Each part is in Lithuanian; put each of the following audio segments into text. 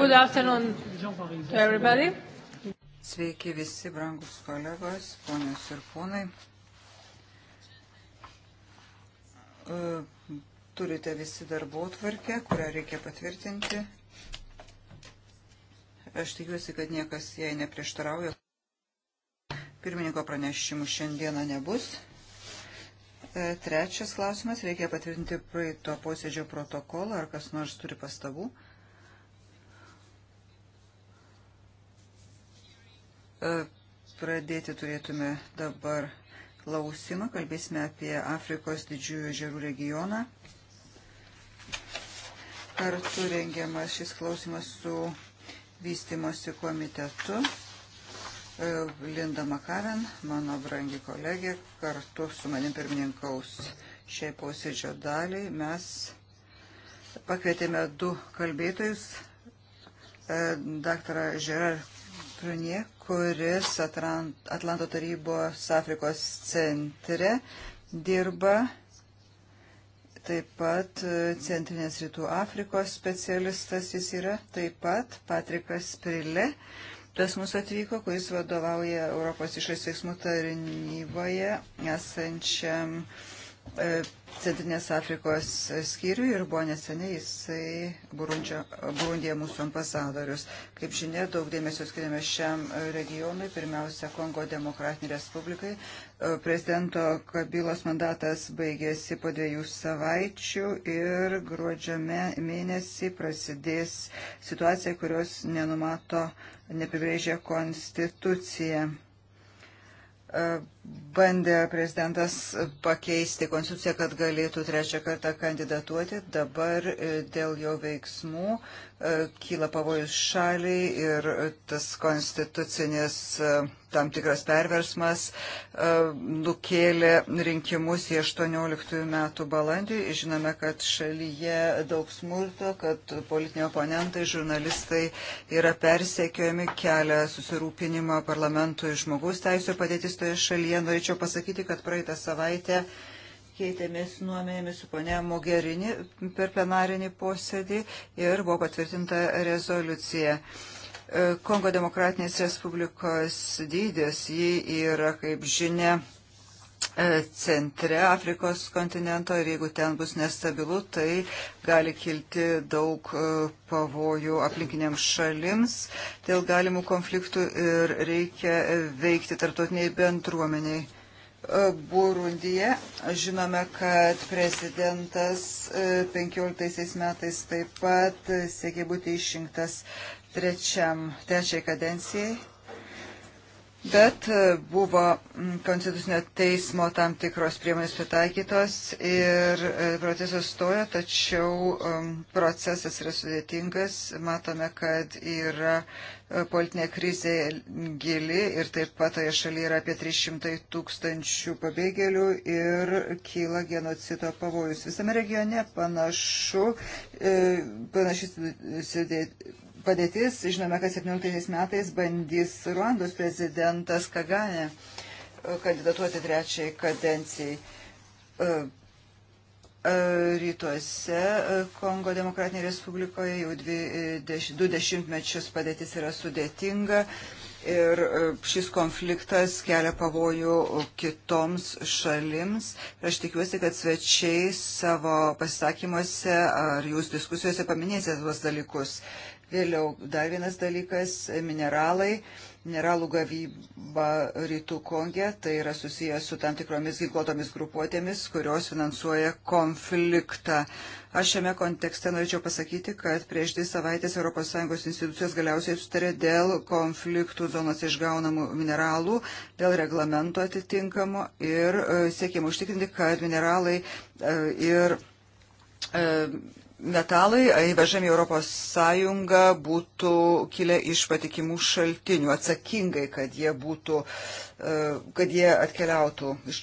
Good afternoon to everybody. Sveiki visi brangus kolegos, ponios ir ponai. E, turite visi darbo tvarkę, kurią reikia patvirtinti. Aš tikiuosi, kad niekas jai neprieštarauja. Pirmininko pranešimų šiandieną nebus. E, trečias klausimas, reikia patvirtinti praeito posėdžio protokolą, ar kas nors turi pastabų. E, pradėti turėtume dabar klausimą, kalbėsime apie Afrikos didžiųjų žerų regioną. Kartu rengiamas šis klausimas su vystimosi komitetu. E, Linda Makaven, mano brangi kolegė, kartu su manim pirmininkaus šiai posėdžio daliai. Mes pakvietėme du kalbėtojus, e, dr. Gerard Prunie, kuris Atlanto tarybos Afrikos centre dirba, taip pat e, Centrinės Rytų Afrikos specialistas jis yra, taip pat Patrikas Prile pas mus atvyko, kuris vadovauja Europos išorės veiksmų tarnyboje esančiam e, Centrinės Afrikos skyriui ir buvo neseniai jisai Burundija mūsų ambasadorius. Kaip žinia, daug dėmesio skiriame šiam regionui, pirmiausia, Kongo Demokratinė Respublikai. E, prezidento Kabilos mandatas baigėsi po dviejų savaičių ir gruodžio mėnesį prasidės situacija, kurios nenumato nepibrėžia konstitucija. E, bandė prezidentas pakeisti konstituciją, kad galėtų trečią kartą kandidatuoti. Dabar e, dėl jo veiksmų e, kyla pavojus šaliai ir tas konstitucinis e, tam tikras perversmas nukėlė rinkimus į 18 metų balandį. Žinome, kad šalyje daug smurto, kad politiniai oponentai, žurnalistai yra persekiojami, kelia susirūpinimą parlamentui žmogus teisų padėtis toje šalyje srityje. Norėčiau pasakyti, kad praeitą savaitę keitėmės nuomenėmis su ponia Mogerini per plenarinį posėdį ir buvo patvirtinta rezoliucija. E, Kongo demokratinės respublikos dydis, ji yra, kaip žinia, E, centre Afrikos kontinento ir jeigu ten bus nestabilu, tai gali kilti daug e, pavojų aplinkiniams šalims dėl galimų konfliktų ir reikia veikti tarptautiniai bendruomeniai. E, Burundija, žinome, kad prezidentas 15 metais taip pat siekė būti išrinktas trečiam, trečiai kadencijai Bet e, buvo konstitucinio teismo tam tikros priemonės pritaikytos ir e, procesas stoja, tačiau procesas yra sudėtingas. Matome, kad yra e, politinė krizė gili ir taip pat toje šalyje yra apie 300 tūkstančių pabėgėlių ir kyla genocido pavojus. Visame regione panašu, panašus sudėtingas padėtis. Žinome, kad 17 metais bandys Ruandos prezidentas Kagane e, kandidatuoti trečiai kadencijai. E, e, rytuose Kongo Demokratinėje Respublikoje jau dvi, deš, du dešimtmečius padėtis yra sudėtinga ir šis konfliktas kelia pavojų kitoms šalims. Ir aš tikiuosi, kad svečiai savo pasisakymuose ar jūs diskusijose paminėsite tuos dalykus. Vėliau dar vienas dalykas - mineralai. Mineralų gavyba rytų Konge, tai yra susijęs su tam tikromis ginkluotomis grupuotėmis, kurios finansuoja konfliktą. Aš šiame kontekste norėčiau pasakyti, kad prieš dvi savaitės ES institucijos galiausiai sutarė dėl konfliktų zonos išgaunamų mineralų, dėl reglamento atitinkamo ir e, siekėm užtikrinti, kad mineralai e, ir e, metalai įvežami Europos Sąjungą būtų kilę iš patikimų šaltinių, atsakingai, kad jie, būtų, e, kad jie atkeliautų iš,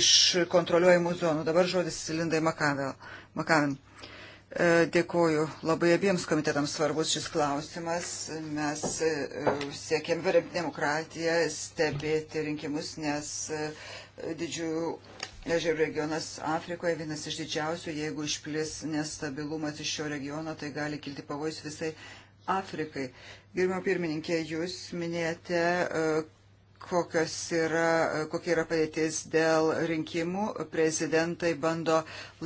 iš kontroliuojamų zonų. Dabar žodis Lindai Makaven. E, dėkoju labai abiems komitetams svarbus šis klausimas. Mes e, siekėm verėm demokratiją, stebėti rinkimus, nes didžiųjų Ežerų regionas Afrikoje vienas iš didžiausių, jeigu išplis nestabilumas iš šio regiono, tai gali kilti pavojus visai Afrikai. Gerimo pirmininkė, jūs minėjote, e, kokios yra, e, kokia yra padėtis dėl rinkimų. Prezidentai bando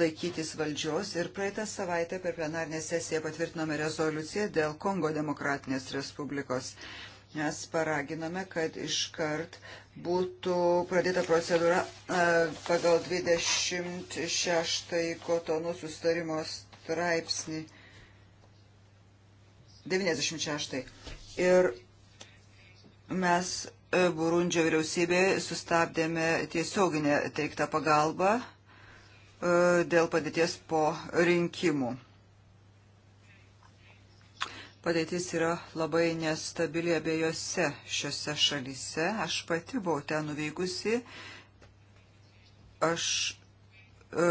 laikytis valdžios ir praeitą savaitę per plenarnę sesiją patvirtinome rezoliuciją dėl Kongo demokratinės respublikos. Mes paraginame, kad iškart būtų pradėta procedūra e, pagal 26 kotonų sustarimo straipsnį 96. Ir mes e, Burundžio vyriausybė sustabdėme tiesioginę teiktą pagalbą e, dėl padėties po rinkimų. Padėtis yra labai nestabili abiejose šiose šalyse. Aš pati buvau ten nuveikusi. Aš e,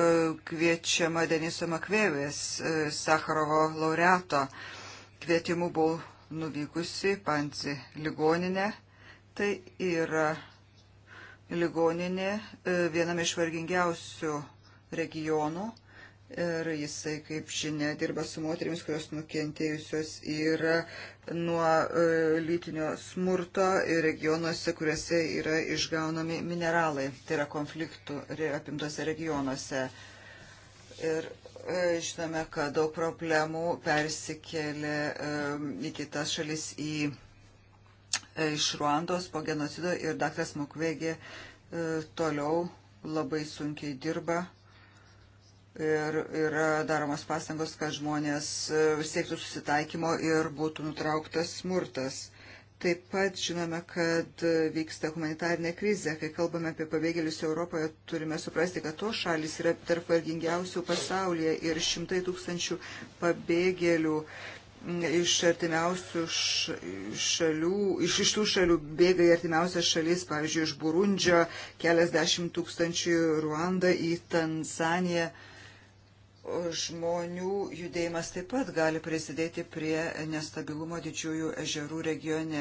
kviečiama Deniso Makvėvės, e, Sakarovo laureato. Kvietimu buvau nuvykusi Panci ligoninę. Tai yra ligoninė e, viename iš vargingiausių regionų Ir jisai, kaip žinia, dirba su moterimis, kurios nukentėjusios yra nuo e, lytinio smurto ir regionuose, kuriuose yra išgaunami mineralai. Tai yra konfliktų apimtose regionuose. Ir e, žinome, kad daug problemų persikėlė e, į kitas šalis į, e, iš Ruandos po genocido ir daktas Mukvegė e, toliau labai sunkiai dirba ir yra daromos pastangos, kad žmonės e, siektų susitaikymo ir būtų nutrauktas smurtas. Taip pat žinome, kad e, vyksta humanitarinė krizė. Kai kalbame apie pabėgėlius Europoje, turime suprasti, kad to šalis yra tarp vargingiausių pasaulyje ir šimtai tūkstančių pabėgėlių iš artimiausių šalių, iš, iš tų šalių bėga į artimiausias šalis, pavyzdžiui, iš Burundžio, keliasdešimt tūkstančių Ruanda į Tanzaniją žmonių judėjimas taip pat gali prisidėti prie nestabilumo didžiųjų ežerų regione.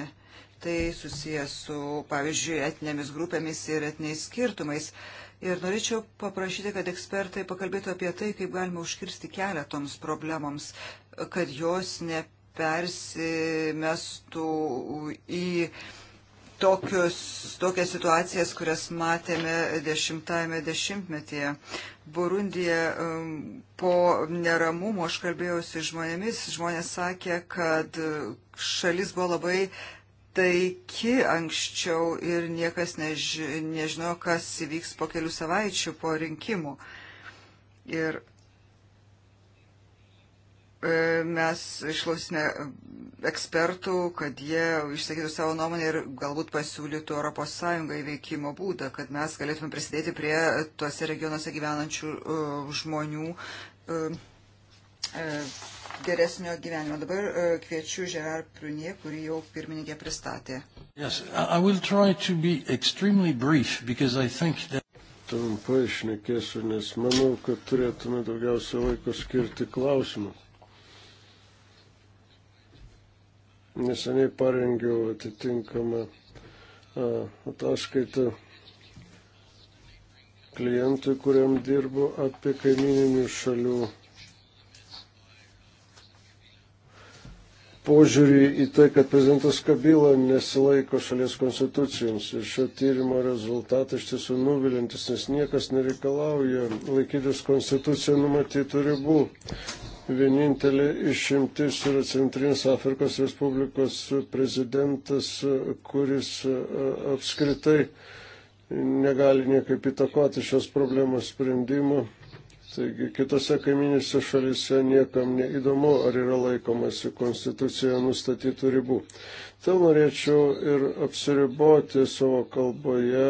Tai susijęs su, pavyzdžiui, etinėmis grupėmis ir etiniais skirtumais. Ir norėčiau paprašyti, kad ekspertai pakalbėtų apie tai, kaip galima užkirsti kelią toms problemoms, kad jos nepersimestų į tokius, tokias situacijas, kurias matėme dešimtajame dešimtmetyje. Burundija um, po neramumo aš kalbėjausi žmonėmis, žmonės sakė, kad šalis buvo labai taiki anksčiau ir niekas neži, nežinojo, kas įvyks po kelių savaičių po rinkimų. Ir E, mes išklausime ekspertų, kad jie išsakytų savo nuomonę ir galbūt pasiūlytų ES veikimo būdą, kad mes galėtume prisidėti prie tuose regionuose gyvenančių e, žmonių e, geresnio gyvenimo. Dabar kviečiu Gerard Prunie, kurį jau pirmininkė pristatė. Yes, Trumpai išnekėsiu, nes manau, kad turėtume daugiausia laiko skirti klausimams. Neseniai parengiau atitinkamą ataskaitą klientui, kuriam dirbu apie kaimininių šalių požiūrį į tai, kad prezidentas Kabila nesilaiko šalies konstitucijoms. Ir šio tyrimo rezultatai iš tiesų nuvilintis, nes niekas nereikalauja laikytis konstituciją numatytų ribų. Vienintelė išimtis yra Centrinės Afrikos Respublikos prezidentas, kuris e, apskritai negali niekaip įtakoti šios problemos sprendimo. Taigi kitose kaiminėse šalise niekam neįdomu, ar yra laikomasi konstitucijoje nustatytų ribų. Tėl tai norėčiau ir apsiriboti savo kalboje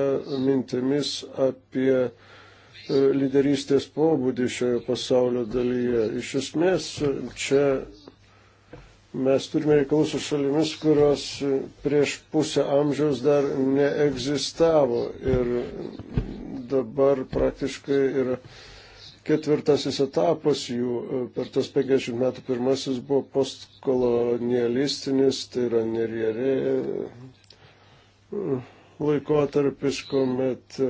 mintimis apie E, lyderystės pobūdį šioje pasaulio dalyje. Iš esmės, čia mes turime reikalų su šalimis, kurios prieš pusę amžiaus dar neegzistavo ir dabar praktiškai yra ketvirtasis etapas jų per tos 50 metų. Pirmasis buvo postkolonialistinis, tai yra nerjerė laikotarpis, kuomet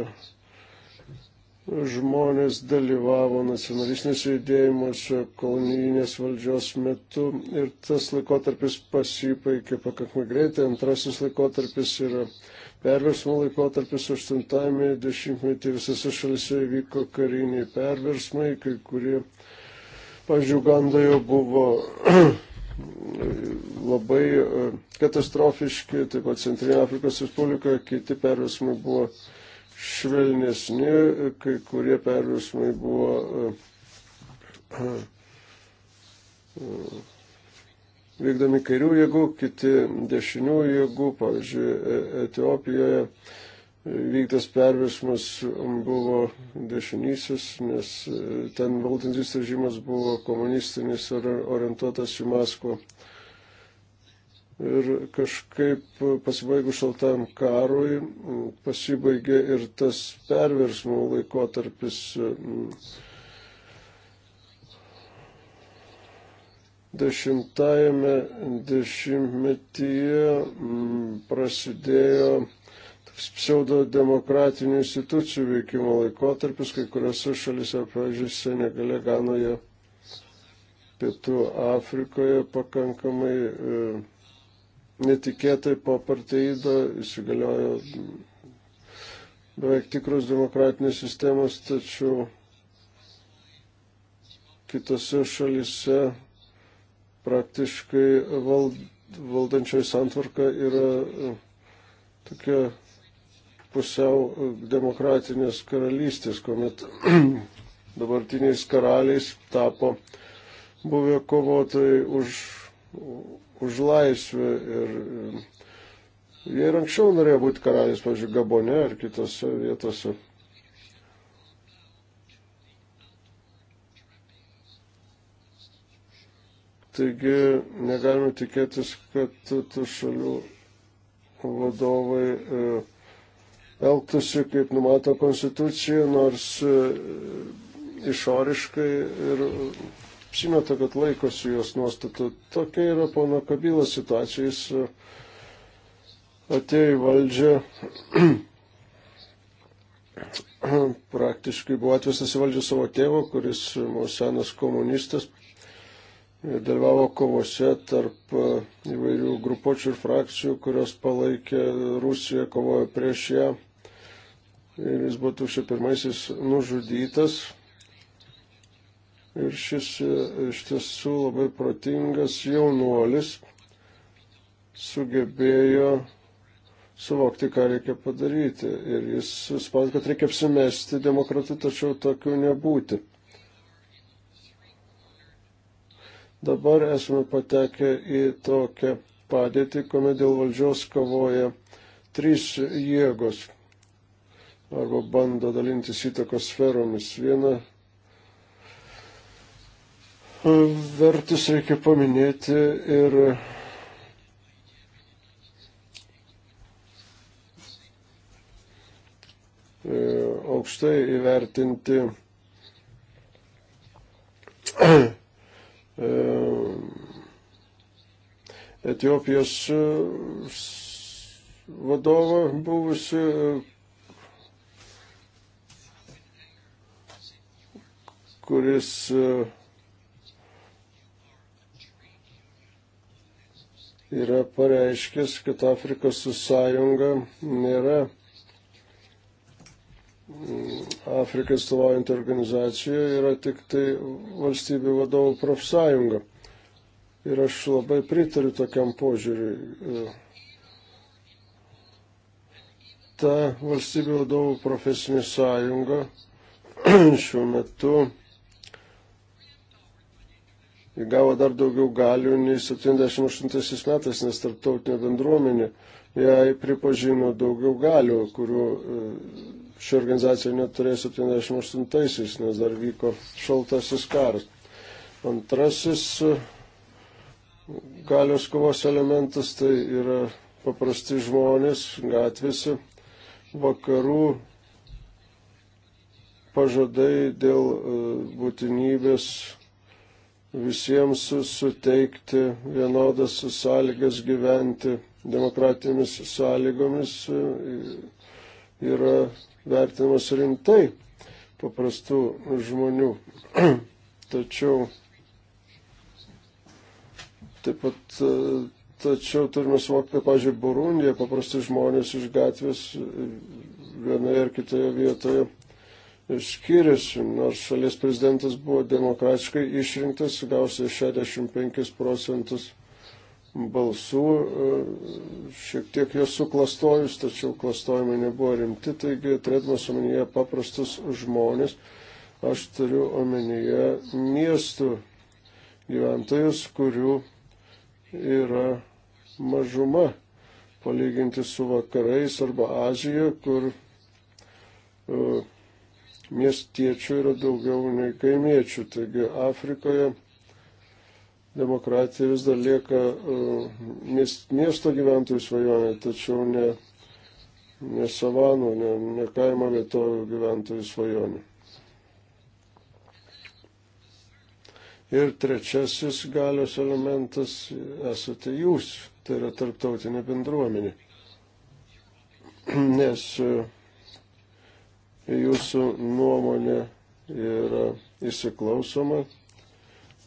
žmonės dalyvavo nacionalistinėse judėjimuose kolonijinės valdžios metu ir tas laikotarpis pasipaikė pakankamai greitai. Antrasis laikotarpis yra perversmo laikotarpis 80-ame dešimtmetį visose šalise vyko kariniai perversmai, kai kurie, pavyzdžiui, Ugandoje buvo labai e, katastrofiški, taip pat Centrinė Afrikos Respublika, kiti perversmai buvo švelnesni, kai kurie perversmai buvo e, e, vykdomi kairių jėgų, kiti dešinių jėgų, pavyzdžiui, e, Etiopijoje vyktas perversmas buvo dešinysis, nes ten valdantis režimas buvo komunistinis ir orientuotas į Maskvą Ir kažkaip pasibaigus šaltam karui pasibaigė ir tas perversmo laikotarpis. Dešimtajame dešimtmetyje prasidėjo toks pseudodemokratinių institucijų veikimo laikotarpis, kai kuriuose šalise, pavyzdžiui, Senegale, Ganoje, Pietų Afrikoje pakankamai. E, netikėtai po parteido įsigaliojo beveik tikros demokratinės sistemos, tačiau kitose šalise praktiškai vald, valdančioji santvarka yra e, tokia pusiau e, demokratinės karalystės, kuomet dabartiniais karaliais tapo buvę kovotojai už už laisvę ir jie ir anksčiau norėjo būti karaliais, pavyzdžiui, Gabone ar kitose vietose. Taigi negalime tikėtis, kad tų šalių vadovai e, elgtųsi, kaip numato konstitucija, nors e, išoriškai ir apsimeta, kad laikosi jos nuostatų. Tokia yra pono Kabilo situacija. Jis e, atėjo į valdžią. Praktiškai buvo atvestas į valdžią savo tėvo, kuris buvo senas komunistas. Dalyvavo kovose tarp e, įvairių grupuočių ir frakcijų, kurios palaikė Rusiją, kovojo prieš ją. Ir jis buvo 2001 nužudytas Ir šis e, iš tiesų labai protingas jaunuolis sugebėjo suvokti, ką reikia padaryti. Ir jis spaudė, kad reikia apsimesti demokratų, tačiau tokių nebūti. Dabar esame patekę į tokią padėtį, kuomet dėl valdžios kovoja trys jėgos arba bando dalintis įtakos sferomis. Viena vertus reikia paminėti ir e, aukštai įvertinti e, Etijopijos e, vadovą buvusi kuris uh, yra pareiškęs, kad Afrikos sąjunga nėra mm, Afrikai stovaujanti organizacija, yra tik tai valstybių vadovų profsąjunga. Ir aš labai pritariu tokiam požiūriui. E, ta valstybių vadovų profesinė sąjunga šiuo metu įgavo dar daugiau galių nei 78 metais, nes tarptautinė bendruomenė jai pripažino daugiau galių, kurių e, ši organizacija neturėjo 78-aisiais, nes dar vyko šaltasis karas. Antrasis e, galios kovos elementas tai yra paprasti žmonės gatvėse, vakarų pažadai dėl e, būtinybės visiems suteikti vienodas sąlygas gyventi demokratinėmis sąlygomis e, yra vertinamas rimtai paprastų žmonių. Tačiau taip pat e, Tačiau turime suvokti, kad, pavyzdžiui, Burundija paprasti žmonės iš gatvės e, vienoje ar kitoje vietoje skiriasi, nors šalies prezidentas buvo demokratiškai išrinktas, gausi 65 procentus balsų, e, šiek tiek juos suklastojus, tačiau klastojimai nebuvo rimti, taigi turėdamas omenyje paprastus žmonės, aš turiu omenyje miestų gyventojus, kurių yra mažuma palyginti su vakarais arba Azijoje, kur uh, miestiečių yra daugiau nei kaimiečių. Taigi Afrikoje demokratija vis dar lieka e, miesto gyventojų svajonė, tačiau ne, ne savanų, ne, ne kaimo vietovių gyventojų svajonė. Ir trečiasis galios elementas esate jūs, tai yra tarptautinė bendruomenė. Nes uh, jūsų nuomonė yra įsiklausoma,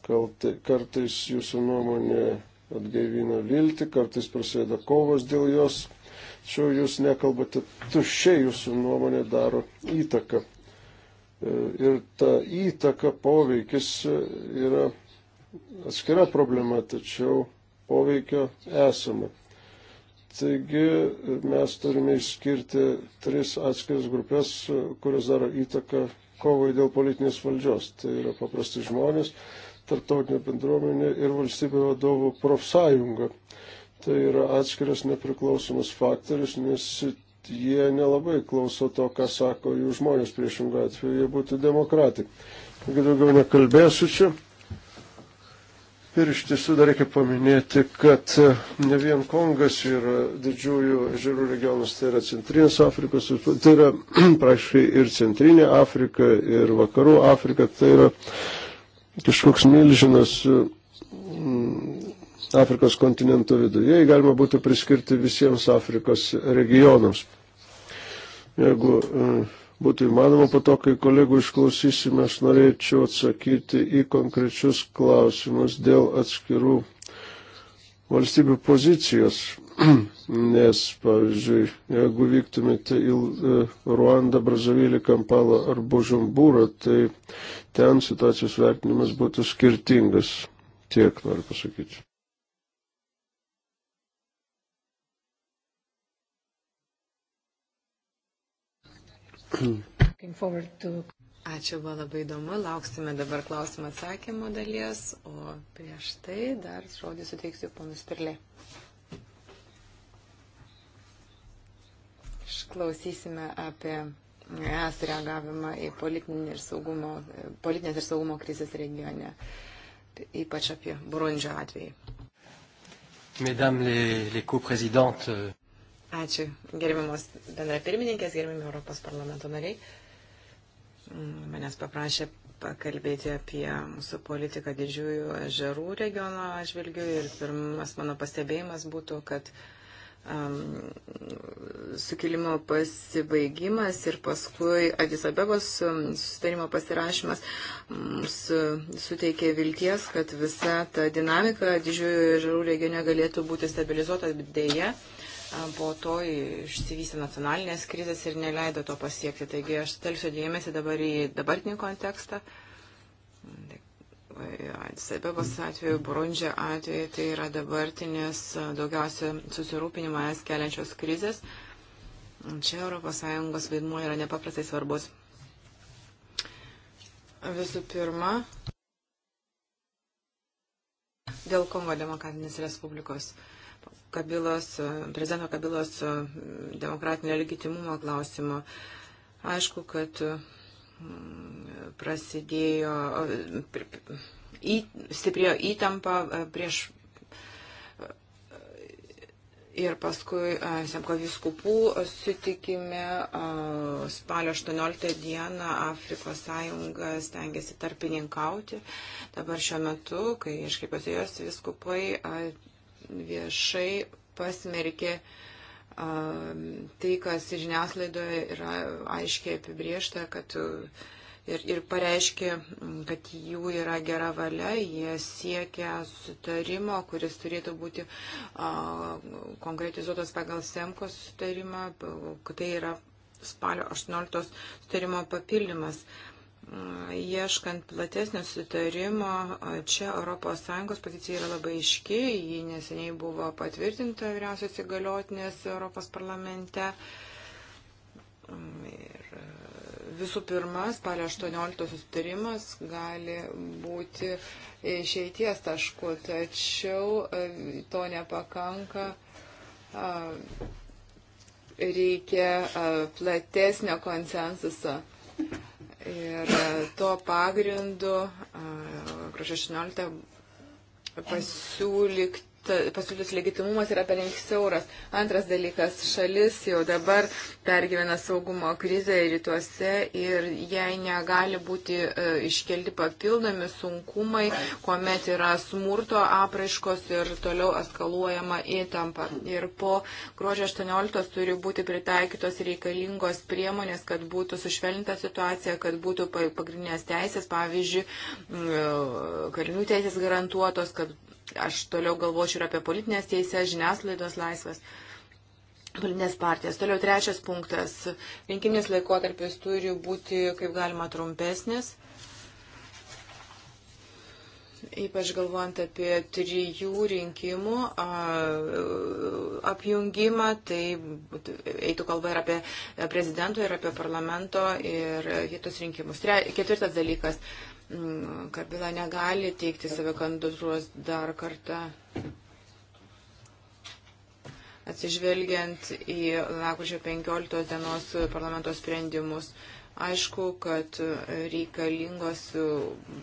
kartais jūsų nuomonė atgaivina viltį, kartais prasideda kovos dėl jos, tačiau jūs nekalbate tuščiai, jūsų nuomonė daro įtaką. E, ir ta įtaka poveikis yra atskira problema, tačiau poveikio esame. Taigi mes turime išskirti tris atskiras grupės, kurios daro įtaką kovai dėl politinės valdžios. Tai yra paprasti žmonės, tarptautinė bendruomenė ir valstybė vadovų profsąjunga. Tai yra atskiras nepriklausomas faktorius, nes jie nelabai klauso to, ką sako jų žmonės priešingą atveju, jie būtų demokratai. Taigi daugiau nekalbėsiu čia. Ir iš tiesų dar reikia paminėti, kad e, ne vien Kongas yra didžiųjų ežerų regionas, tai yra Centrinės Afrikos, tai yra praškai ir Centrinė Afrika, ir Vakarų Afrika, tai yra kažkoks milžinas e, mm, Afrikos kontinento viduje, jį galima būtų priskirti visiems Afrikos regionams. Jeigu uh, būtų įmanoma. Po to, kai kolegų išklausysime, aš norėčiau atsakyti į konkrečius klausimus dėl atskirų valstybių pozicijos. Nes, pavyzdžiui, jeigu vyktumėte į e, Ruandą, Brazavilį, Kampalą ar Bužumbūrą, tai ten situacijos vertinimas būtų skirtingas. Tiek noriu pasakyti. Ačiū, buvo labai įdomu. Lauksime dabar klausimą atsakymo dalies, o prieš tai dar žodį suteiksiu ponus Pirlė. Išklausysime apie e, ES reagavimą į politinį ir saugumo, e, politinės ir saugumo krizės regione, tai ypač apie Burundžio atvejį. Mesdames les, les co-présidentes, Ačiū, gerbiamos bendra pirmininkės, gerbimi Europos parlamento nariai. Mm, manęs paprašė pakalbėti apie mūsų politiką didžiųjų žerų regiono atžvilgių ir pirmas mano pastebėjimas būtų, kad um, sukilimo pasibaigimas ir paskui Adisabegos sustarimo pasirašymas mums mm, suteikė vilties, kad visa ta dinamika didžiųjų žerų regione galėtų būti stabilizuota, bet dėja. Uh, po to išsivystė nacionalinės krizės ir neleido to pasiekti. Taigi aš telksiu dėmesį dabar į dabartinį kontekstą. Sebebos atveju, Brundžio atveju, tai yra dabartinės daugiausia susirūpinimą es keliančios krizės. Čia ES vaidmuo yra nepaprastai svarbus. Visų pirma, dėl Kongo demokratinės respublikos. Uh, Kabilos, prezidento Kabilos demokratinio legitimumo klausimo. Aišku, kad mm, prasidėjo, į, stiprėjo įtampa e, prieš e, ir paskui e, Semko viskupų sutikime spalio 18 dieną Afrikos sąjunga stengiasi tarpininkauti. Dabar šiuo metu, kai iškreipiasi jos viskupai, viešai pasmerkė tai, kas žiniaslaidoje yra aiškiai apibriešta, kad ir, ir pareiškė, kad jų yra gera valia, jie siekia sutarimo, kuris turėtų būti a, konkretizuotas pagal Semko sutarimą, tai yra spalio 18 sutarimo papildymas. A, ieškant platesnio sutarimo, čia ES pozicija yra labai iški, ji neseniai buvo patvirtinta vyriausios įgaliotinės Europos parlamente. Ir e, visų pirma, spalio 18 sutarimas gali būti išeities tašku, tačiau e, to nepakanka reikia platesnio konsensuso. Ir e, tuo pagrindu, gruodžio 16 pasiūlyk, pasiūlytas legitimumas yra pernelyg siauras. Antras dalykas, šalis jau dabar pergyvena saugumo krizę rytuose ir jai negali būti e, iškelti papildomi sunkumai, kuomet yra smurto apraiškos ir toliau eskaluojama įtampa. Ir po gruodžio 18 turi būti pritaikytos reikalingos priemonės, kad būtų sušvelninta situacija, kad būtų pagrindinės teisės, pavyzdžiui, e, karinių teisės garantuotos, kad Aš toliau galvočiau ir apie politinės teisės, žiniasklaidos laisvės politinės partijas. Toliau trečias punktas. Rinkiminis laikotarpis turi būti kaip galima trumpesnis. Ypač galvojant apie trijų rinkimų a, apjungimą, tai eitų kalba ir apie prezidento, ir apie parlamento, ir kitus rinkimus. Tre, ketvirtas dalykas. A, Mm, Kabila negali teikti save kandidatūros dar kartą. Atsižvelgiant į lakužio 15 dienos parlamento sprendimus, aišku, kad reikalingos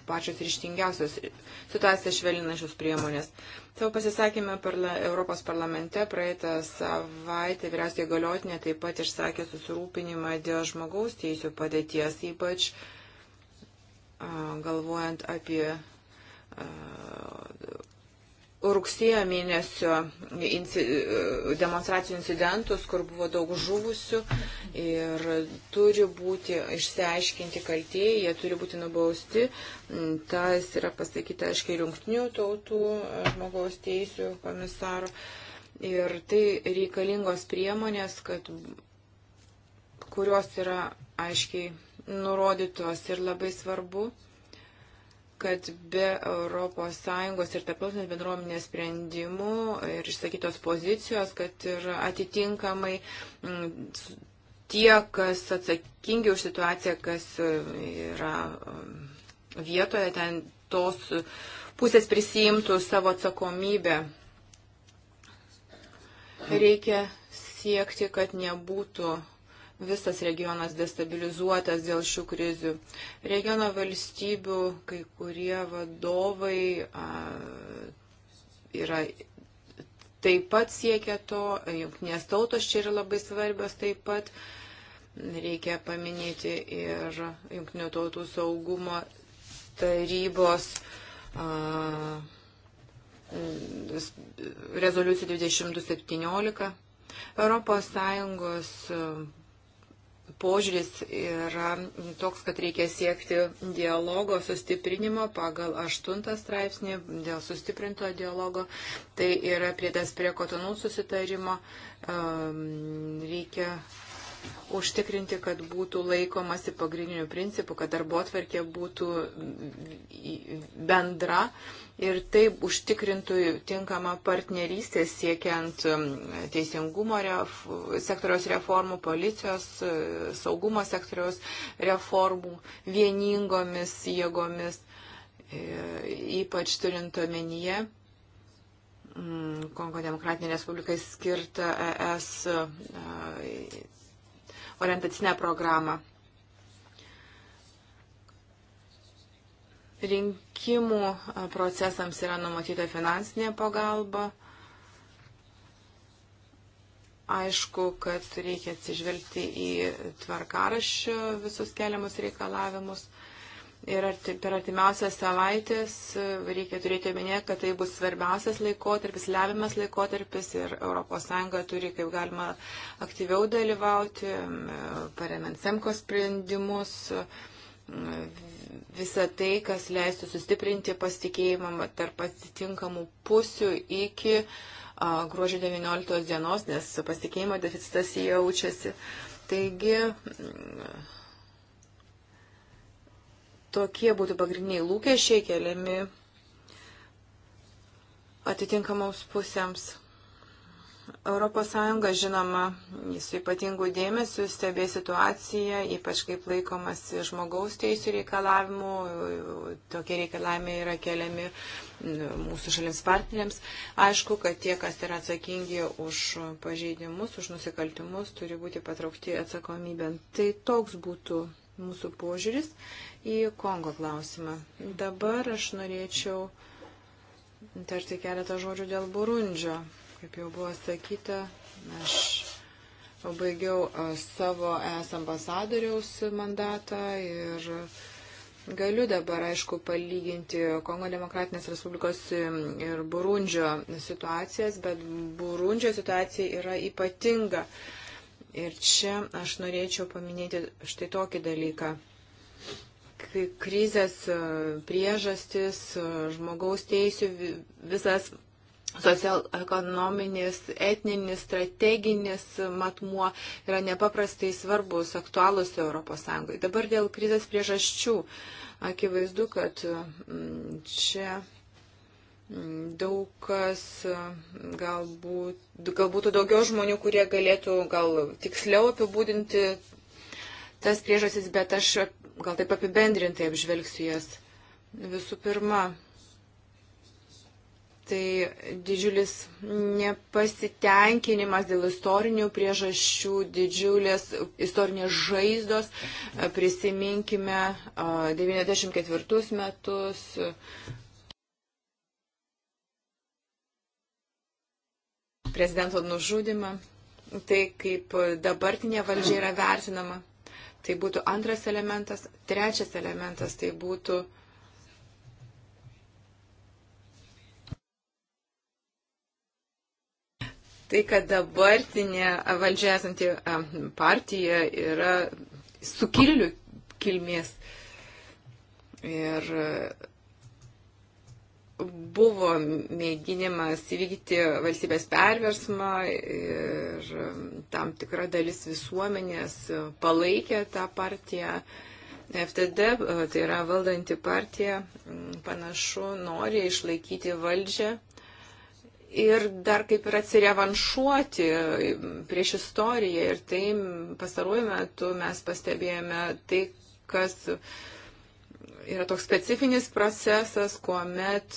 pačios ryštingiausios situaciją švelninančios priemonės. Savo pasisakymę parla, Europos parlamente praeitą savaitę vyriausiai galiotinė taip pat išsakė susirūpinimą dėl žmogaus teisų padėties, ypač uh, galvojant apie rugsėjo mėnesio demonstracijų incidentus, kur buvo daug žuvusių ir turi būti išsiaiškinti kaltieji, jie turi būti nubausti. Mm, tas yra pasakyta, aiškiai, jungtinių tautų žmogaus teisų komisaro. Ir tai reikalingos priemonės, kad, kurios yra aiškiai nurodytos ir labai svarbu, kad be ES ir tarptautinės bendruomenės sprendimų ir išsakytos pozicijos, kad ir atitinkamai mm, tie, kas atsakingi už situaciją, kas e, yra mm, vietoje, ten tos pusės prisijimtų savo atsakomybę. Reikia siekti, kad nebūtų visas regionas destabilizuotas dėl šių krizių. Regiono valstybių kai kurie vadovai a, yra taip pat siekia to, jungtinės tautos čia yra labai svarbios taip pat. Reikia paminėti ir jungtinių tautų saugumo tarybos a, rezoliucija 2217. Europos Sąjungos požiūris yra toks, kad reikia siekti dialogo sustiprinimo pagal 8 straipsnį dėl sustiprinto dialogo. Tai yra priedas prie kotonų susitarimo. Ehm, reikia užtikrinti, kad būtų laikomasi pagrindinių principų, kad darbo atverkė būtų bendra ir taip užtikrintų tinkamą partnerystę siekiant um, teisingumo ref, sektoriaus reformų, policijos, uh, saugumo sektoriaus reformų vieningomis jėgomis, uh, ypač turint omenyje mm, Kongo Demokratinė Respublikai skirta ES uh, orientacinę programą. Rinkimų procesams yra numatyta finansinė pagalba. Aišku, kad reikia atsižvelgti į tvarkaraščių visus keliamus reikalavimus. Ir per artimiausias savaitės e, reikia turėti omenyje, kad tai bus svarbiausias laikotarpis, lemiamas laikotarpis ir ES turi kaip galima aktyviau dalyvauti, e, paremant SEMKO sprendimus, visą tai, kas leistų sustiprinti pasitikėjimą tarp atitinkamų pusių iki gruodžio 19 dienos, nes pasitikėjimo deficitas jaučiasi. Taigi, Tokie būtų pagrindiniai lūkesčiai keliami atitinkamoms pusėms. ES, žinoma, su ypatingu dėmesiu stebė situaciją, ypač kaip laikomas žmogaus teisų reikalavimų. Tokie reikalavimai yra keliami mūsų šalims partneriams. Aišku, kad tie, kas yra atsakingi už pažeidimus, už nusikaltimus, turi būti patraukti atsakomybėn. Tai toks būtų mūsų požiūris į Kongo klausimą. Dabar aš norėčiau tarti keletą žodžių dėl Burundžio. Kaip jau buvo sakyta, aš baigiau e, savo es ambasadoriaus mandatą ir galiu dabar, aišku, palyginti Kongo Demokratinės Respublikos e, ir Burundžio situacijas, bet Burundžio situacija yra ypatinga. Ir čia aš norėčiau paminėti štai tokį dalyką krizės e, priežastis, e, žmogaus teisų, visas socioekonominis, etninis, strateginis matmuo yra nepaprastai svarbus, aktualus ES. Dabar dėl krizės priežasčių. Akivaizdu, kad mm, čia mm, daug kas mm, galbūt, galbūt daugiau žmonių, kurie galėtų gal tiksliau apibūdinti tas priežasis, bet aš gal taip apibendrintai apžvelgsiu jas. Visų pirma, tai didžiulis nepasitenkinimas dėl istorinių priežasčių, didžiulės istorinės žaizdos. Prisiminkime 94 metus. prezidento nužudimą, tai kaip dabartinė valdžia yra vertinama. Tai būtų antras elementas. Trečias elementas tai būtų tai, kad dabartinė valdžia esanti partija yra sukilėlių kilmės. Ir buvo mėginimas įvykdyti valstybės perversmą ir um, tam tikra dalis visuomenės palaikė tą partiją. FTD, uh, tai yra valdanti partija, um, panašu, nori išlaikyti valdžią ir dar kaip ir atsirevanšuoti um, prieš istoriją. Ir tai pastaruoju metu mes pastebėjome tai, kas uh, yra toks specifinis procesas, kuomet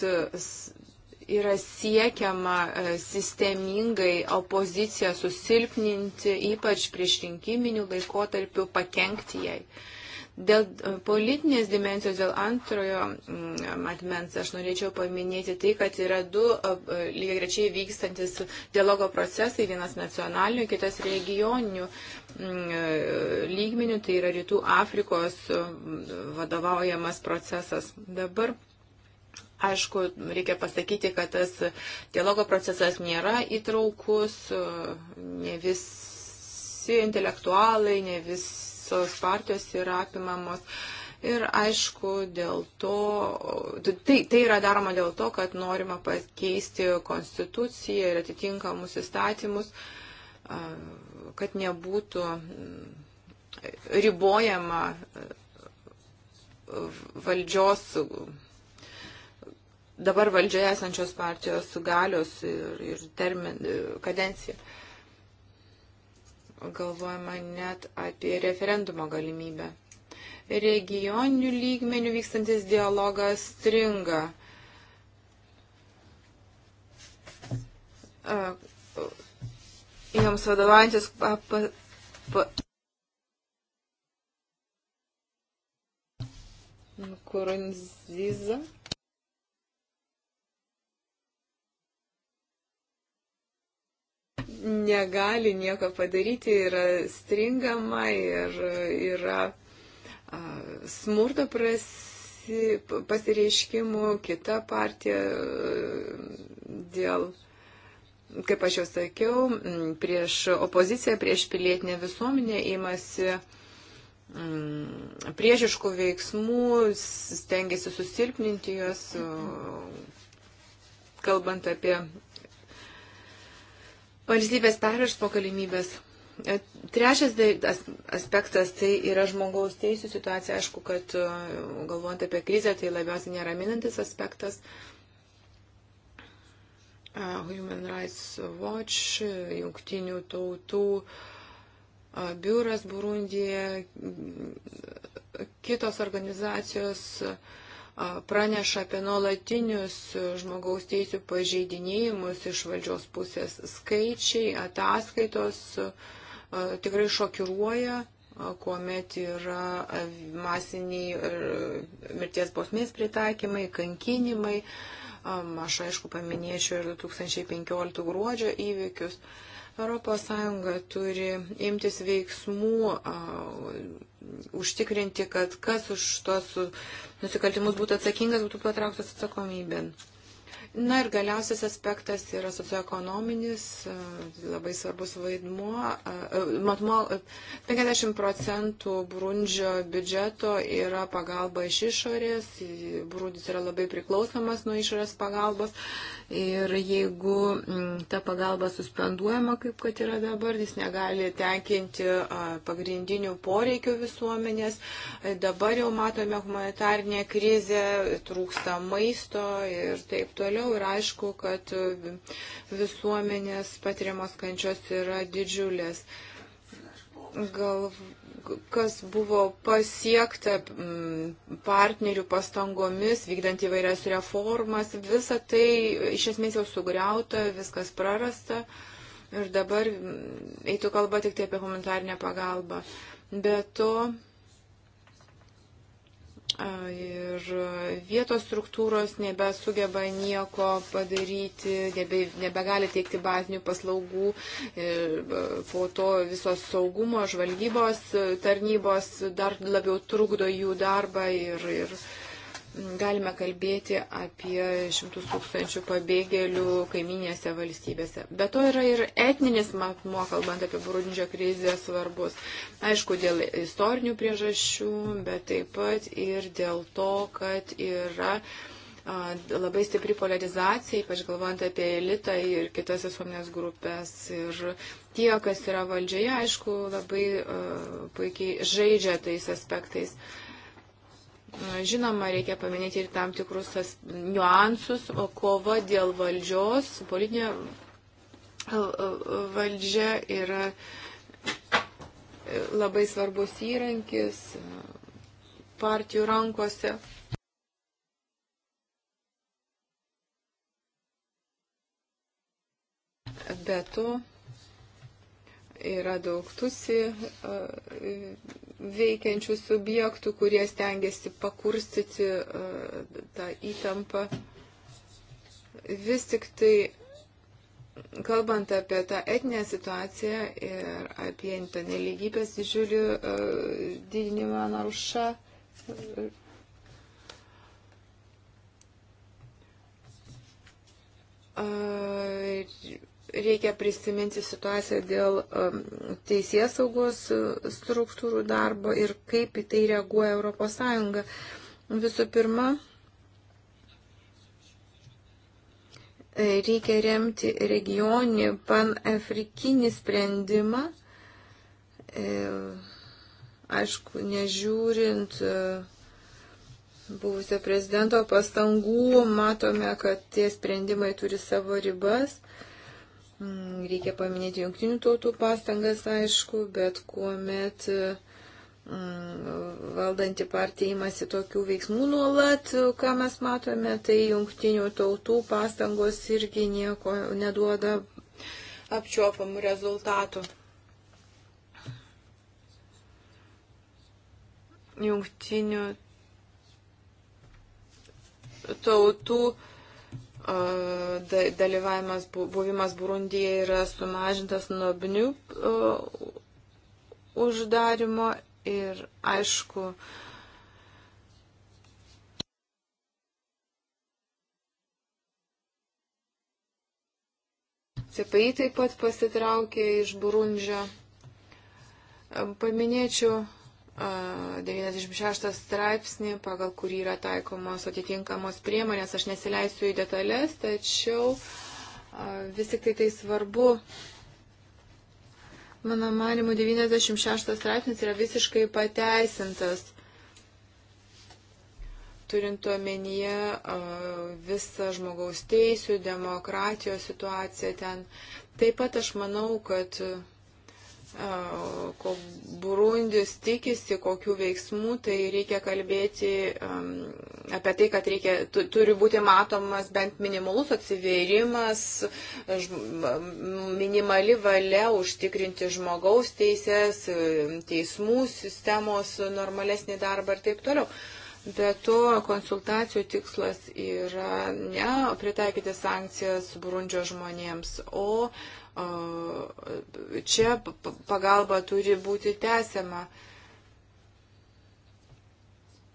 yra siekiama e, sistemingai opoziciją susilpninti, ypač prieš rinkiminių laikotarpių pakengti jai. Uh, Dėl e, politinės dimensijos, dėl antrojo mm, matmens, aš norėčiau paminėti tai, kad yra du e, e, lygiai grečiai vykstantis dialogo procesai, vienas nacionalinių, kitas regioninių mm, lygmenių, tai yra Rytų Afrikos vadovaujamas procesas. Dabar Aišku, reikia pasakyti, kad tas dialogo procesas nėra įtraukus, ne visi intelektualai, ne visi partijos yra apimamos. Ir aišku, dėl to, tai, tai yra daroma dėl to, kad norima pakeisti konstituciją ir atitinkamus įstatymus, kad nebūtų mm, ribojama valdžios dabar valdžioje esančios partijos galios ir, ir termin, kadencija. Uh, galvojama net apie referendumo galimybę. Regioninių lygmenių vykstantis dialogas stringa. Joms vadovaujantis pa, pa, pa, Kurunziza. negali nieko padaryti, yra stringama ir yra a, smurto prasi, pasireiškimų, kita partija dėl, kaip aš jau sakiau, prieš opoziciją, prieš pilietinę visuomenę įmasi priežiškų veiksmų, stengiasi susilpninti juos, kalbant apie valstybės perviršpo galimybės. E, trečias aspektas tai yra žmogaus teisų situacija. Aišku, kad e, galvojant apie krizę, tai labiausiai neraminantis aspektas. E, Human Rights Watch, jungtinių tautų biuras Burundija, kitos organizacijos praneša apie nuolatinius žmogaus teisų pažeidinėjimus iš valdžios pusės. Skaičiai, ataskaitos tikrai šokiruoja, kuomet yra masiniai mirties bausmės pritaikymai, kankinimai. Aš aišku paminėčiau ir 2015 gruodžio įvykius. ES turi imtis veiksmų, užtikrinti, kad kas už tos nusikaltimus būtų atsakingas, būtų patrauktas atsakomybėn. Na ir galiausias aspektas yra socioekonominis, labai svarbus vaidmuo. Matmo, 50 procentų Brundžio biudžeto yra pagalba iš išorės, Brundis yra labai priklausomas nuo išorės pagalbos Ir jeigu mm, ta pagalba suspenduojama, kaip kad yra dabar, jis negali tenkinti pagrindinių poreikių visuomenės. E, dabar jau matome humanitarnę krizę, trūksta maisto ir taip toliau. Ir aišku, kad e, visuomenės patiriamos kančios yra didžiulės. Gal kas buvo pasiekta mm, partnerių pastangomis, vykdant įvairias reformas, visa tai iš esmės jau sugriauta, viskas prarasta ir dabar mm, eitų kalba tik tai apie humanitarinę pagalbą. Be to, ir vietos struktūros nebesugeba nieko padaryti, nebe, nebegali teikti bazinių paslaugų, e, po to visos saugumo, žvalgybos tarnybos dar labiau trukdo jų darbą ir, ir galime kalbėti apie šimtus tūkstančių pabėgėlių kaiminėse valstybėse. Be to yra ir etninis matmo, kalbant apie Burundžio krizę, svarbus. Aišku, dėl istorinių priežasčių, bet taip pat ir dėl to, kad yra labai stipri polarizacija, ypač galvojant apie elitą ir kitas visuomenės grupės. Ir tie, kas yra valdžioje, aišku, labai uh, puikiai žaidžia tais aspektais. Uh, Žinoma, reikia paminėti ir tam tikrus niuansus, o kova dėl valdžios, politinė e, e, valdžia yra e, labai svarbus įrankis partijų rankose. Be to yra daug tusi veikiančių subjektų, kurie stengiasi pakurstyti e, tą įtampą. Vis tik tai, kalbant apie tą etinę situaciją ir apie tą neligybės didžiulį e, didinimą narušą, reikia prisiminti situaciją dėl um, teisės saugos uh, struktūrų darbo ir kaip į tai reaguoja ES. Visų pirma, reikia remti regionį panafrikinį sprendimą, e, aišku, nežiūrint e, buvusio prezidento pastangų, matome, kad tie sprendimai turi savo ribas. Mm, reikia paminėti jungtinių tautų pastangas, aišku, bet kuomet mm, valdanti partija imasi tokių veiksmų nuolat, ką mes matome, tai jungtinių tautų pastangos irgi nieko neduoda apčiopamų rezultatų. Jungtinių tautų dalyvavimas, buvimas Burundyje yra sumažintas nuo BNUP uždarimo ir aišku, CPI taip pat pasitraukė iš Burundžio. Paminėčiau 96 straipsnį, pagal kurį yra taikomos atitinkamos priemonės. Aš nesileisiu į detalės, tačiau vis tik tai tai svarbu. Mano manimu, 96 straipsnis yra visiškai pateisintas, turint omenyje visą žmogaus teisų, demokratijos situaciją ten. Taip pat aš manau, kad ko Burundis tikisi, kokių veiksmų, tai reikia kalbėti apie tai, kad reikia, turi būti matomas bent minimalus atsivėrimas, minimali valia užtikrinti žmogaus teises, teismų sistemos normalesnį darbą ir taip toliau. Be to, konsultacijų tikslas yra ne pritaikyti sankcijas Burundžio žmonėms, o čia pagalba turi būti tęsiama.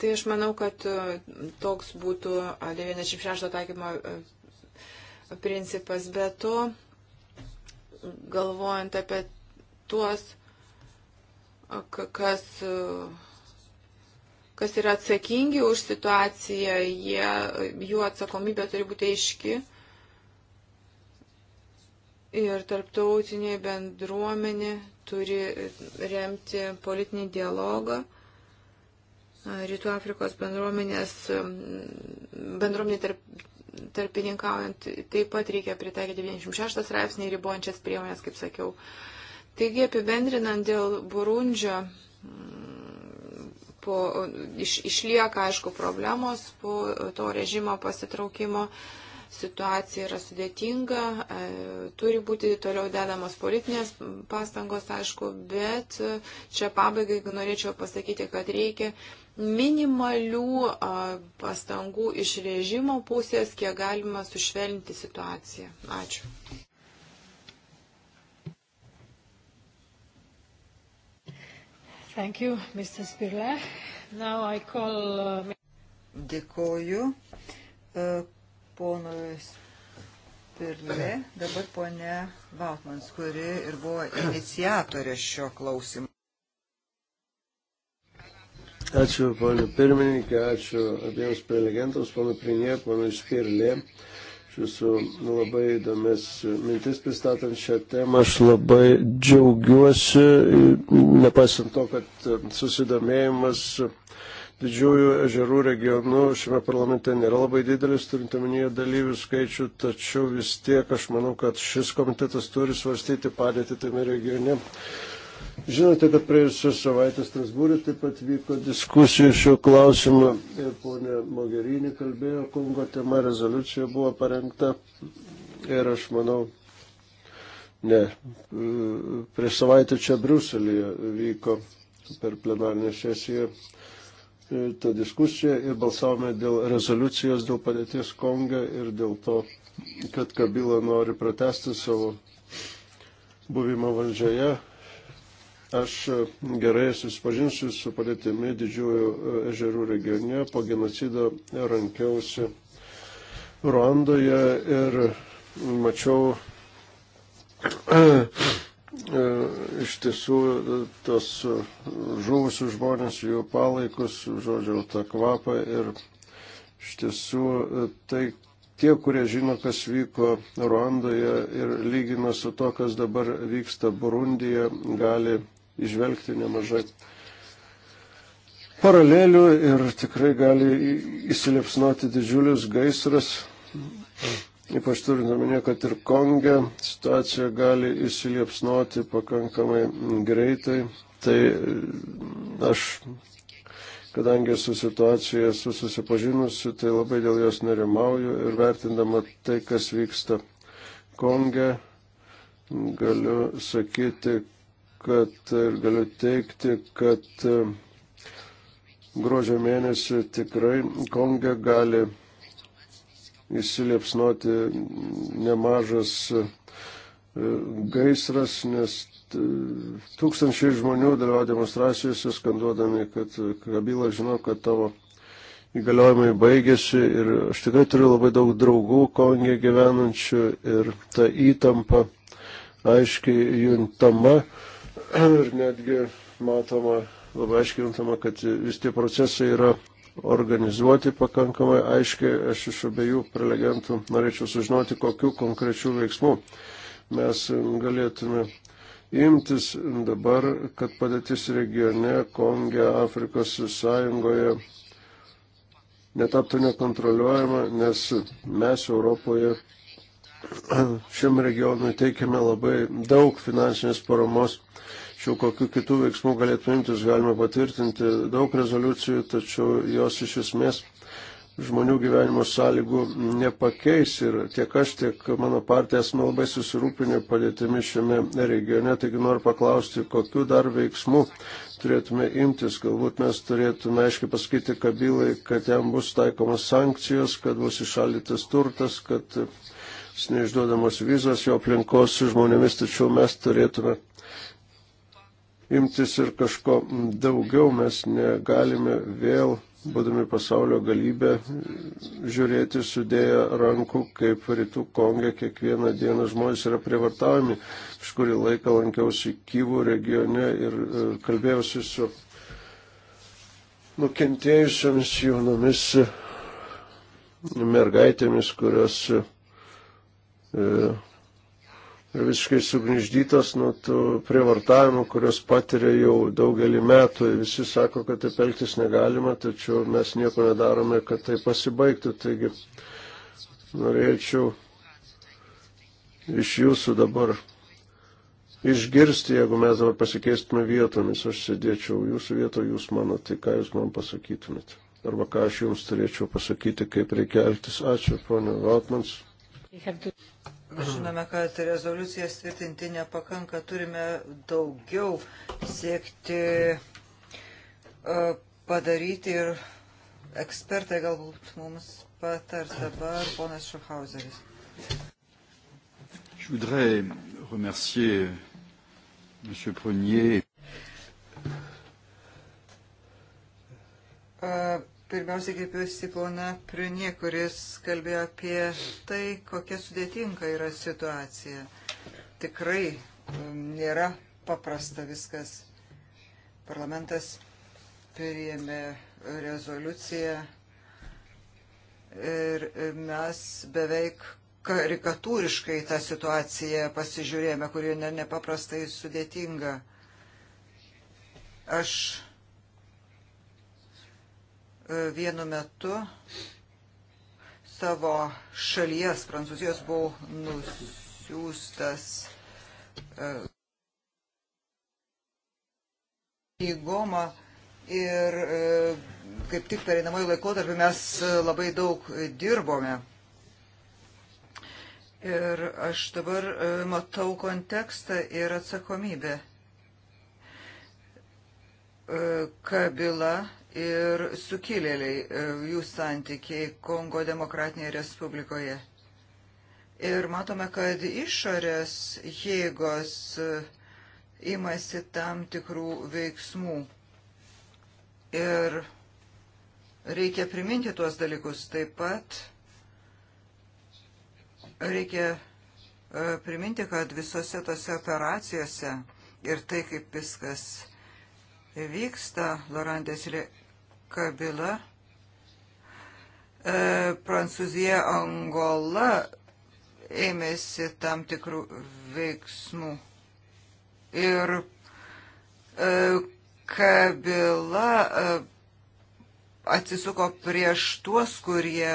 Tai aš manau, kad e, toks būtų 96 taikymo e, principas. Be to, galvojant apie tuos, kas e, kas yra atsakingi už situaciją, jie, jų atsakomybė turi būti aiški ir tarptautinė bendruomenė turi remti politinį dialogą. Rytų Afrikos bendruomenės, bendruomenė tarp, tarpininkaujant taip pat reikia pritaikyti 96 straipsnį ribojančias priemonės, kaip sakiau. Taigi apibendrinant dėl Burundžio, po, iš, išlieka aišku problemos po to režimo pasitraukimo. Uh, situacija yra sudėtinga, e, turi būti toliau dedamos politinės pastangos, aišku, bet e, čia pabaigai norėčiau pasakyti, kad reikia minimalių e, pastangų iš režimo pusės, kiek galima sušvelninti situaciją. Ačiū. Thank you, Mr. Spirle. Now I call... Uh... Dėkoju. Uh, ponas Pirlė, dabar ponė Vautmans, kuri ir buvo iniciatorė šio klausimo. Ačiū, ponė pirmininkė, ačiū abiems prelegentams, ponė Prinė, ponė Spirlė. Jūsų labai įdomias mintis pristatant šią temą, aš labai džiaugiuosi, nepaisant to, kad susidomėjimas uh, didžiųjų ežerų regionų šiame parlamente nėra labai didelis, turint omenyje dalyvių skaičių, tačiau vis tiek aš manau, kad šis komitetas turi svarstyti padėtį tame regione. Žinote, kad praėjusią savaitę Strasbūrė taip pat vyko diskusijų šio klausimu ir ponė Mogerinį kalbėjo, Kongo tema rezoliucija buvo parengta ir aš manau, ne, prieš savaitę čia Briuselėje vyko per plenarinę sesiją tą diskusiją ir balsavome dėl rezoliucijos, dėl padėties Konga ir dėl to, kad Kabila nori pratesti savo buvimą valdžioje. Aš gerai susipažinsiu su padėtimi didžiųjų ežerų regione. Po genocido rankiausi Ruandoje ir mačiau E, iš tiesų tos žuvusius žmonės, jų palaikus, žodžiu, tą kvapą ir iš tiesų e, tai tie, kurie žino, kas vyko Ruandoje ir lygina su to, kas dabar vyksta Burundija, gali išvelgti nemažai paralelių ir tikrai gali įsilepsnoti didžiulis gaisras. Mm. Ypač turint omenyje, kad ir Konge situacija gali įsiliepsnoti pakankamai greitai. Tai e, aš, kadangi su situacija esu susipažinusi, tai labai dėl jos nerimauju ir vertindama tai, kas vyksta Konge, galiu sakyti, kad ir galiu teikti, kad e, gruodžio mėnesį tikrai Konge gali įsiliepsnoti nemažas e, gaisras, nes e, tūkstančiai žmonių dalyvavo demonstracijose, skanduodami, kad kabila žino, kad tavo įgaliojimai baigėsi ir aš tikrai turiu labai daug draugų Kongė gyvenančių ir ta įtampa aiškiai juntama ir netgi matoma, labai aiškiai juntama, kad vis tie procesai yra organizuoti pakankamai aiškiai. Aš iš abiejų prelegentų norėčiau sužinoti, kokiu konkrečiu veiksmu mes galėtume imtis dabar, kad padėtis regione, Konge, Afrikos sąjungoje netaptų nekontroliuojama, nes mes Europoje šiam regionui teikiame labai daug finansinės paramos Šių kokių kitų veiksmų galėtų imtis galima patvirtinti daug rezoliucijų, tačiau jos iš esmės žmonių gyvenimo sąlygų nepakeis ir tiek aš, tiek mano partija esame labai susirūpinę padėtimi šiame regione, taigi noriu paklausti, kokiu dar veiksmu turėtume imtis. Galbūt mes turėtume aiškiai pasakyti kabylai, kad jam bus taikomas sankcijos, kad bus išalytas turtas, kad neišduodamos vizos jo aplinkos žmonėmis, tačiau mes turėtume imtis ir kažko daugiau. Mes negalime vėl, būdami pasaulio galybę, žiūrėti sudėję rankų, kaip rytų Kongė kiekvieną dieną žmonės yra prievartaujami. Iš kurį laiką lankiausi Kyvų regione ir e, kalbėjausi su nukentėjusiamis jaunomis e, mergaitėmis, kurios e, ir visiškai sugniždytas nuo tų prievartavimų, kurios patiria jau daugelį metų. Visi sako, kad taip elgtis negalima, tačiau mes nieko nedarome, kad tai pasibaigtų. Taigi norėčiau iš jūsų dabar išgirsti, jeigu mes dabar pasikeistume vietomis, aš sėdėčiau jūsų vietoje, jūs mano, tai ką jūs man pasakytumėte. Arba ką aš jums turėčiau pasakyti, kaip reikia elgtis. Ačiū, ponio Vautmans. Mhm. Žinome, kad rezoliucijas tvirtinti nepakanka, turime daugiau siekti e, padaryti ir ekspertai galbūt mums patars dabar ponas Šuhauseris. Je voudrais remercier Monsieur Prenier. Uh, Pirmiausia, kreipiuosi pona Prinė, kuris kalbėjo apie tai, kokia sudėtinga yra situacija. Tikrai mm, nėra paprasta viskas. Parlamentas priėmė rezoliuciją ir mes beveik karikatūriškai tą situaciją pasižiūrėjome, kuri nepaprastai sudėtinga. Aš vienu metu savo šalies, Prancūzijos, buvau nusiųstas e, į Gomą ir e, kaip tik pereinamojų laikotarpį mes labai daug dirbome. Ir aš dabar e, matau kontekstą ir atsakomybę. Kabila ir sukilėliai, e, jų santykiai Kongo demokratinėje respublikoje. Ir matome, kad išorės jėgos e, imasi tam tikrų veiksmų. Ir reikia priminti tuos dalykus. Taip pat reikia e, priminti, kad visose tose operacijose ir tai, kaip viskas vyksta, Lorandės Kabila. E, Prancūzija Angola ėmėsi tam tikrų veiksmų. Ir e, Kabila e, atsisuko prieš tuos, kurie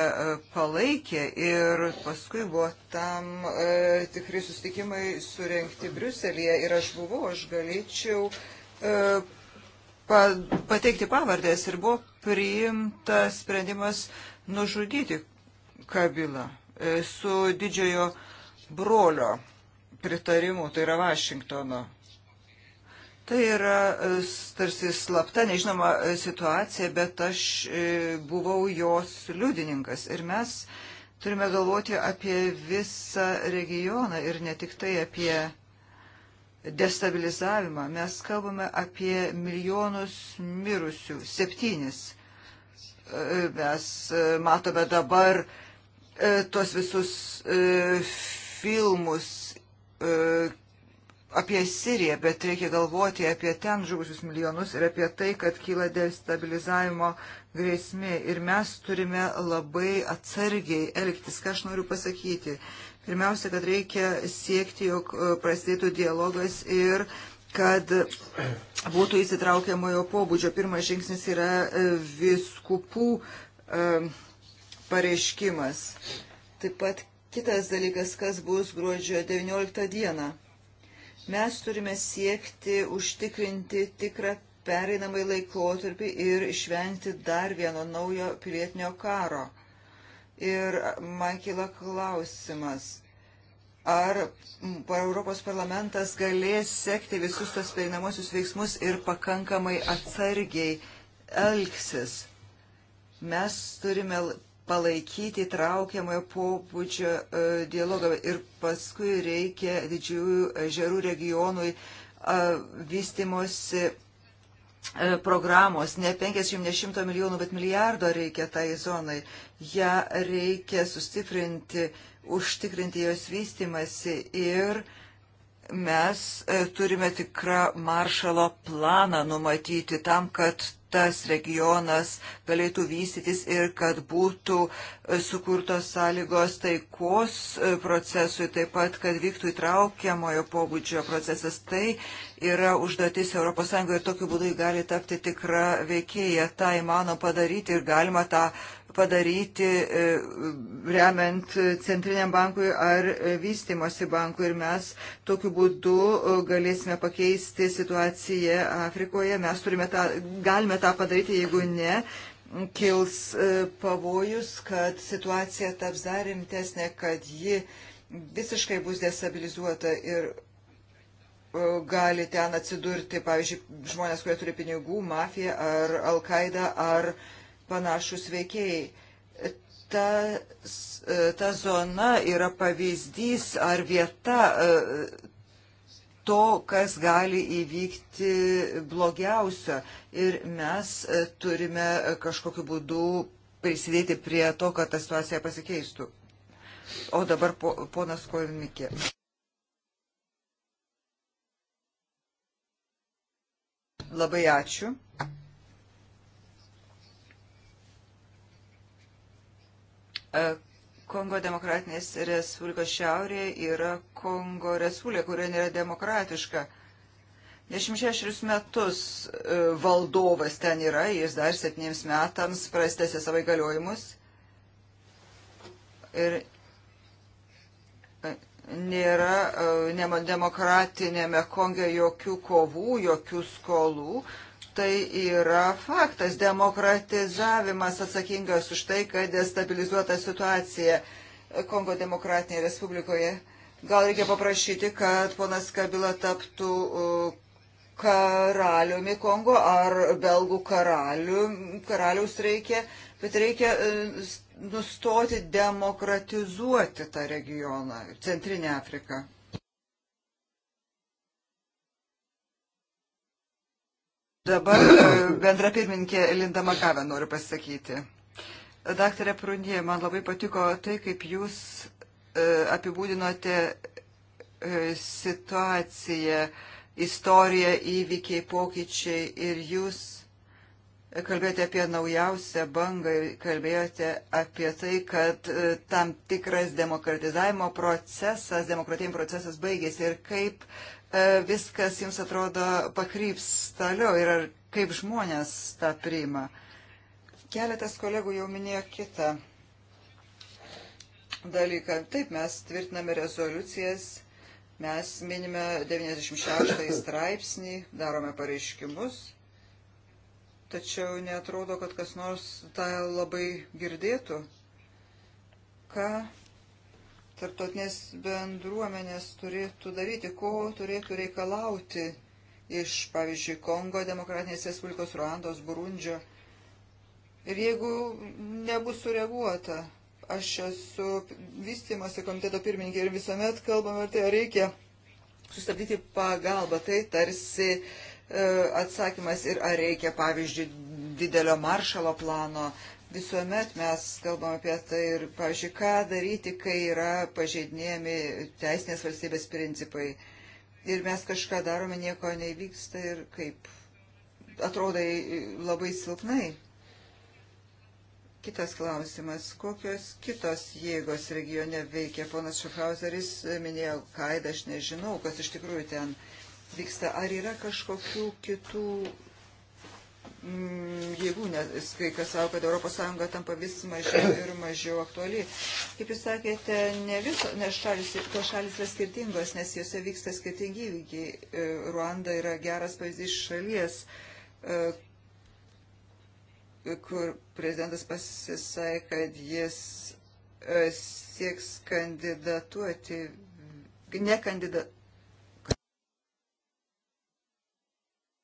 palaikė ir paskui buvo tam e, tikri susitikimai surenkti Briuselėje ir aš buvau, aš galėčiau e, pateikti pavardės ir buvo priimtas sprendimas nužudyti Kabilą e, su didžiojo brolio pritarimu, tai yra Vašingtono. Tai yra e, tarsi slapta, nežinoma e, situacija, bet aš buvau jos liudininkas. Ir mes turime galvoti apie visą regioną ir ne tik tai apie destabilizavimą. Mes kalbame apie milijonus mirusių, septynis. E, mes e, matome dabar e, tos visus filmus apie Siriją, bet reikia galvoti apie ten žuvusius milijonus ir apie tai, kad kyla destabilizavimo grėsmė. Ir mes turime labai atsargiai elgtis. Ką aš noriu pasakyti? Pirmiausia, kad reikia siekti, jog e, prasidėtų dialogas ir kad būtų įsitraukiamojo pobūdžio. Pirmas žingsnis yra e, viskupų e, pareiškimas. Taip pat kitas dalykas, kas bus gruodžio 19 dieną. Mes turime siekti užtikrinti tikrą pereinamai laikotarpį ir išvengti dar vieno naujo pilietinio karo. Ir man kyla klausimas, ar Europos parlamentas galės sekti visus tos prieinamosius veiksmus ir pakankamai atsargiai elgsis. Mes turime palaikyti traukiamojo pobūdžio e, dialogą ir paskui reikia didžiųjų žerų regionui vystimosi E, programos, ne 50-100 milijonų, bet milijardo reikia tai zonai. Ja reikia sustiprinti, užtikrinti jos vystimasi ir mes e, turime tikrą maršalo planą numatyti tam, kad tas regionas galėtų vystytis ir kad būtų e, sukurtos sąlygos taikos e, procesui, taip pat, kad vyktų įtraukiamojo pobūdžio procesas. Tai yra užduotis ES ir tokiu būdu gali tapti tikra veikėja. Tai mano padaryti ir galima tą ta padaryti e, remiant Centriniam bankui ar e, vystimosi bankui. Ir mes tokiu būdu e, galėsime pakeisti situaciją Afrikoje. Mes turime tą, galime tą padaryti, jeigu ne, kils pavojus, kad situacija taps dar rimtesnė, kad ji visiškai bus destabilizuota ir gali ten atsidurti, pavyzdžiui, žmonės, kurie turi pinigų, mafija ar Al-Qaida ar uh, panašus veikėjai. Ta, ta zona yra pavyzdys ar vieta e, to, kas gali įvykti blogiausio. Ir mes e, turime kažkokiu būdu prisidėti prie to, kad ta situacija pasikeistų. O dabar po, ponas Kovinikė. Labai ačiū. E, Kongo demokratinės Respublikos šiaurėje yra Kongo Respublika, kurioje nėra demokratiška. 26 metus e, valdovas ten yra, jis dar 7 metams prastėsi savo įgaliojimus. Ir e, nėra demokratinėme Konge jokių kovų, jokių skolų tai yra faktas. Demokratizavimas atsakingas už tai, kad destabilizuota situacija Kongo demokratinėje Respublikoje. Gal reikia paprašyti, kad ponas Kabila taptų uh, karaliumi Kongo ar belgų karalių, karaliaus reikia, bet reikia uh, nustoti demokratizuoti tą regioną, Centrinę Afriką. Dabar e, bendra pirmininkė Linda Makavė noriu pasakyti. Daktarė Prunė, man labai patiko tai, kaip jūs e, apibūdinote e, situaciją, istoriją, įvykiai, pokyčiai ir jūs kalbėjote apie naujausią bangą ir kalbėjote apie tai, kad tam tikras demokratizavimo procesas, demokratėjimo procesas baigėsi ir kaip E, viskas jums atrodo pakryps toliau ir ar, kaip žmonės tą priima. Keletas kolegų jau minėjo kitą dalyką. Taip, mes tvirtiname rezoliucijas, mes minime 96 straipsnį, darome pareiškimus, tačiau netrodo, kad kas nors tą labai girdėtų. Ką tarptautinės bendruomenės turėtų daryti, ko turėtų reikalauti iš, pavyzdžiui, Kongo demokratinės Respublikos, Ruandos, Burundžio. Ir jeigu nebus sureaguota, aš esu vystimosi komiteto pirmininkė ir visuomet kalbame, tai reikia sustabdyti pagalbą, tai tarsi e, atsakymas ir ar reikia, pavyzdžiui, didelio maršalo plano, visuomet mes kalbam apie tai ir, pavyzdžiui, ką daryti, kai yra pažeidinėjami teisinės valstybės principai. Ir mes kažką darome, nieko nevyksta ir kaip atrodo labai silpnai. Kitas klausimas, kokios kitos jėgos regione veikia? Ponas Šafhauseris minėjo Kaidą, aš nežinau, kas iš tikrųjų ten vyksta. Ar yra kažkokių kitų Mm, jėgų, nes kai kas savo, kad ES tampa vis mažiau ir mažiau aktuali. Kaip jūs sakėte, ne visos, nes šalis, tos šalis yra skirtingos, nes juose vyksta skirtingi įvykiai. E, Ruanda yra geras pavyzdys šalies, e, kur prezidentas pasisai, kad jis e, sieks kandidatuoti, ne kandidatuoti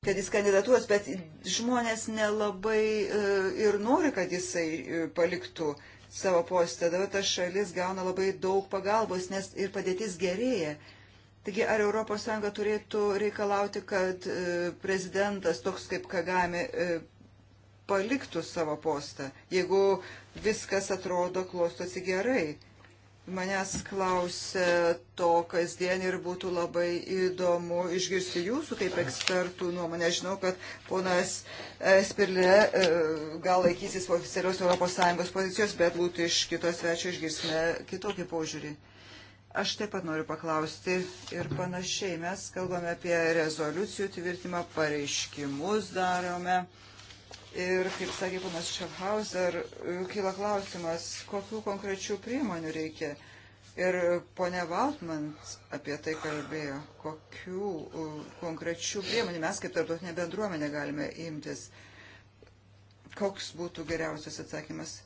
kad jis kandidatuos, bet žmonės nelabai e, ir nori, kad jisai e, paliktų savo postą. Dabar ta šalis gauna labai daug pagalbos, nes ir padėtis gerėja. Taigi ar ES turėtų reikalauti, kad e, prezidentas toks kaip Kagami paliktų savo postą, jeigu viskas atrodo klostosi gerai? manęs klausia to kasdien ir būtų labai įdomu išgirsti jūsų kaip ekspertų nuomonę. Žinau, kad ponas Spirlė e, gal laikysis oficialios ES pozicijos, bet būtų iš kitos svečio išgirsime kitokį požiūrį. Aš taip pat noriu paklausti ir panašiai. Mes kalbame apie rezoliucijų tvirtimą, pareiškimus darome. Uh, Ir, kaip sakė ponas Schaffhauser, kyla klausimas, kokių konkrečių priemonių reikia. Ir ponia Valtman apie tai kalbėjo, kokių konkrečių priemonių mes kaip tarptautinė bendruomenė galime imtis. Koks būtų geriausias atsakymas?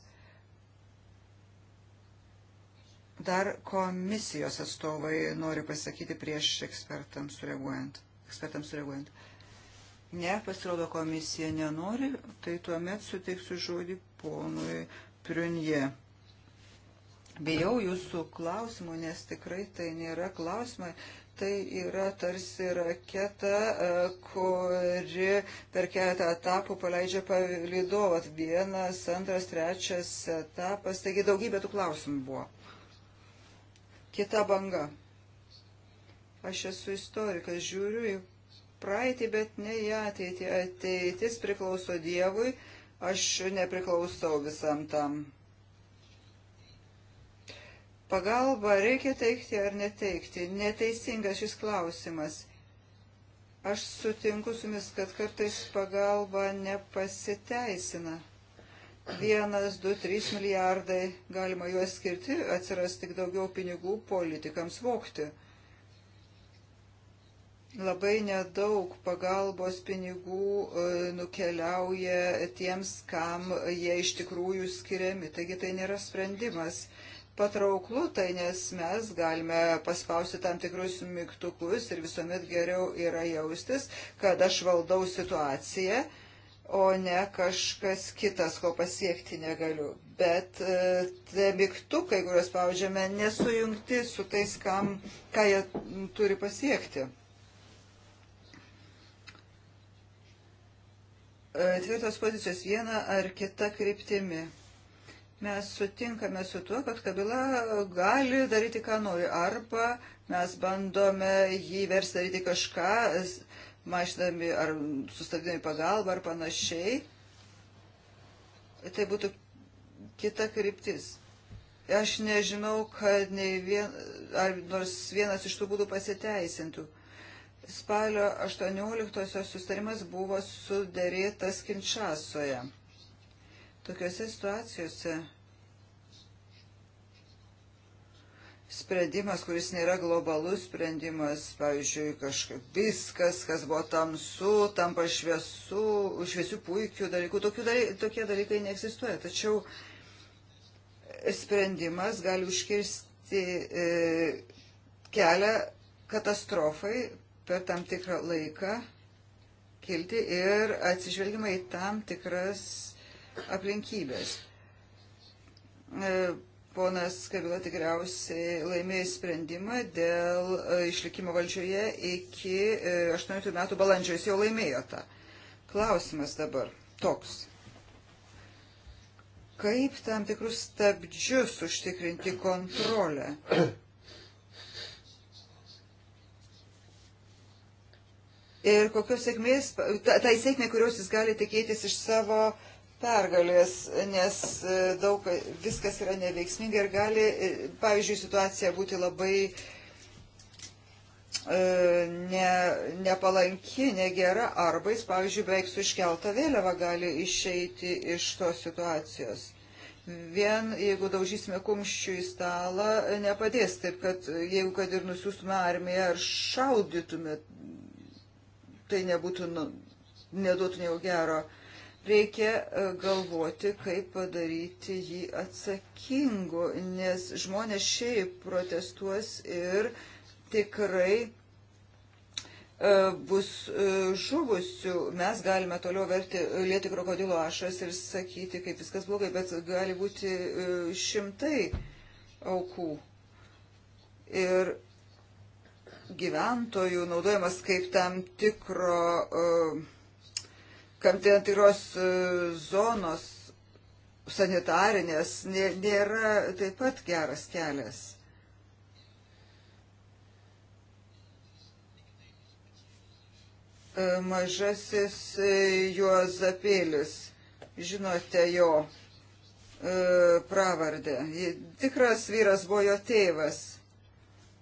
Dar komisijos atstovai nori pasakyti prieš ekspertams sureaguojant. Ekspertams sureaguojant. Uh, Ne, pasirodo komisija nenori, tai tuomet suteiksiu žodį ponui Priunje. Bijau jūsų klausimų, nes tikrai tai nėra klausimai. Tai yra tarsi raketa, e, kuri per keletą etapų paleidžia palidovą. Vienas, antras, trečias etapas. Taigi daugybė tų klausimų buvo. Kita banga. Aš esu istorikas, žiūriu į praeitį, bet ne į ateitį. Ateitis priklauso Dievui, aš nepriklausau visam tam. Pagalba reikia teikti ar neteikti. Neteisingas šis klausimas. Aš sutinku su jumis, kad kartais pagalba nepasiteisina. Vienas, du, trys milijardai, galima juos skirti, atsiras tik daugiau pinigų politikams vokti. Labai nedaug pagalbos pinigų e, nukeliauja tiems, kam jie iš tikrųjų skiriami. Taigi tai nėra sprendimas patrauklu, tai nes mes galime paspausti tam tikrus mygtukus ir visuomet geriau yra jaustis, kad aš valdau situaciją, o ne kažkas kitas, ko pasiekti negaliu. Bet e, tie mygtukai, kuriuos spaudžiame, nesujungti su tais, kam, ką jie turi pasiekti. E, tvirtos pozicijos viena ar kita kryptimi. Mes sutinkame su tuo, kad kabila gali daryti, ką nori, arba mes bandome jį versti daryti kažką, mažinami ar sustabdami pagalbą ar panašiai. Tai būtų kita kryptis. Aš nežinau, kad nei vien, ar nors vienas iš tų būdų pasiteisintų. Spalio 18-osios sustarimas buvo suderėtas Kinčasoje. Tokiuose situacijose sprendimas, kuris nėra globalus sprendimas, pavyzdžiui, kažkaip viskas, kas buvo tamsu, tampa šviesu, šviesių puikių dalykų, daly, tokie dalykai neegzistuoja. Tačiau sprendimas gali užkirsti e, kelią katastrofai per tam tikrą laiką kilti ir atsižvelgiama į tam tikras aplinkybės. E, ponas Kabila tikriausiai laimėjo sprendimą dėl e, išlikimo valdžioje iki 18 e, metų balandžio. Jis jau laimėjo tą. Klausimas dabar toks. Kaip tam tikrus stabdžius užtikrinti kontrolę? ir kokios sėkmės, tai sėkmė, kurios jis gali tikėtis iš savo pergalės, nes e, daug viskas yra neveiksminga ir gali, e, pavyzdžiui, situacija būti labai e, ne, nepalanki, negera, arba jis, pavyzdžiui, beveik su iškelta vėliava gali išeiti iš tos situacijos. Vien jeigu daužysime kumščių į stalą, nepadės taip, kad jeigu kad ir nusiųstume armiją ar šaudytume tai nebūtų, nu, neduotų nieko gero. Reikia e, galvoti, kaip padaryti jį atsakingu, nes žmonės šiaip protestuos ir tikrai e, bus e, žuvusių. Mes galime toliau verti lieti krokodilo ašas ir sakyti, kaip viskas blogai, bet gali būti šimtai aukų. Ir gyventojų naudojamas kaip tam tikro, kam e, tam tikros e, zonos sanitarinės nėra taip pat geras kelias. E, mažasis Juozapėlis, žinote jo pravardę. Tikras vyras buvo jo tėvas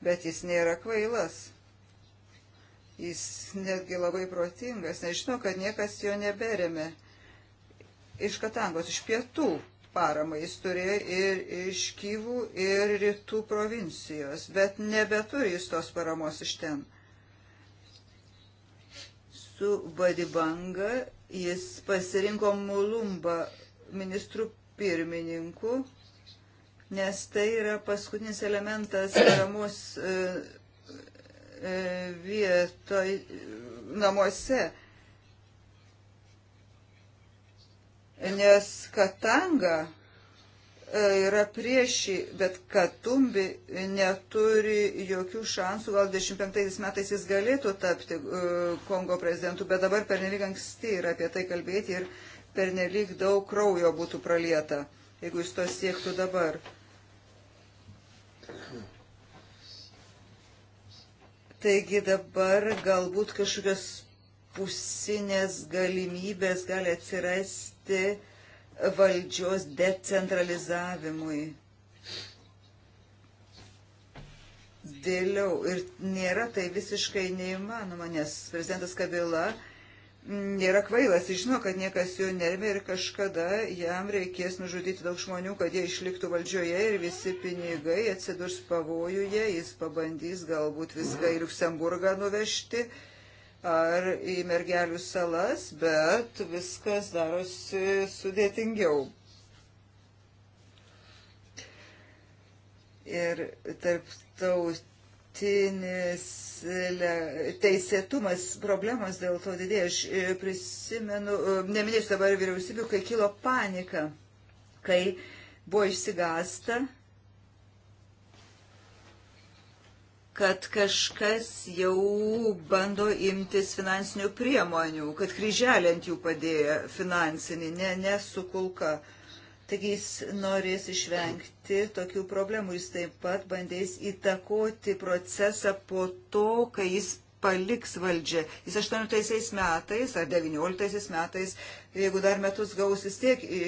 bet jis nėra kvailas. Jis netgi labai protingas, nežinau, kad niekas jo neberėmė. Iš Katangos, iš pietų paramą jis turėjo ir iš Kyvų, ir rytų provincijos, bet nebeturi jis tos paramos iš ten. Su Badibanga jis pasirinko Mulumba ministrų pirmininku nes tai yra paskutinis elementas paramos e, e, vietoj namuose. Nes Katanga e, yra priešiai, bet Katumbi neturi jokių šansų, gal 25 metais jis galėtų tapti Kongo prezidentu, bet dabar pernelyg anksti yra apie tai kalbėti ir pernelyg daug kraujo būtų pralieta, jeigu jis to siektų dabar. Taigi dabar galbūt kažkokios pusinės galimybės gali atsirasti valdžios decentralizavimui. Vėliau ir nėra tai visiškai neįmanoma, nes prezidentas Kabila nėra mm, kvailas, jis žino, kad niekas jo neremia ir kažkada jam reikės nužudyti daug žmonių, kad jie išliktų valdžioje ir visi pinigai atsidurs pavojuje, jis pabandys galbūt viską į Luksemburgą nuvežti ar į mergelių salas, bet viskas darosi sudėtingiau. Ir tarptautinė nuolatinis teisėtumas problemos dėl to didėja. Aš e, prisimenu, e, neminėsiu dabar vyriausybių, kai kilo panika, kai buvo išsigasta, kad kažkas jau bando imtis finansinių priemonių, kad kryželė ant jų padėjo finansinį, ne, ne su kulka. Uh, Taigi jis norės išvengti tokių problemų. Jis taip pat bandės įtakoti procesą po to, kai jis paliks valdžią. Jis 18 metais ar 19 metais, jeigu dar metus gaus vis tiek, e,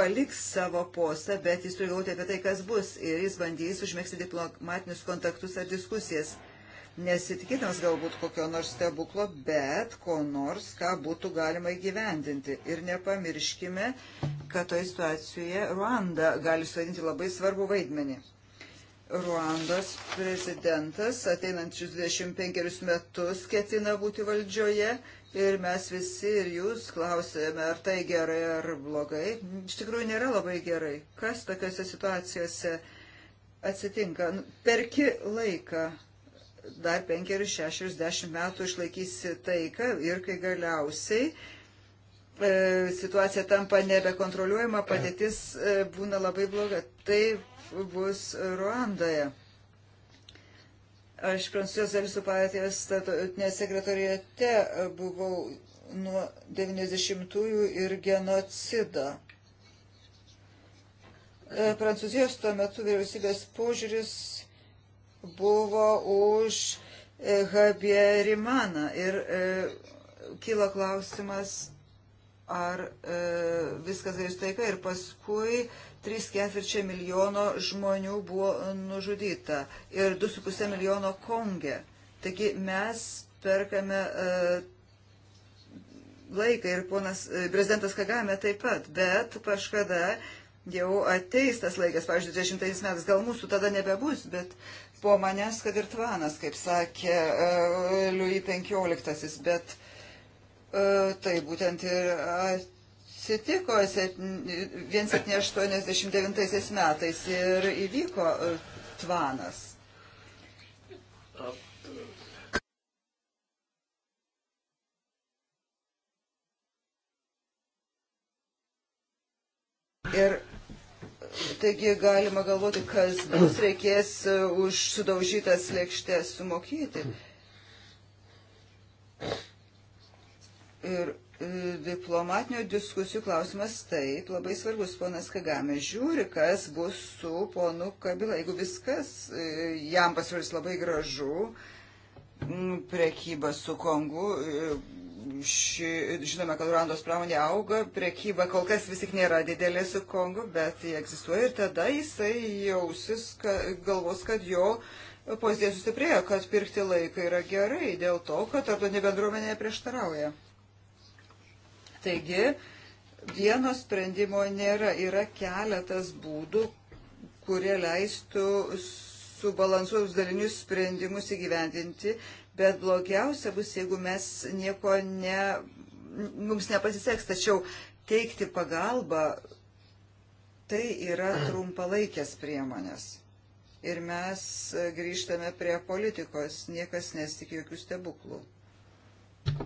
paliks savo postą, bet jis turi galvoti apie tai, kas bus. Ir jis bandys užmėgsti diplomatinius kontaktus ar diskusijas nesitikėdamas galbūt kokio nors stebuklo, bet ko nors, ką būtų galima įgyvendinti. Ir nepamirškime, kad toje situacijoje Ruanda gali suvaidinti labai svarbų vaidmenį. Ruandos prezidentas ateinančius 25 metus ketina būti valdžioje ir mes visi ir jūs klausėme, ar tai gerai ar blogai. Iš tikrųjų nėra labai gerai. Kas tokiuose situacijose atsitinka? Nu, perki laiką, dar penkerius, šešerius, dešimt metų išlaikysi taiką ir kai galiausiai e, situacija tampa nebekontroliuojama, padėtis e, būna labai bloga. Tai bus Ruandoje. Aš Prancūzijos Elisų partijos statutinės sekretorijate buvau nuo 90-ųjų ir genocido. E, prancūzijos tuo metu vyriausybės požiūris buvo už Habierimaną e, ir e, kilo klausimas, ar e, viskas grįžt taika ir paskui 3 ketvirčiai milijono žmonių buvo nužudyta ir 2,5 milijono Konge. Taigi mes perkame e, laiką ir ponas e, prezidentas Kagame taip pat, bet kažkada jau ateis tas laikas, pavyzdžiui, 30 metais, gal mūsų tada nebebus, bet po manęs, kad ir tvanas, kaip sakė e, Liui XV, bet e, tai būtent ir atsitiko 1789 metais ir įvyko e, tvanas. taigi galima galvoti, kas bus reikės uh, už sudaužytas lėkštės sumokyti. Ir uh, diplomatinio diskusijų klausimas taip, labai svarbus. Ponas Kagame žiūri, kas bus su ponu Kabila. Jeigu viskas uh, jam pasiūlys labai gražu, mm, prekyba su Kongu ši, žinome, kad Ruandos pramonė auga, priekyba kol kas vis tik nėra didelė su Kongu, bet jie egzistuoja ir tada jisai jausis, ka, galvos, kad jo pozicija sustiprėjo, kad pirkti laiką yra gerai, dėl to, kad tarptautinė bendruomenė prieštarauja. Taigi, vieno sprendimo nėra, yra keletas būdų, kurie leistų subalansuotus dalinius sprendimus įgyvendinti bet blogiausia bus, jeigu mes nieko ne, mums nepasiseks, tačiau teikti pagalbą, tai yra trumpalaikės priemonės. Ir mes grįžtame prie politikos, niekas nesitik jokių stebuklų.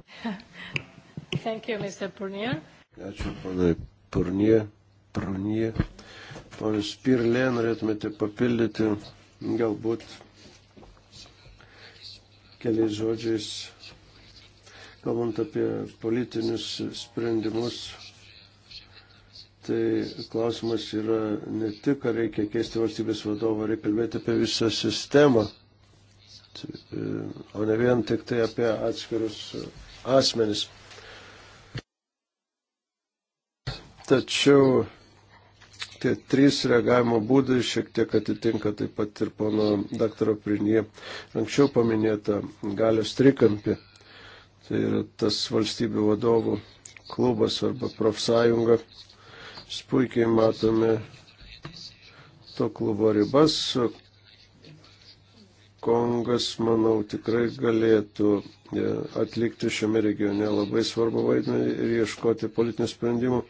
Thank you, Mr. Purnier. Ačiū, panai Purnier. Purnier. Ponas Pirlė, norėtumėte papildyti galbūt keliais žodžiais, kalbant apie politinius sprendimus, tai klausimas yra ne tik, ar reikia keisti valstybės vadovą, reikia kalbėti apie visą sistemą, tai, e, o ne vien tik tai apie atskirus asmenis. Tačiau Tie trys reagavimo būdai šiek tiek atitinka taip pat ir pono daktaro Prinie anksčiau paminėtą galios trikampį. Tai yra tas valstybių vadovų klubas arba profsąjunga. Mes puikiai matome to klubo ribas. Kongas, manau, tikrai galėtų e, atlikti šiame regione labai svarbu vaidmenį ir ieškoti politinių sprendimų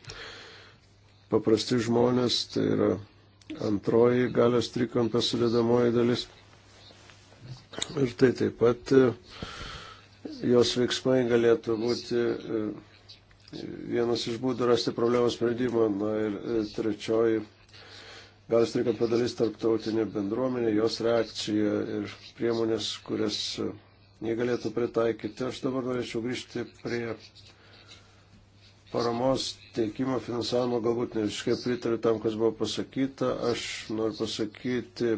paprasti žmonės, tai yra antroji galios trikampio sudėdamoji dalis. Ir tai taip pat e, jos veiksmai galėtų būti e, vienas iš būdų rasti problemos sprendimą. Na ir e, trečioji galios trikampio dalis tarptautinė bendruomenė, jos reakcija ir priemonės, kurias jie galėtų pritaikyti. Aš dabar norėčiau grįžti prie paramos teikimo finansavimo galbūt ne visiškai pritariu tam, kas buvo pasakyta. Aš noriu pasakyti,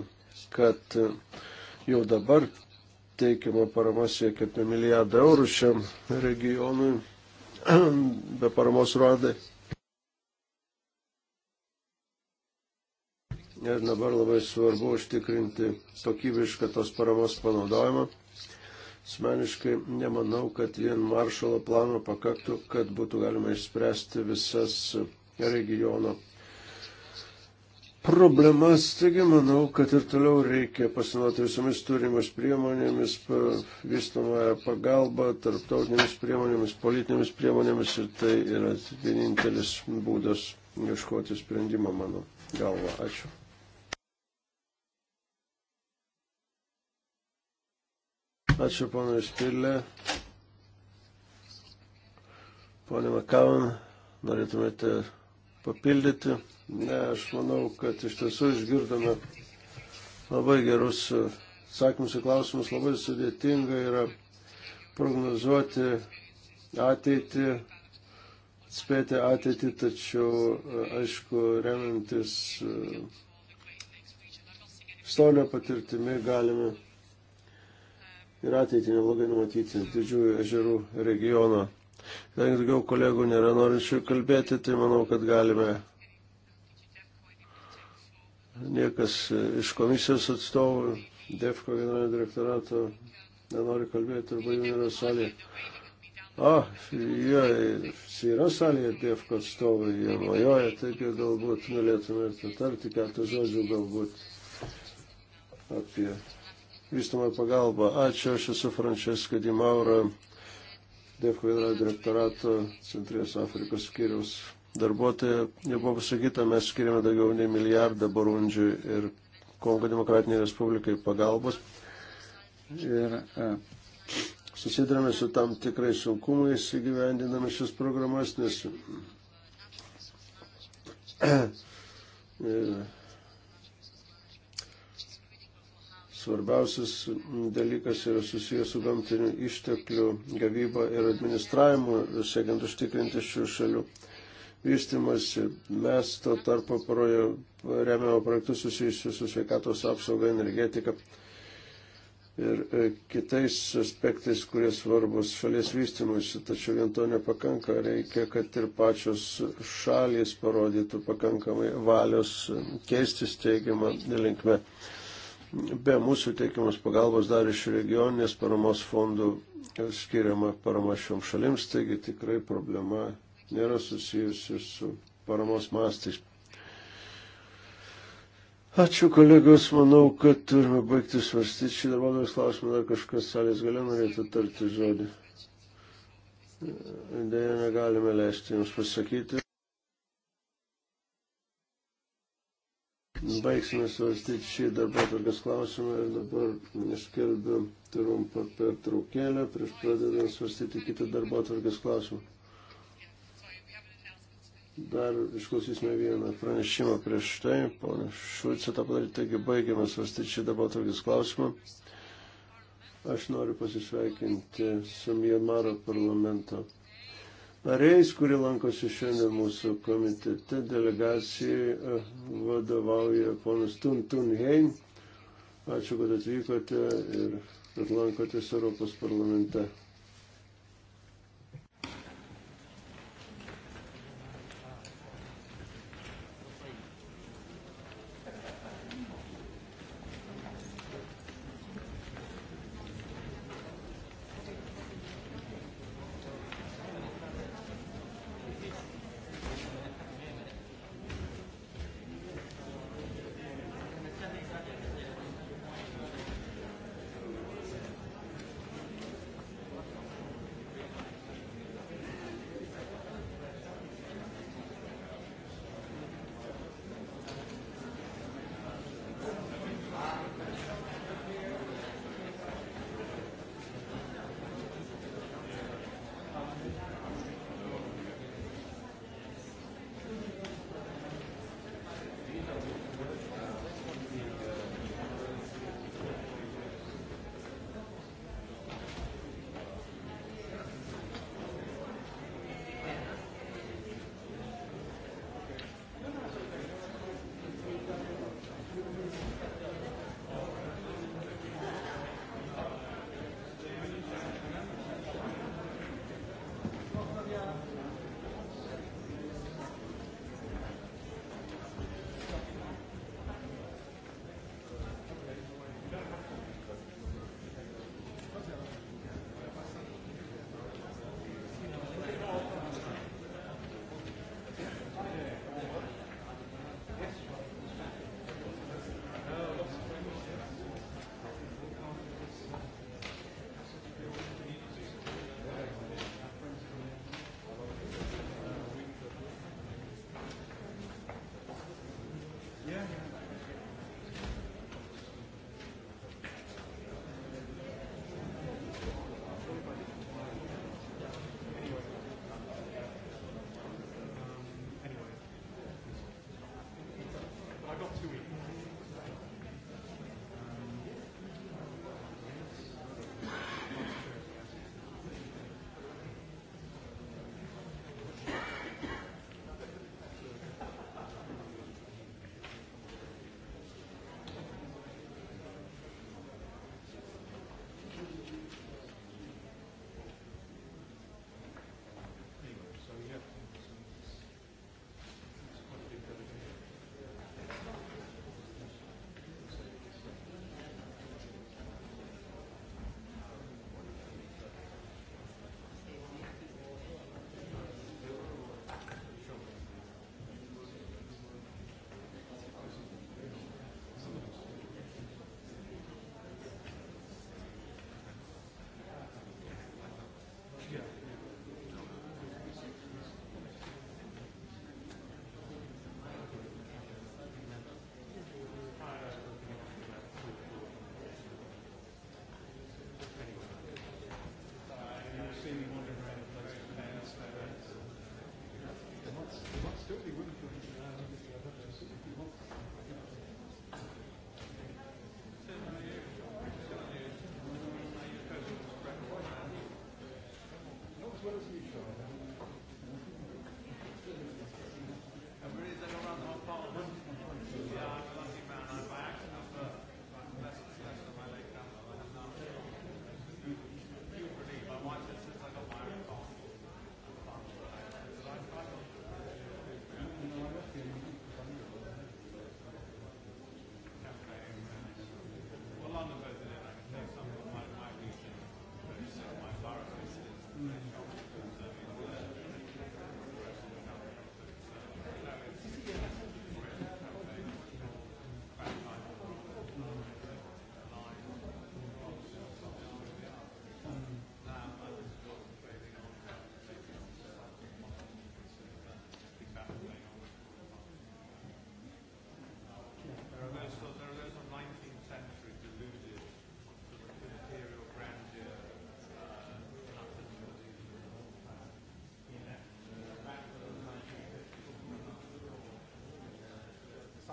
kad jau dabar teikiama parama siekia apie milijardą eurų šiam regionui be paramos ruandai. Ir dabar labai svarbu užtikrinti kokybišką tos paramos panaudojimą. Asmeniškai nemanau, kad vien maršalo plano pakaktų, kad būtų galima išspręsti visas regiono problemas. Taigi manau, kad ir toliau reikia pasinaudoti visomis turimas priemonėmis, vystamąją pagalbą, tarptautinėmis priemonėmis, politinėmis priemonėmis ir tai yra vienintelis būdas ieškoti sprendimą mano galva. Ačiū. Ačiū ponui Spilė. Pone Makavan, norėtumėte papildyti? Ne, aš manau, kad iš tiesų išgirdome labai gerus atsakymus į klausimus. Labai sudėtinga yra prognozuoti ateitį, spėti ateitį, tačiau, aišku, remiantis e, istorinio patirtimi galime ir ateitį neblogai numatyti didžiųjų ežerų regiono. Kadangi daugiau kolegų nėra norinčių kalbėti, tai manau, kad galime niekas iš komisijos atstovų, DEFCO generalinio direktorato nenori kalbėti arba jų nėra salėje. A, jie yra salėje DEFCO atstovai, jie mojoja, taigi galbūt galėtume tarti keletą žodžių galbūt apie vystamą pagalbą. Ačiū, aš esu Frančeska Dimaura, DEFCO generalinio direktorato Centrinės Afrikos skyriaus darbuotoja. Jau buvo pasakyta, mes skiriame daugiau nei milijardą Burundžiui ir Kongo Demokratiniai Respublikai pagalbos. Ir e, susidurėme su tam tikrai sunkumais įgyvendinami šias programas, nes e, Svarbiausias dalykas yra susijęs su gamtinių išteklių gavyba ir administravimu, siekiant užtikrinti šių šalių vystimasi. Mes to tarpo proje, remiamo projektus susijusius su sveikatos apsauga, energetika ir e, kitais aspektais, kurie svarbus šalies vystimuisi, tačiau vien to nepakanka. Reikia, kad ir pačios šalys parodytų pakankamai valios e, keistis teigiamą linkme. Be mūsų teikiamas pagalbos dar iš regioninės paramos fondų skiriama parama šioms šalims, taigi tikrai problema nėra susijusi su paramos mastais. Ačiū kolegos, manau, kad turime baigti svarstyti šį darbodomės klausimą, dar kažkas salės galia norėtų tarti žodį. Deja, negalime leisti jums pasakyti. Baigsime svarstyti šį darbo tvarkės klausimą ir dabar iškelbiu trumpą per traukėlę prieš pradedant svarstyti kitą darbo tvarkės klausimą. Dar išklausysime vieną pranešimą prieš tai. Pone Šulce tą padaryti, taigi baigiame svarstyti šį darbo tvarkės klausimą. Aš noriu pasisveikinti su Mienmaro parlamento nariais, kuri lankosi šiandien mūsų komitete. Delegacijai e, vadovauja ponas Tun Tunhein. Ačiū, kad atvykote ir kad lankotės Europos parlamente.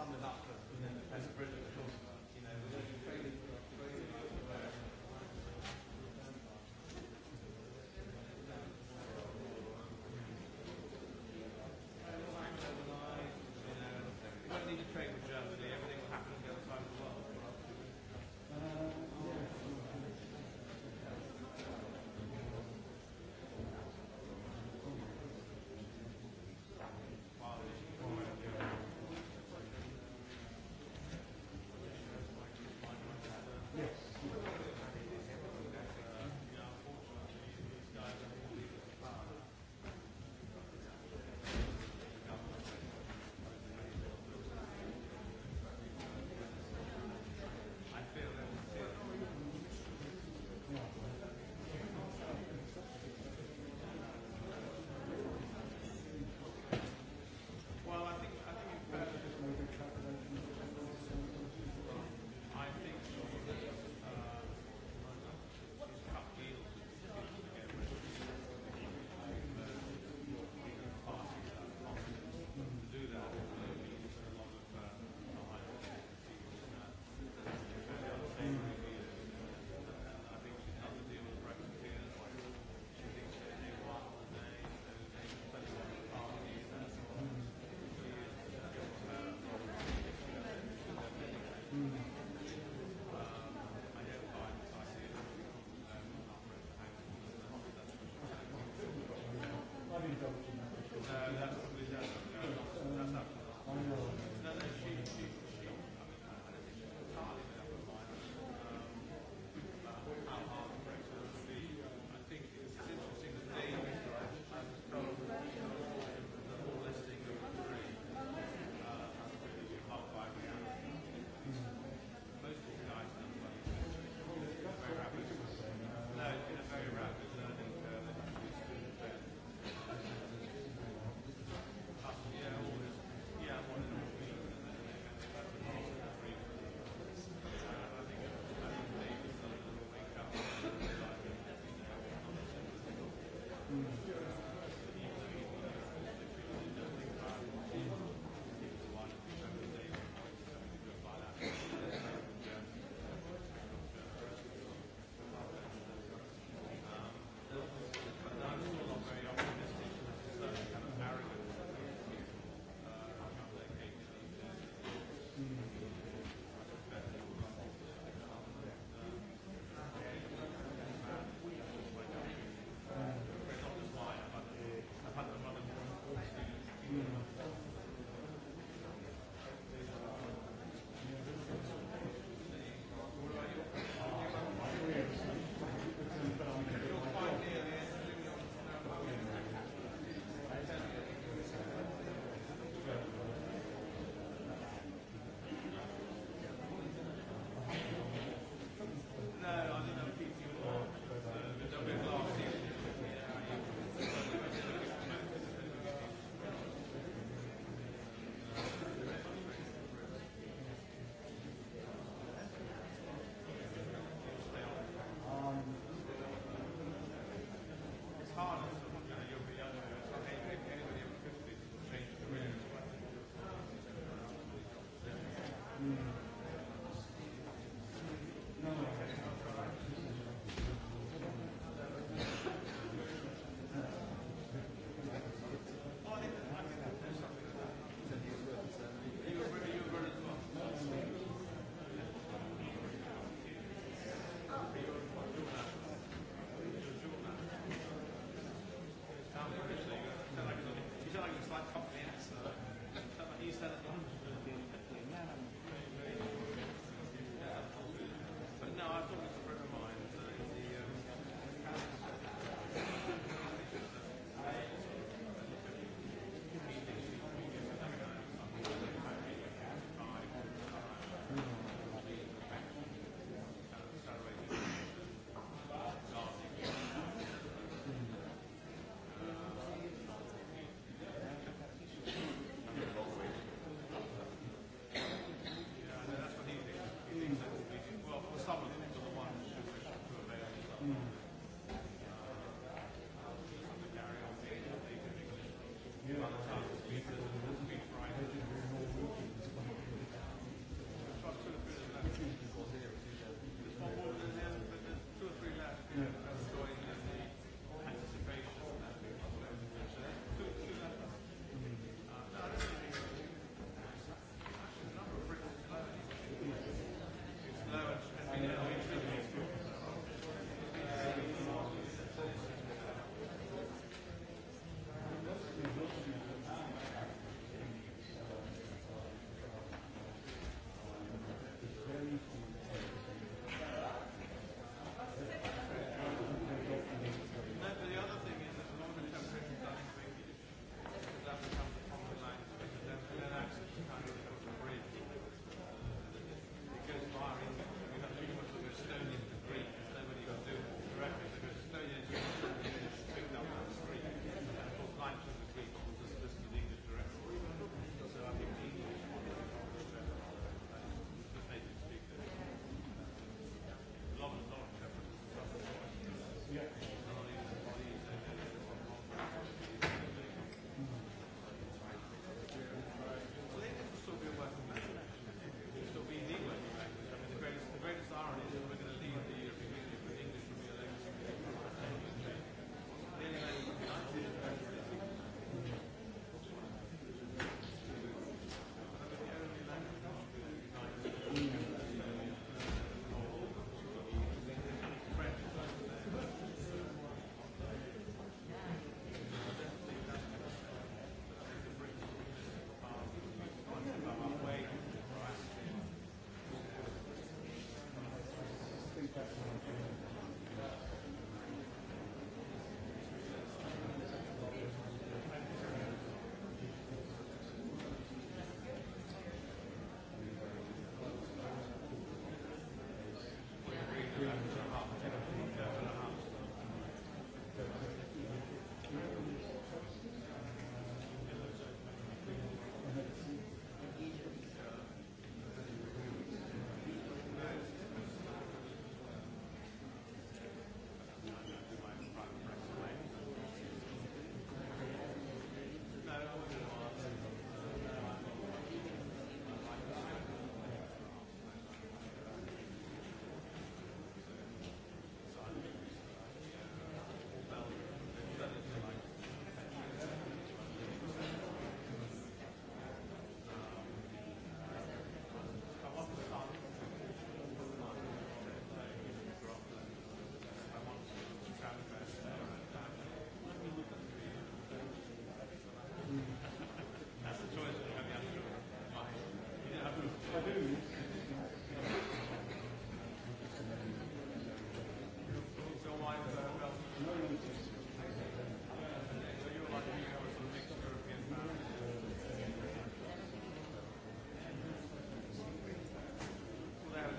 sum it up as, as brilliant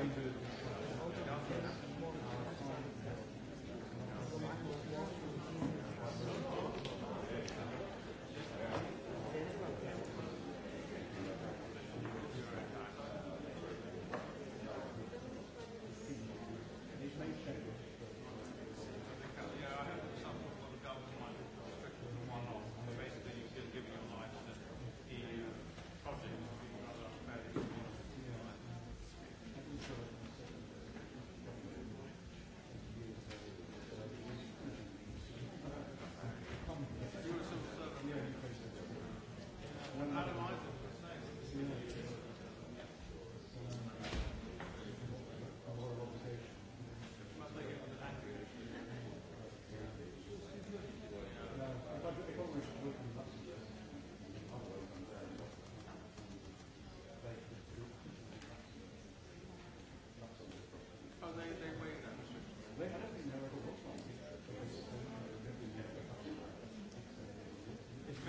I will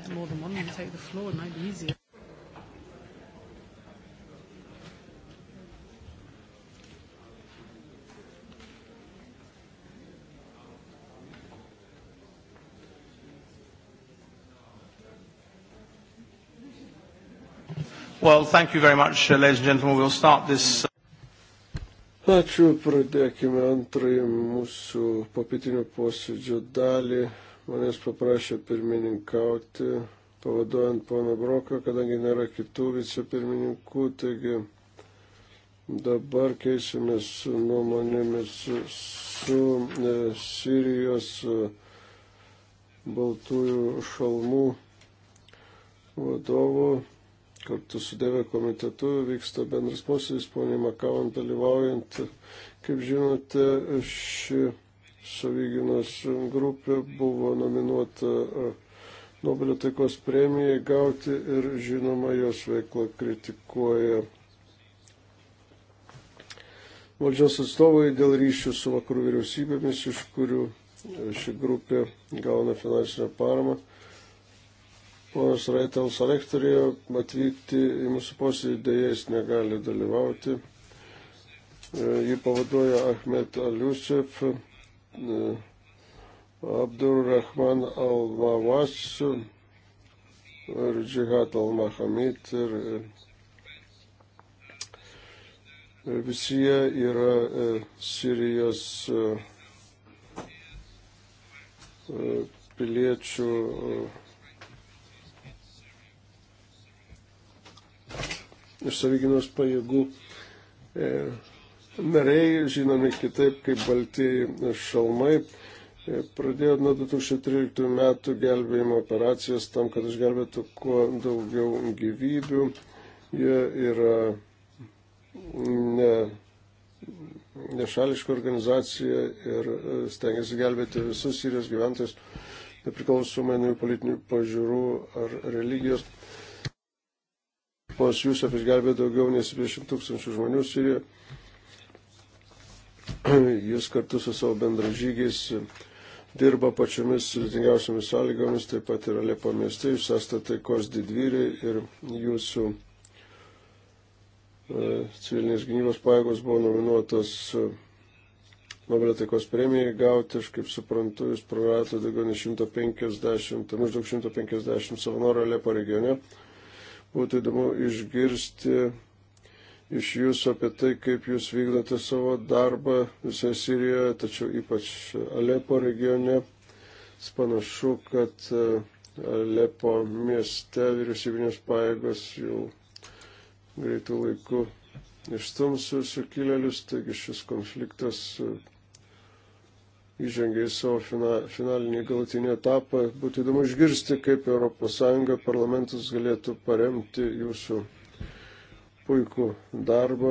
let more than one of you take the floor. It might be easier. Well, thank you very much, uh, ladies and gentlemen. We'll start this. Uh, Ačiū, pradėkime antrąjį mūsų papietinio posėdžio dalį manęs paprašė pirmininkauti, pavaduojant pono Broką, kadangi nėra kitų vicepirmininkų, taigi dabar keisimės nuomonėmis su e, Sirijos e, Baltųjų šalmų vadovu. Kartu su Dėvė komitetu vyksta bendras posėdis, poniai Makavan dalyvaujant. Kaip žinote, ši Savyginos grupė buvo nominuota e, Nobelio taikos premijai gauti ir žinoma jos veiklą kritikuoja valdžios atstovai dėl ryšių su vakarų vyriausybėmis, iš kurių e, ši grupė gauna finansinę paramą. Ponas Raitels Alek turėjo atvykti į mūsų posėdį, dėja jis negali dalyvauti. E, jį pavaduoja Ahmet Aliusev, Abdurrahman Al-Mawas ir Džihad Al-Mahamid ir e, visi jie yra e, Sirijos e, piliečių iš savyginos pajėgų nariai, žinomi kitaip kaip baltieji šalmai, e, pradėjo nuo 2013 metų gelbėjimo operacijos tam, kad išgelbėtų kuo daugiau gyvybių. Jie yra ne, nešališka organizacija ir e, stengiasi gelbėti visus Sirijos gyventojus, nepriklausomai nuo politinių pažiūrų ar religijos. Ponas Jūsef išgelbė daugiau nei 70 tūkstančių žmonių Sirijoje Jis kartu su savo bendražygiais dirba pačiomis sudėtingiausiamis sąlygomis, taip pat yra Liepa mieste, jūs esate taikos didvyriai ir jūsų e, civilinės gynybos pajėgos buvo nominuotos e, Nobelio taikos premijai gauti, aš kaip suprantu, jūs praradote daugiau nei 150, maždaug 150 savanorių Alepo regione. Būtų įdomu išgirsti iš jūsų apie tai, kaip jūs vykdote savo darbą visoje Sirijoje, tačiau ypač Alepo regione. Panašu, kad e, Alepo mieste vyriausybinės paėgos jau greitų laikų išstums sukilėlius, taigi šis konfliktas e, įžengė į savo fina, finalinį galutinį etapą. Būtų įdomu išgirsti, kaip ES parlamentas galėtų paremti jūsų puikų darbą.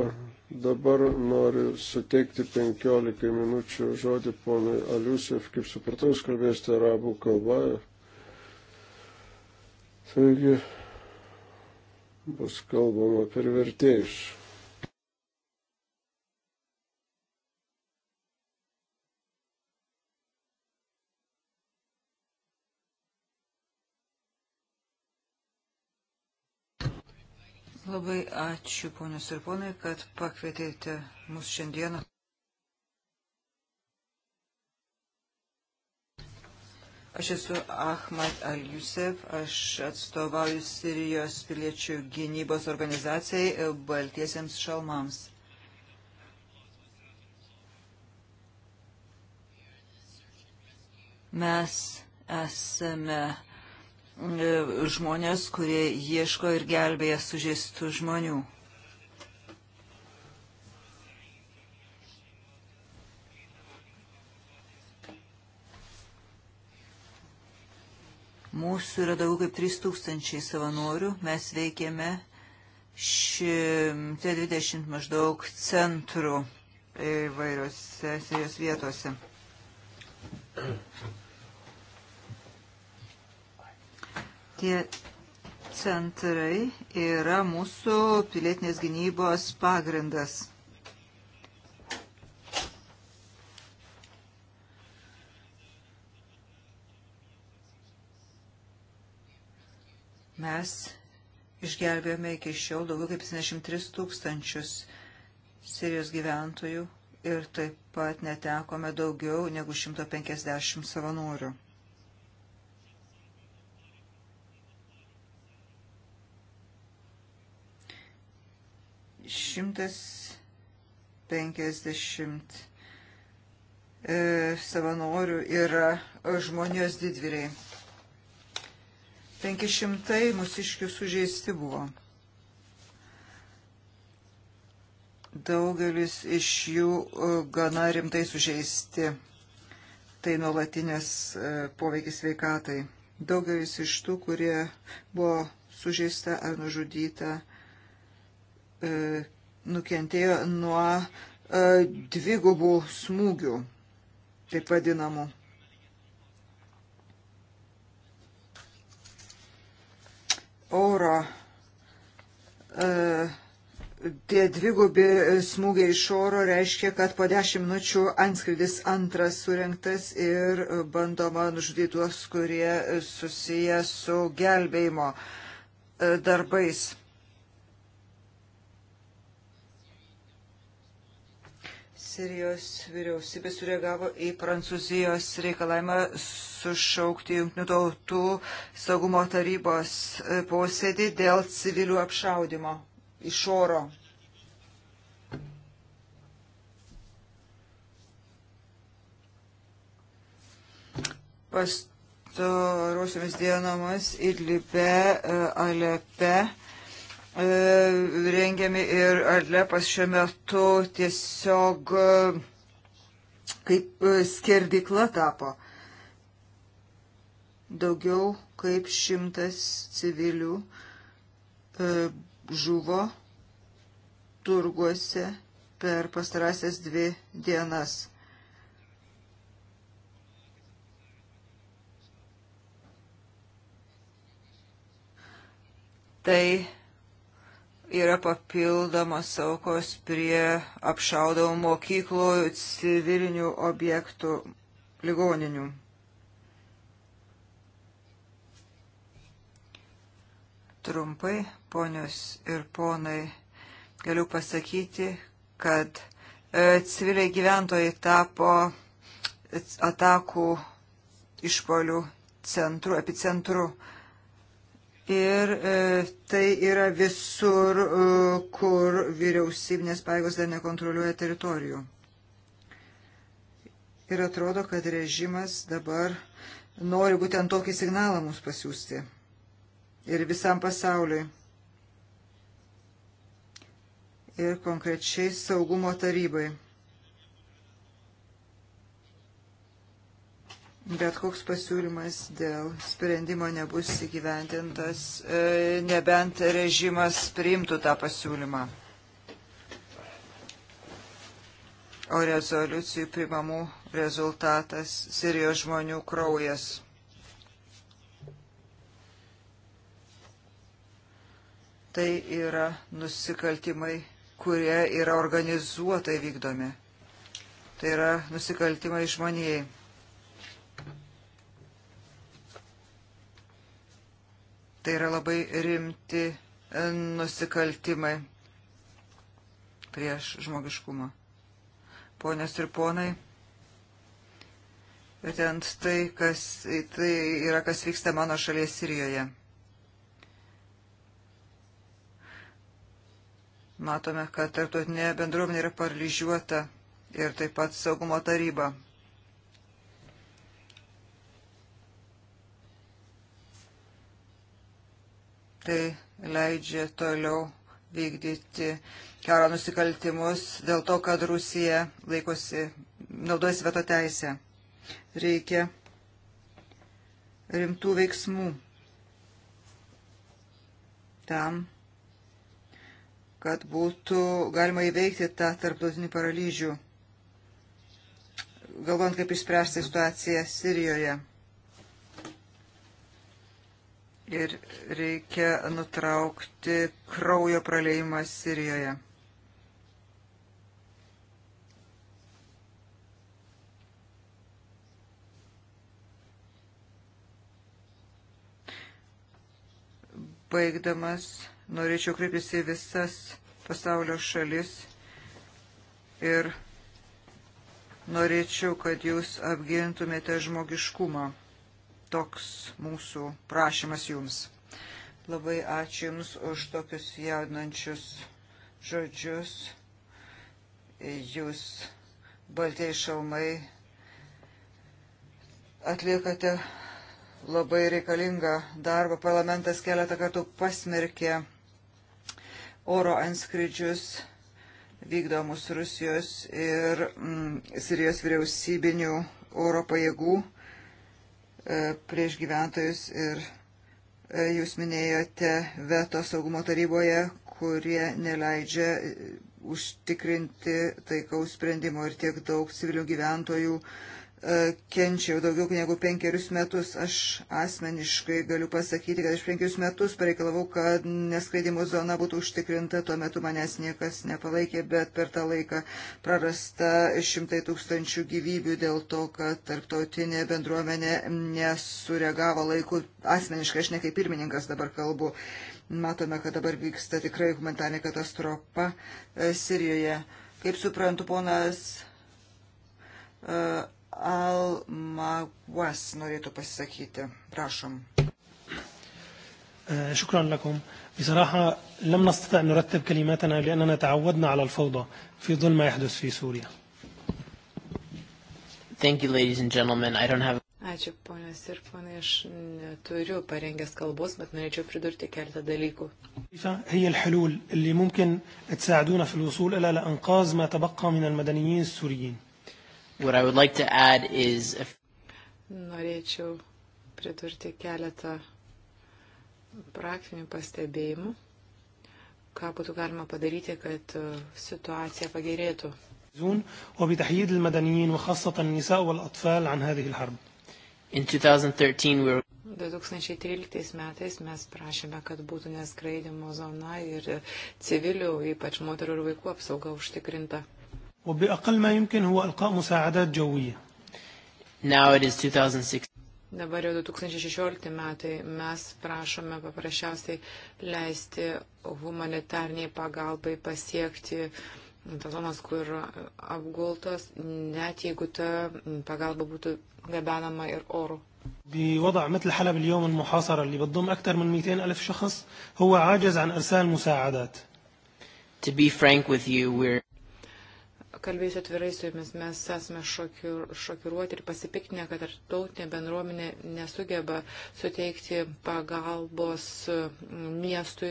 Dabar noriu suteikti 15 minučių žodį ponui Aliusiev, kaip supratau, jūs kalbėsite arabų kalbą. Taigi bus kalbama per vertėjus. Labai ačiū, ponios ir ponai, kad pakvietėte mus šiandieną. Aš esu Ahmad Al-Jusef, aš atstovauju Sirijos piliečių gynybos organizacijai Baltiesiems šalmams. Mes esame E, žmonės, kurie ieško ir gelbėja sužeistų žmonių. Mūsų yra daugiau kaip 3000 savanorių, mes veikiame 120 maždaug centrų įvairiose serijos vietose. Tie centrai yra mūsų pilietinės gynybos pagrindas. Mes išgelbėjome iki šiol daugiau kaip 73 tūkstančius Sirijos gyventojų ir taip pat netekome daugiau negu 150 savanorių. 150 e, savanorių yra žmonijos didvyriai. 500 mūsiškių sužeisti buvo. Daugelis iš jų e, gana rimtai sužeisti. Tai nuolatinės e, poveikis veikatai. Daugelis iš tų, kurie buvo sužeista ar nužudyta, E, nukentėjo nuo e, dvigubų smūgių, taip vadinamų. Oro e, tie dvigubi smūgiai iš oro reiškia, kad po dešimt minučių antskridis antras surinktas ir bandoma nužudyti tuos, kurie susiję su gelbėjimo darbais. Sirijos vyriausybė sureagavo į Prancūzijos reikalavimą sušaukti Junktinių tautų saugumo tarybos e, posėdį dėl civilių apšaudimo iš oro. Pastarosiomis dienomis Idlibe, e, Alepe E, rengiami ir atlepas šiuo metu tiesiog e, kaip e, skerdikla tapo. Daugiau kaip šimtas civilių žuvo turguose per pastarąsias dvi dienas. Tai yra papildomos aukos prie apšaudomų mokyklų, civilinių objektų, ligoninių. Trumpai, ponios ir ponai, galiu pasakyti, kad e, civiliai gyventojai tapo atakų išpolių centru, epicentru. epicentru Ir e, tai yra visur, e, kur vyriausybinės paėgos dar nekontroliuoja teritorijų. Ir atrodo, kad režimas dabar nori būtent tokį signalą mums pasiūsti. Ir visam pasauliui. Ir konkrečiai saugumo tarybai. bet koks pasiūlymas dėl sprendimo nebus įgyventintas, e, nebent režimas priimtų tą pasiūlymą. O rezoliucijų primamų rezultatas Sirijos žmonių kraujas. Tai yra nusikaltimai, kurie yra organizuotai vykdomi. Tai yra nusikaltimai žmonijai. Tai yra labai rimti e, nusikaltimai prieš žmogiškumą. Ponios ir ponai, būtent tai, kas, tai yra, kas vyksta mano šalyje Sirijoje. Matome, kad tarptautinė bendruomenė yra paralyžiuota ir taip pat saugumo taryba tai leidžia toliau vykdyti karo nusikaltimus dėl to, kad Rusija laikosi, naudojasi veto teisę. Reikia rimtų veiksmų tam, kad būtų galima įveikti tą tarptautinį paralyžių, galvojant, kaip išspręsti situaciją Sirijoje ir reikia nutraukti kraujo praleimą Sirijoje. Baigdamas, norėčiau kreiptis į visas pasaulio šalis ir norėčiau, kad jūs apgintumėte žmogiškumą toks mūsų prašymas jums. Labai ačiū Jums už tokius jaudinančius žodžius. Jūs, baltieji šalmai, atliekate labai reikalingą darbą. Parlamentas keletą kartų pasmerkė oro antskridžius vykdomus Rusijos ir mm, Sirijos vyriausybinių oro pajėgų E, prieš gyventojus ir e, jūs minėjote veto saugumo taryboje, kurie neleidžia e, užtikrinti taikaus sprendimo ir tiek daug civilių gyventojų uh, E, kenčia jau daugiau negu penkerius metus. Aš asmeniškai galiu pasakyti, kad aš penkerius metus pareikalavau, kad neskraidimo zona būtų užtikrinta, tuo metu manęs niekas nepalaikė, bet per tą laiką prarasta šimtai tūkstančių gyvybių dėl to, kad tarptautinė bendruomenė nesureagavo laiku. Asmeniškai aš ne kaip pirmininkas dabar kalbu. Matome, kad dabar vyksta tikrai humanitarinė katastrofa e, Sirijoje. Kaip suprantu, ponas. Uh, Al-Mawas norėtų pasisakyti. Prašom. Eh, شكرا لكم بصراحة لم نستطع نرتب كلماتنا لأننا تعودنا على الفوضى في ظل ما يحدث في سوريا Thank you, ladies and gentlemen. I don't have... Ačiū, ponios ir ponai, aš neturiu parengęs kalbos, bet norėčiau pridurti keletą dalykų. هي الحلول اللي ممكن تساعدونا في الوصول إلى لإنقاذ ما تبقى من المدنيين السوريين. What I would like to add is... If... Norėčiau pridurti keletą praktinių pastebėjimų, ką būtų galima padaryti, kad uh, situacija pagerėtų. وبتحييد المدنيين وخاصة النساء والأطفال عن هذه الحرب. In 2013 we were 2013 metais mes prašėme, kad būtų neskraidimo zona ir uh, civilių, ypač moterų ir vaikų apsauga užtikrinta. وبأقل ما يمكن هو إلقاء مساعدات جوية. Now it is 2006. Dabar jau 2016 metai mes prašome paprasčiausiai leisti humanitarniai pagalbai pasiekti tas zonas, kur apgultos, net jeigu ta pagalba būtų gabenama ir oru. بوضع مثل حلب اليوم المحاصرة اللي بتضم أكثر من 200 ألف شخص هو عاجز عن إرسال مساعدات. To be frank with you, we're kalbėsiu atvirai su jumis, mes esame šokiruoti ir pasipiktinę, kad ar tautinė bendruomenė nesugeba suteikti pagalbos mm, miestui,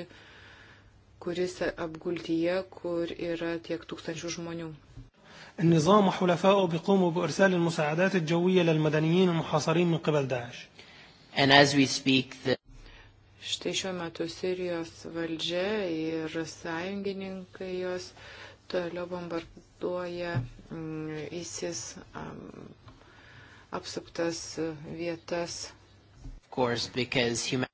kuris apgultyje, kur yra tiek tūkstančių žmonių. النظام وحلفائه بيقوموا بإرسال المساعدات الجوية للمدنيين المحاصرين من قبل داعش. And as we speak, the Štai šiuo metu Sirijos valdžia ir sąjungininkai jos toliau bombarduoja egzistuoja įsis mm, apsuptas vietas. Course, human...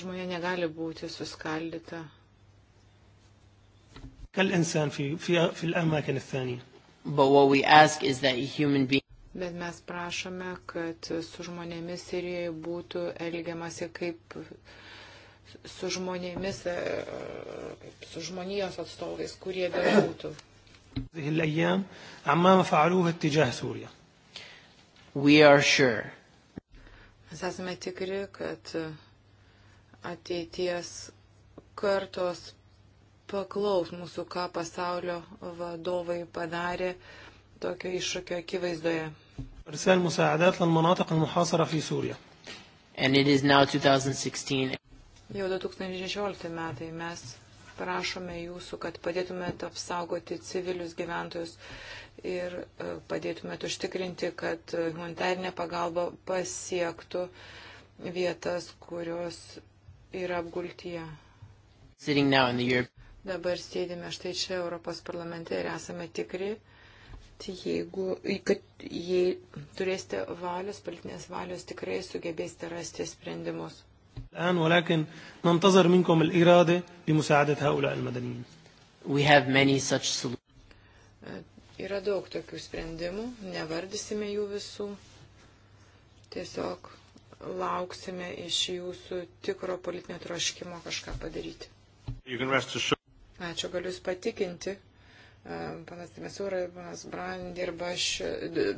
Žmonė negali būti suskaldyta. Bet mes prašome, kad su žmonėmis Sirijoje būtų elgiamasi kaip su žmonėmis, e, e, su žmonijos atstovais, kurie bebūtų. Sure. Mes esame tikri, kad ateities kartos paklaus mūsų, ką pasaulio vadovai padarė tokio iššūkio akivaizdoje. إرسال مساعدات للمناطق المحاصرة في سوريا. And it is now 2016. Jau 2016 metai mes prašome jūsų, kad padėtumėt apsaugoti civilius gyventojus ir e, padėtumėt užtikrinti, kad humanitarinė pagalba pasiektų vietas, kurios yra apgultyje. Dabar sėdime štai čia Europos parlamente ir esame tikri, jeigu, kad jei turėsite valios, politinės valios, tikrai sugebėsite rasti sprendimus. الآن ولكن ننتظر منكم الإرادة لمساعدة هؤلاء المدنيين. We have many such solutions. Yra daug tokių sprendimų, nevardysime jų visų. Tiesiog lauksime iš jūsų tikro politinio troškimo kažką padaryti. Ačiū, galiu jūs patikinti, Panas Dimesūra, panas Brand ir aš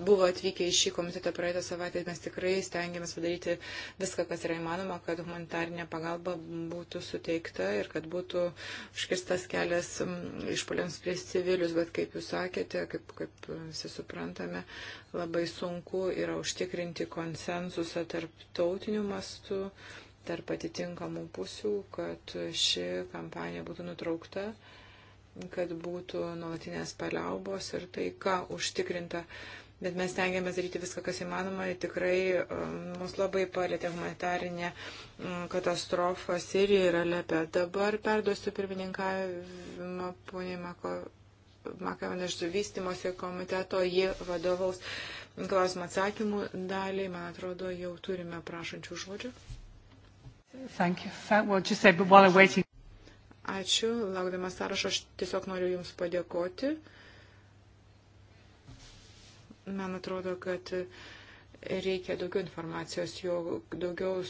buvo atvykę į šį komitetą praeitą savaitę, mes tikrai stengiamės padaryti viską, kas yra įmanoma, kad humanitarinė pagalba būtų suteikta ir kad būtų užkirstas kelias išpoliams prieš civilius, bet kaip jūs sakėte, kaip, kaip visi suprantame, labai sunku yra užtikrinti konsensusą tarptautiniu mastu tarp atitinkamų pusių, kad ši kampanija būtų nutraukta kad būtų nuolatinės paliaubos ir taika užtikrinta. Bet mes tengiamės daryti viską, kas įmanoma. Ir tikrai um, mus labai palėtė humanitarinė mm, katastrofa Sirijoje ir Alepe. Dabar perduosiu pirmininkavimą poniai Mako. Makavanės vystymosi komiteto, ji vadovaus klausimą atsakymų daliai. Man atrodo, jau turime prašančių žodžių. Thank you. Well, just say, but while I'm waiting. Ačiū, laukdamas sąrašo, aš tiesiog noriu Jums padėkoti. Man atrodo, kad reikia daugiau informacijos, jo daugiau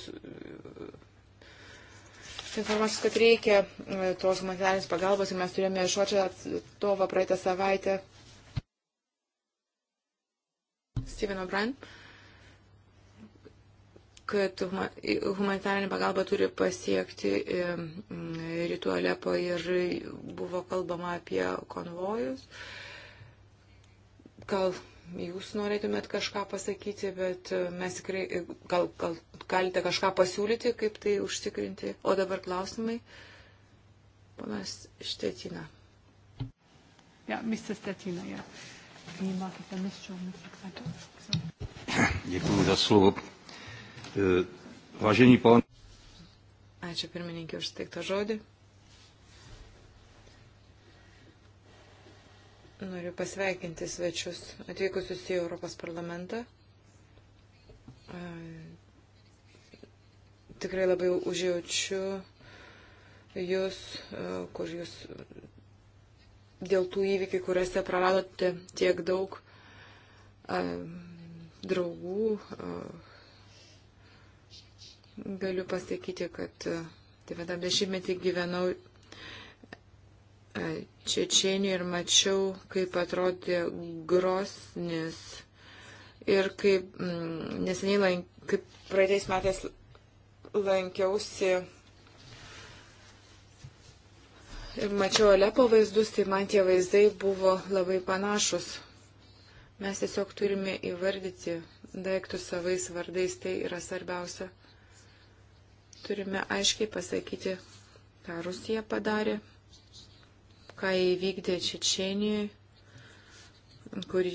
informacijos, kad reikia e, tos humanitarinės pagalbos ir mes turėjome išuočią atstovą praeitą savaitę. Steven O'Brien. Uh, kad humanitarinė pagalba turi pasiekti rytų Alepą ir buvo kalbama apie konvojus. Gal jūs norėtumėt kažką pasakyti, bet e, mes tikrai, e, gal, gal galite kažką pasiūlyti, kaip tai užtikrinti. O dabar klausimai. Ponas Štetina. Ja, Mr. Stetina, ja. Vnímáte ten misčov, Děkuji za slovo. E, vážení pán. Ačiū pirmininkė už suteiktą žodį. Noriu pasveikinti svečius atvykusius į Europos parlamentą. E, tikrai labai užjaučiu jūs, e, kur jūs dėl tų įvykių, kuriuose praradote tiek daug draugų, galiu pasakyti, kad e, tai vadam dešimtmetį gyvenau e, Čečienijoje ir mačiau, kaip atrodė Grosnis. Ir kaip mm, neseniai, lank, kaip praeitais metais lankiausi ir mačiau Alepo vaizdus, tai man tie vaizdai buvo labai panašus. Mes tiesiog turime įvardyti daiktus savais vardais, tai yra svarbiausia. Turime aiškiai pasakyti, ką Rusija padarė, ką įvykdė Čečenijoje, kur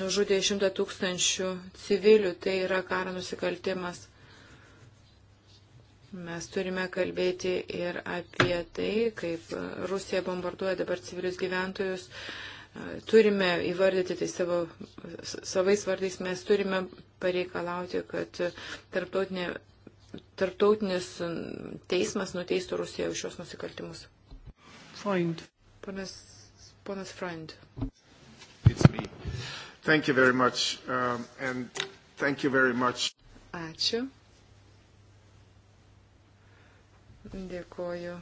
nužudė šimtą tūkstančių civilių. Tai yra karo nusikaltimas. Mes turime kalbėti ir apie tai, kaip Rusija bombarduoja dabar civilius gyventojus. Turime įvardyti tai savo, savais vardais, mes turime pareikalauti, kad tarptautinė tarptautinis teismas nuteistų Rusiją už šios nusikaltimus. Freund. Ponas, ponas Freund. It's me. Thank you very much. Um, and thank you very much. Ačiū. Dėkoju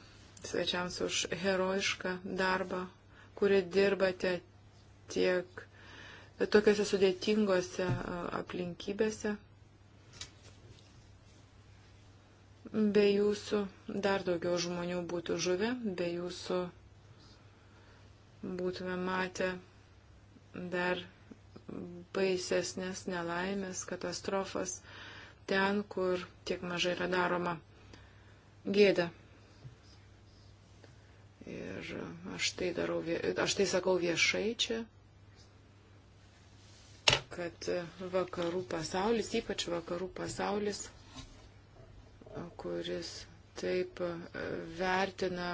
svečiams už herojišką darbą, kurį dirbate tiek tokiuose sudėtingose aplinkybėse. Be jūsų dar daugiau žmonių būtų žuvę, be jūsų būtume matę dar baisesnės nelaimės, katastrofas ten, kur tiek mažai yra daroma gėda. Ir aš tai, darau, aš tai sakau viešai čia, kad vakarų pasaulis, ypač vakarų pasaulis, kuris taip e, vertina,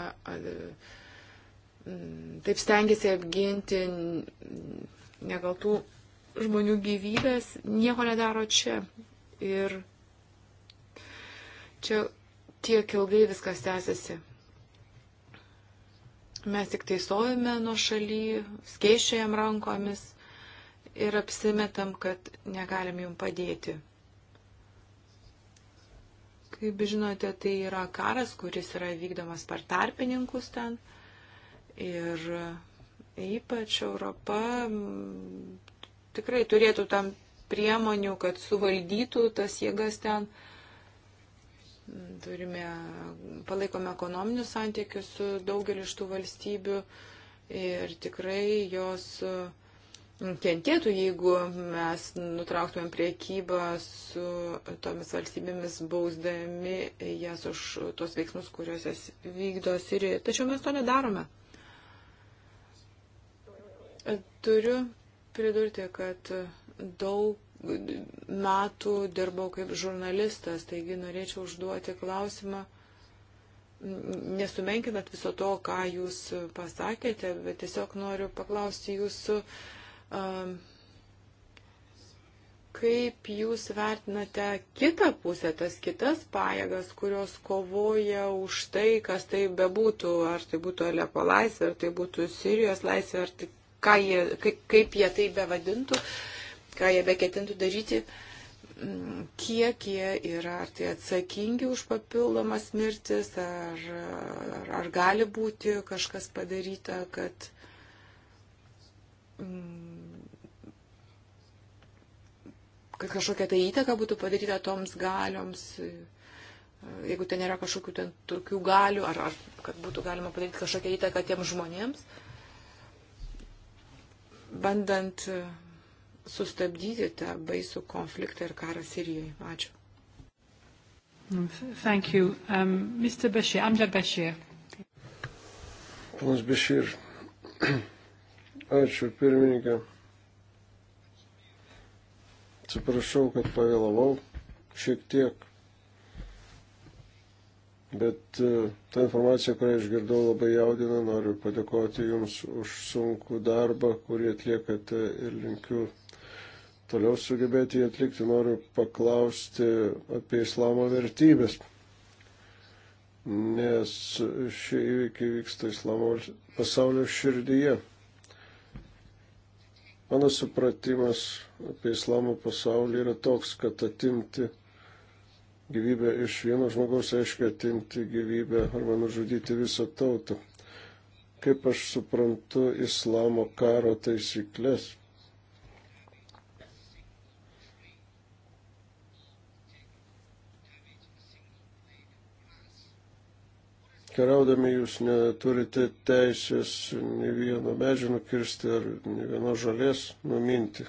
taip stengiasi apginti nekaltų žmonių gyvybės, nieko nedaro čia. Ir čia tiek ilgai viskas tęsiasi. Mes tik tai stovime nuo šaly, skėšėjam rankomis ir apsimetam, kad negalim jum padėti. Kaip žinote, tai yra karas, kuris yra vykdomas per tarpininkus ten. Ir ypač Europa tikrai turėtų tam priemonių, kad suvaldytų tas jėgas ten. Turime, palaikome ekonominius santykius su daugeliu iš tų valstybių ir tikrai jos uh, kentėtų, jeigu mes nutrauktumėm priekybą su tomis valstybėmis, bausdami jas už tos veiksmus, kuriuos jas vykdo Sirijoje. Tačiau mes to nedarome. Turiu pridurti, kad daug metų dirbau kaip žurnalistas, taigi norėčiau užduoti klausimą nesumenkinat viso to, ką jūs pasakėte, bet tiesiog noriu paklausti jūsų, Kaip jūs vertinate kitą pusę, tas kitas pajėgas, kurios kovoja už tai, kas tai bebūtų, ar tai būtų Alepo laisvė, ar tai būtų Sirijos laisvė, ar tai, jie, kaip, kaip jie tai bevadintų, ką jie beketintų daryti, mm, kiek jie yra, ar tai atsakingi už papildomas mirtis, ar, ar, ar gali būti kažkas padaryta, kad. Mm, kad kažkokia tai įtaka būtų padaryta toms galioms, jeigu ten yra kažkokių ten tokių galių, ar, ar kad būtų galima padaryti kažkokią įtaką tiem žmonėms, bandant e, sustabdyti tą baisų konfliktą ir karą Sirijoje. Ačiū. Thank you. Um, Mr. Bashir, Amjad Bashir. Ponas Bashir. Ačiū, pirmininkė. Atsiprašau, kad pavėlavau šiek tiek, bet e, ta informacija, kurią išgirdau, labai jaudina. Noriu padėkoti Jums už sunkų darbą, kurį atliekate ir linkiu toliau sugebėti jį atlikti. Noriu paklausti apie islamo vertybės, nes šie įvykiai vyksta islamo pasaulio širdyje. Mano supratimas apie islamo pasaulį yra toks, kad atimti gyvybę iš vieno žmogaus reiškia atimti gyvybę arba nužudyti visą tautą. Kaip aš suprantu islamo karo taisyklės, keliaudami jūs neturite teisės nei vieno medžio nukirsti ar nei vienos žalės numinti.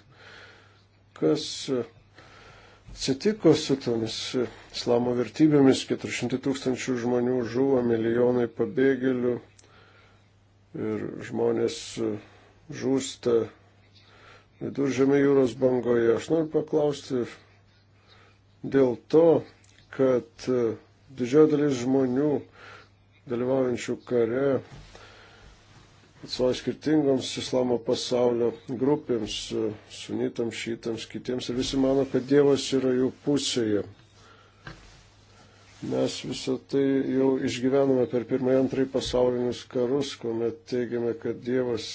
Kas atsitiko su tomis islamo vertybėmis, 400 tūkstančių žmonių žuvo, milijonai pabėgėlių ir žmonės žūsta viduržėme jūros bangoje. Aš noriu paklausti dėl to, kad didžioji dalis žmonių dalyvaujančių kare atstovauja skirtingoms islamo pasaulio grupėms, sunitams, šitams, kitiems ir visi mano, kad Dievas yra jų pusėje. Mes visą tai jau išgyvenome per pirmąjį antrąjį pasaulinius karus, kuomet teigiame, kad Dievas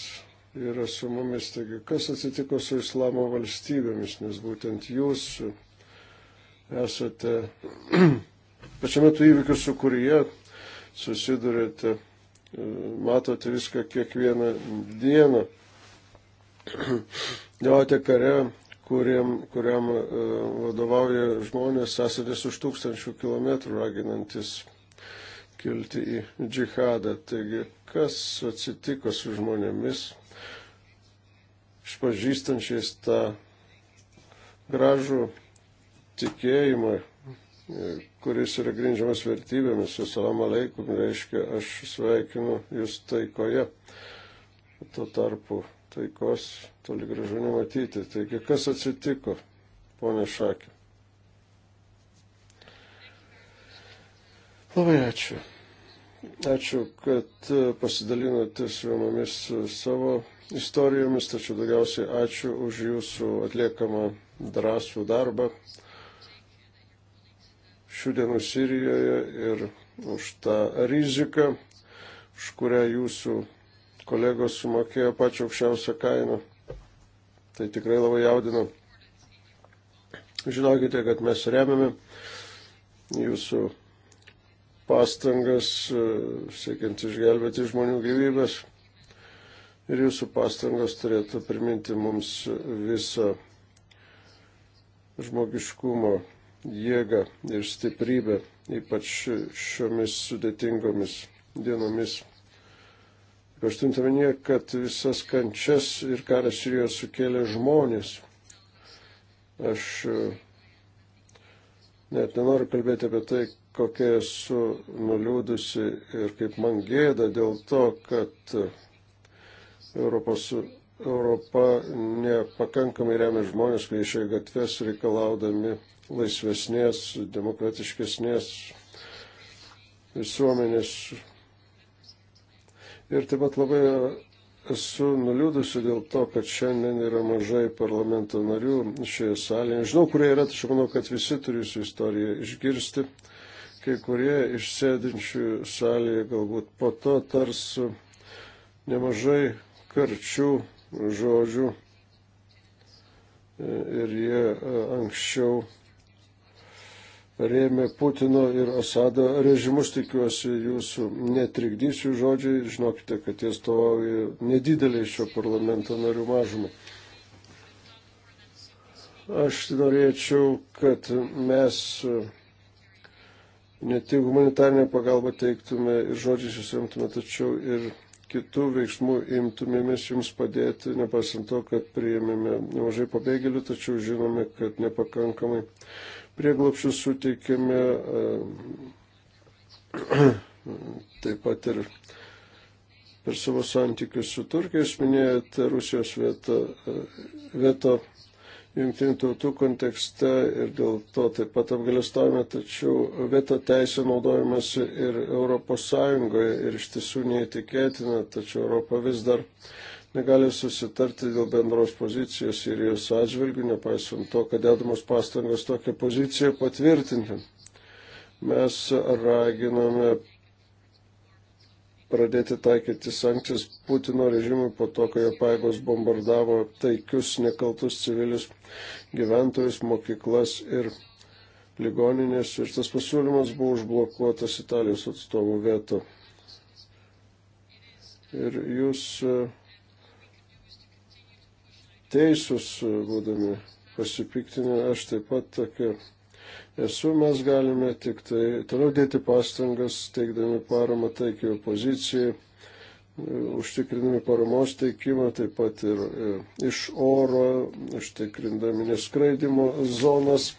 yra su mumis. Taigi, kas atsitiko su islamo valstybėmis, nes būtent jūs esate pačiame tų įvykių sukūrėje susidurėte, e, matote viską kiekvieną dieną. Dievate kare, kuriam, kuriam e, vadovauja žmonės, esatės už tūkstančių kilometrų raginantis kilti į džihadą. Taigi, kas atsitiko su žmonėmis, išpažįstančiais tą gražų tikėjimą, e, kuris yra grindžiamas vertybėmis. Assalamu alaikum reiškia, aš sveikinu jūs taikoje. Tuo tarpu taikos toli gražu nematyti. Taigi, kas atsitiko, ponė Šakė? Labai ačiū. Ačiū, kad e, pasidalinote su mumis e, savo istorijomis, tačiau daugiausiai ačiū už jūsų atliekamą drąsų darbą šių dienų Sirijoje ir už tą riziką, už kurią jūsų kolegos sumokėjo pačią aukščiausią kainą. Tai tikrai labai jaudina. Žinokite, kad mes remiame jūsų pastangas, e, siekiant išgelbėti žmonių gyvybės. Ir jūsų pastangos turėtų priminti mums visą žmogiškumo jėgą ir stiprybę, ypač šiomis sudėtingomis dienomis. Aš turim minėję, kad visas kančias ir karas Sirijoje sukėlė žmonės. Aš e, net nenoriu kalbėti apie tai, kokia esu nuliūdusi ir kaip man gėda dėl to, kad e, Europos, Europa nepakankamai remia žmonės, kai išėjo gatves reikalaudami laisvesnės, demokratiškesnės visuomenės. Ir taip pat labai esu nuliūdusi dėl to, kad šiandien yra mažai parlamento narių šioje salėje. Žinau, kurie yra, tačiau manau, kad visi turi su istorija išgirsti. Kai kurie iš sėdinčių salėje galbūt po to tars nemažai karčių žodžių e, ir jie e, anksčiau rėmė Putino ir Asado režimus, tikiuosi jūsų netrikdysiu žodžiai, žinokite, kad jie stovauja nedideliai šio parlamento narių mažumą. Aš norėčiau, kad mes ne tik humanitarinę pagalbą teiktume ir žodžiais susimtume, tačiau ir kitų veiksmų imtumėmės jums padėti, nepasant to, kad priėmėme nemažai pabėgėlių, tačiau žinome, kad nepakankamai prieglopšius suteikiami e, taip pat ir per savo santykius su Turkijos minėjote Rusijos veto, e, veto jungtinių tautų kontekste ir dėl to taip pat apgalėstojame, tačiau veto teisė naudojamas ir ES ir iš tiesų neįtikėtina, tačiau Europa vis dar negali susitarti dėl bendros pozicijos Sirijos atžvilgių, nepaisant to, kad dedamos pastangos tokią poziciją patvirtinti. Mes raginame pradėti taikyti sankcijas Putino režimui po to, kai jo paėgos bombardavo taikius nekaltus civilius gyventojus, mokyklas ir ligoninės. Ir tas pasiūlymas buvo užblokuotas Italijos atstovų veto. Ir jūs uh, teisūs būdami pasipiktinę, aš taip pat tokia esu, mes galime tik tai toliau dėti pastangas, teikdami paramą taikiai opozicijai, užtikrindami paramos teikimą, taip pat ir iš oro, užtikrindami neskraidimo zonas.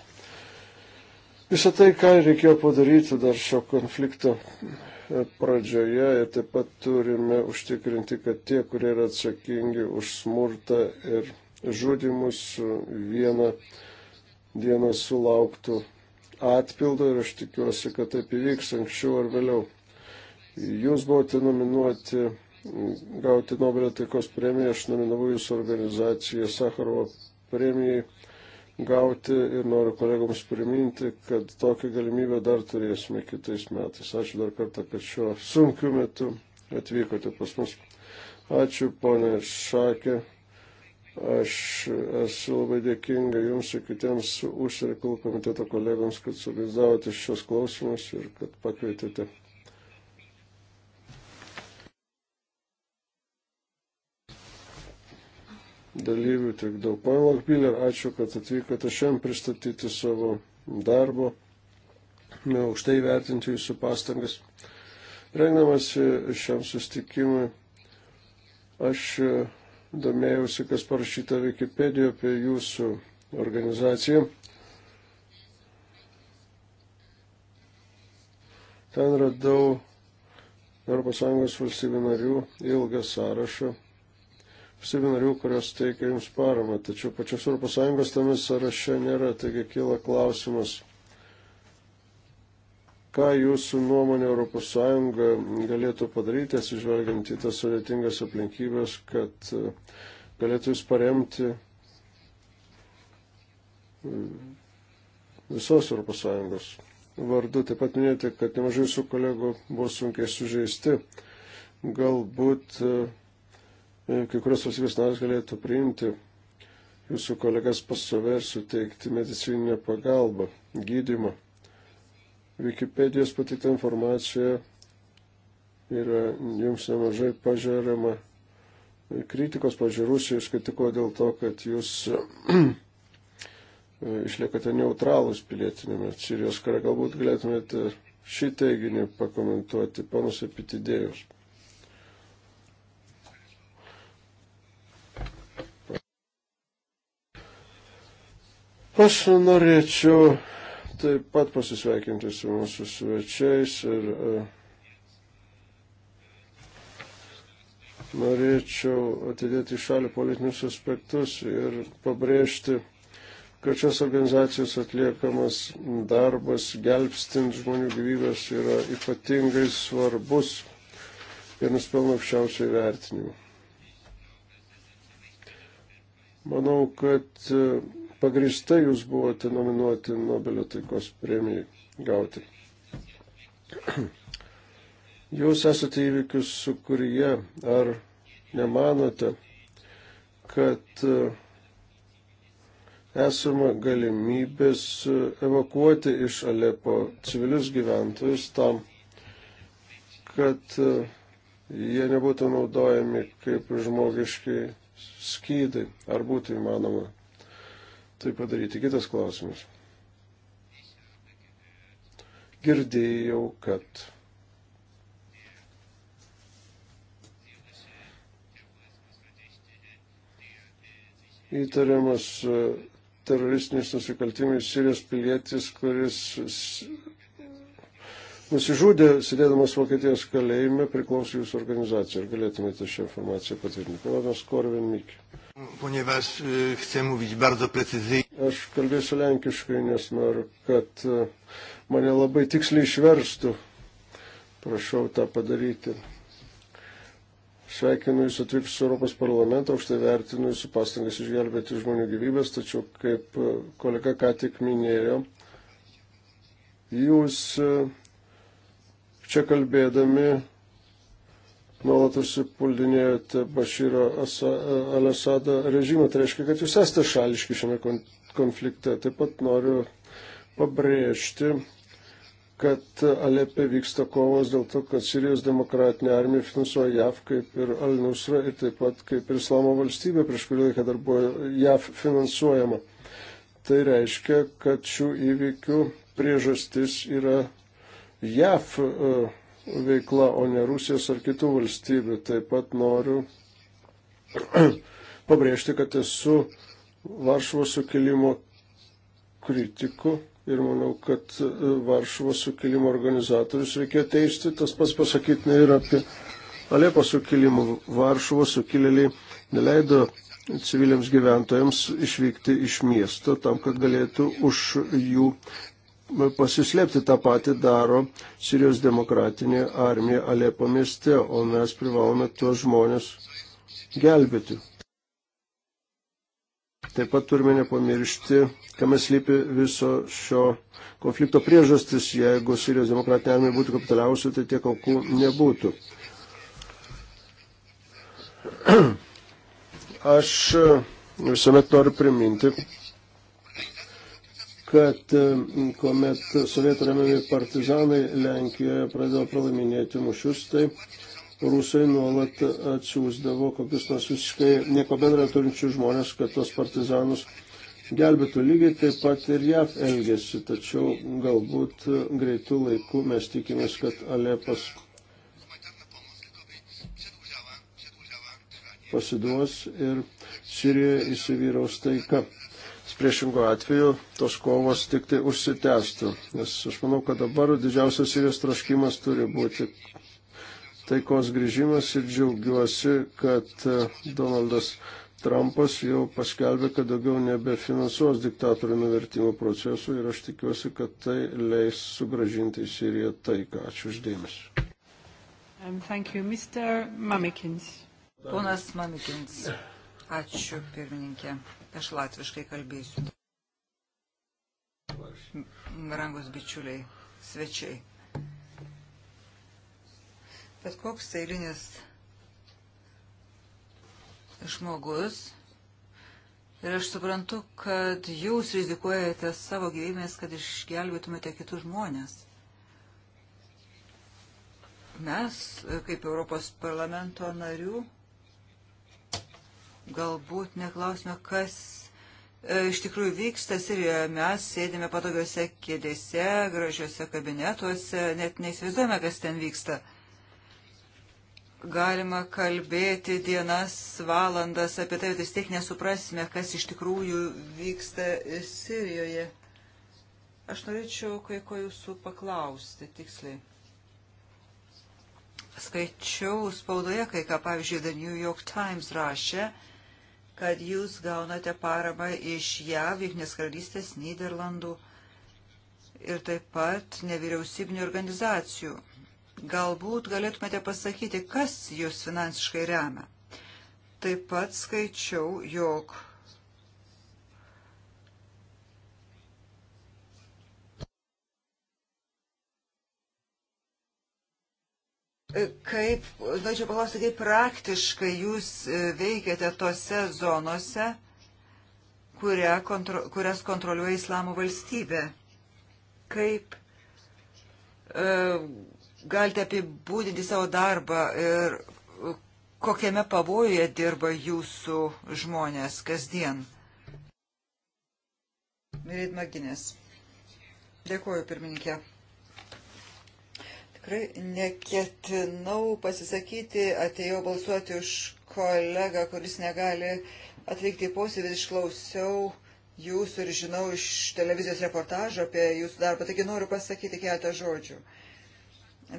Visą tai, ką reikėjo padaryti dar šio konflikto pradžioje ir taip pat turime užtikrinti, kad tie, kurie yra atsakingi už smurtą ir žudimus, vieną dieną sulauktų atpildo ir aš tikiuosi, kad taip įvyks anksčiau ar vėliau. Jūs buvote nominuoti gauti Nobelio taikos premiją, aš nominavau jūsų organizaciją Sakarovo premijai gauti ir noriu kolegoms priminti, kad tokią galimybę dar turėsime kitais metais. Ačiū dar kartą, kad šiuo sunkiu metu atvykote pas mus. Ačiū, ponė Šakė. Aš esu labai dėkinga Jums ir kitiems užsienio komiteto kolegams, kad surizavote šios klausimus ir kad pakvietėte dalyvių, tiek daug. Pane Lokbilė, ačiū, kad atvykote šiandien pristatyti savo darbo, aukštai vertinti jūsų pastangas. Rengdamas šiam sustikimui, aš e, domėjausi, kas parašyta Wikipedijoje apie jūsų organizaciją. Ten radau ES valstybių narių ilgą sąrašą seminarių, kurios teikia jums paramą, tačiau pačios ES tame sąraše nėra, taigi kyla klausimas, ką jūsų nuomonė ES galėtų padaryti, atsižvelgiant į tas sudėtingas aplinkybės, kad e, galėtų jūs paremti e, visos ES vardu. Taip pat minėjote, kad nemažai jūsų kolegų buvo sunkiai sužeisti. Galbūt uh, E, kai kurios valstybės narės galėtų priimti jūsų kolegas pas save ir suteikti medicininę pagalbą, gydimą. Wikipedijos patikta informacija yra jums nemažai pažiūrima kritikos, pažiūrėjau, Rusija iškritikuoja dėl to, kad jūs e, išliekate neutralus pilietinėme Sirijos kare. Galbūt galėtumėte šį teiginį pakomentuoti, panus Epitidėjus. Aš norėčiau taip pat pasisveikinti su mūsų svečiais ir e, norėčiau atidėti į šalį politinius aspektus ir pabrėžti, kad šios organizacijos atliekamas darbas gelbstint žmonių gyvybės yra ypatingai svarbus ir nuspelno aukščiausio įvertinimo. Manau, kad e, pagristai jūs buvote nominuoti Nobelio taikos premijai gauti. Jūs esate įvykius sukūrėje, ar nemanote, kad e, esama galimybės e, evakuoti iš Alepo civilius gyventojus tam, kad e, jie nebūtų naudojami kaip žmogiški skydai, ar būtų įmanoma tai padaryti. Kitas klausimas. Girdėjau, kad įtariamas e, teroristiniais nusikaltimais Sirijos pilietis, kuris nusižudė, sėdėdamas Vokietijos kalėjime, priklauso jūsų organizacija. Ar galėtumėte šią informaciją patvirtinti? Ponas Korvin Mikė. E, Aš kalbėsiu lenkiškai, nes noriu, kad e, mane labai tiksliai išverstų. Prašau tą padaryti. Sveikinu Jūs atvykus Europos parlamentą, aukštai vertinu Jūsų pastangas išgelbėti žmonių gyvybės, tačiau kaip e, kolega ką tik minėjo, Jūs uh, Čia kalbėdami nuolat užsipuldinėjote Bašyro Al-Asado režimą, tai reiškia, kad jūs esate šališki šiame konflikte. Taip pat noriu pabrėžti, kad Alepe vyksta kovos dėl to, kad Sirijos demokratinė armija finansuoja JAV kaip ir Al-Nusra ir taip pat kaip ir Islamo valstybė, prieš kurį laiką dar buvo JAV finansuojama. Tai reiškia, kad šių įvykių priežastis yra JAF e, veikla, o ne Rusijos ar kitų valstybių. Taip pat noriu pabrėžti, kad esu Varšuvos sukilimo kritiku ir manau, kad e, Varšuvos sukilimo organizatorius reikėjo teisti, tas pats pasakyti ir apie Alepo sukilimą. Varšuvos sukilėliai neleido civiliams gyventojams išvykti iš miesto tam, kad galėtų už jų pasislėpti tą patį daro Sirijos demokratinė armija Alepo mieste, o mes privalome tuos žmonės gelbėti. Taip pat turime nepamiršti, kam slypi viso šio konflikto priežastis. Jeigu Sirijos demokratinė armija būtų kapitaliausia, tai tiek aukų nebūtų. Aš visuomet noriu priminti, kad e, kuomet sovietų remiami partizanai Lenkijoje pradėjo pralaiminėti mušius, tai rusai nuolat atsiųsdavo kokius nors visiškai nieko bendra turinčių žmonės, kad tos partizanus gelbėtų lygiai taip pat ir JAV elgesi. Tačiau galbūt greitų laikų mes tikimės, kad Alepas pasiduos ir Sirijoje įsivyraus taika. Priešingo atveju tos kovos tik tai užsitęstų. Nes aš manau, kad dabar didžiausias ir jos troškimas turi būti taikos grįžimas ir džiaugiuosi, kad e, Donaldas Trumpas jau paskelbė, kad daugiau nebefinansuos diktatorių nuvertimo procesų ir aš tikiuosi, kad tai leis sugražinti į Siriją taiką. Ačiū uždėmesi. Um, Ponas Mamikins. Ačiū, pirmininkė. Aš latviškai kalbėsiu. Rangus bičiuliai, svečiai. Bet koks eilinis žmogus. Ir aš suprantu, kad jūs rizikuojate savo gyvybės, kad išgelbėtumėte kitus žmonės. Mes, kaip Europos parlamento narių, galbūt neklausime, kas e, iš tikrųjų vyksta Sirijoje. Mes sėdime patogiuose kėdėse, gražiuose kabinetuose, net neįsivaizduojame, kas ten vyksta. Galima kalbėti dienas, valandas apie tai, vis tiek nesuprasime, kas iš tikrųjų vyksta Sirijoje. Aš norėčiau kai ko jūsų paklausti tiksliai. Skaičiau spaudoje kai ką, pavyzdžiui, The New York Times rašė, kad jūs gaunate paramą iš JAV, Jungtinės karalystės, Niderlandų ir taip pat nevyriausybinių organizacijų. Galbūt galėtumėte pasakyti, kas jūs finansiškai remia. Taip pat skaičiau, jog Kaip, norėčiau paklausti, kaip praktiškai jūs e, veikiate tose zonose, kuria kontro, kurias kontroliuoja Islamo valstybė? Kaip e, galite apibūdinti savo darbą ir kokiame pavojuje dirba jūsų žmonės kasdien? Mirėt Maginės. Dėkuoju, pirmininkė. Tikrai neketinau pasisakyti, atėjau balsuoti už kolegą, kuris negali atvykti į posėdį, išklausiau jūsų ir žinau iš televizijos reportažo apie jūsų darbą, taigi noriu pasakyti keletą žodžių.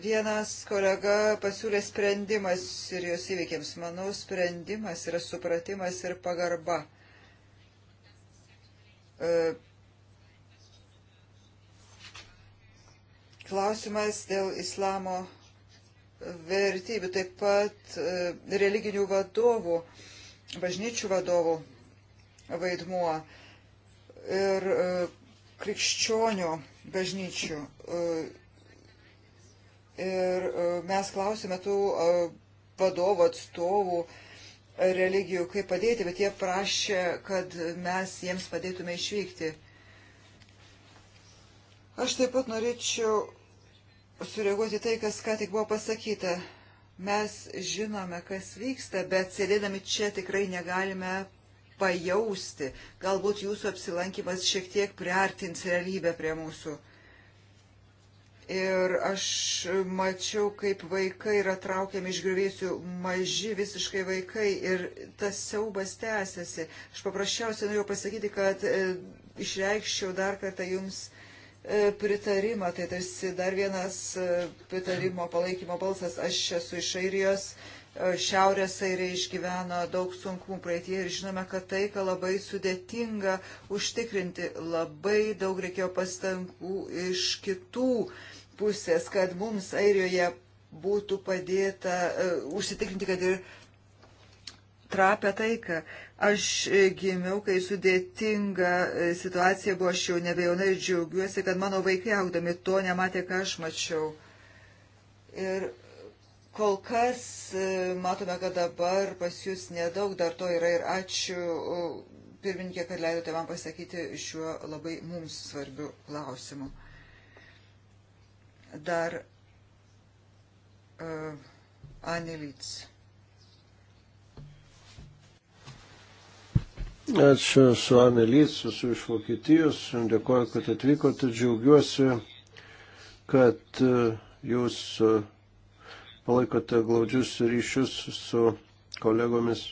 Vienas kolega pasiūlė sprendimas ir jos įveikiams. Manau, sprendimas yra supratimas ir pagarba. E, klausimas dėl islamo vertybių, taip pat e, religinių vadovų, bažnyčių vadovų vaidmuo ir e, krikščionių bažnyčių. E, ir mes klausime tų vadovų atstovų religijų, kaip padėti, bet jie prašė, kad mes jiems padėtume išvykti. Aš taip pat norėčiau sureaguoti tai, kas ką tik buvo pasakyta. Mes žinome, kas vyksta, bet sėdėdami čia tikrai negalime pajausti. Galbūt jūsų apsilankimas šiek tiek priartins realybę prie mūsų. Ir aš mačiau, kaip vaikai yra traukiami iš grįvėsių, maži visiškai vaikai ir tas siaubas tęsiasi. Aš paprasčiausiai norėjau pasakyti, kad e, išreikščiau dar kartą jums e, E, pritarimą, tai tarsi dar vienas e, pritarimo palaikymo balsas. Aš esu iš Airijos, e, Šiaurės Airija išgyveno daug sunkumų praeitie ir žinome, kad taiką labai sudėtinga užtikrinti. Labai daug reikėjo pastangų iš kitų pusės, kad mums Airijoje būtų padėta uh, užsitikrinti, kad ir uh, trapę taiką. Aš e, gimiau, kai sudėtinga e, situacija buvo, aš jau nebejauna ir džiaugiuosi, kad mano vaikai augdami to nematė, ką aš mačiau. Ir kol kas e, matome, kad dabar pas jūs nedaug dar to yra ir ačiū pirmininkė, kad leidote man pasakyti šiuo labai mums svarbiu klausimu. Dar uh, Anelyts. Ačiū su Anelys, esu iš Vokietijos, dėkoju, kad atvykote, džiaugiuosi, kad e, jūs e, palaikote glaudžius ryšius su kolegomis.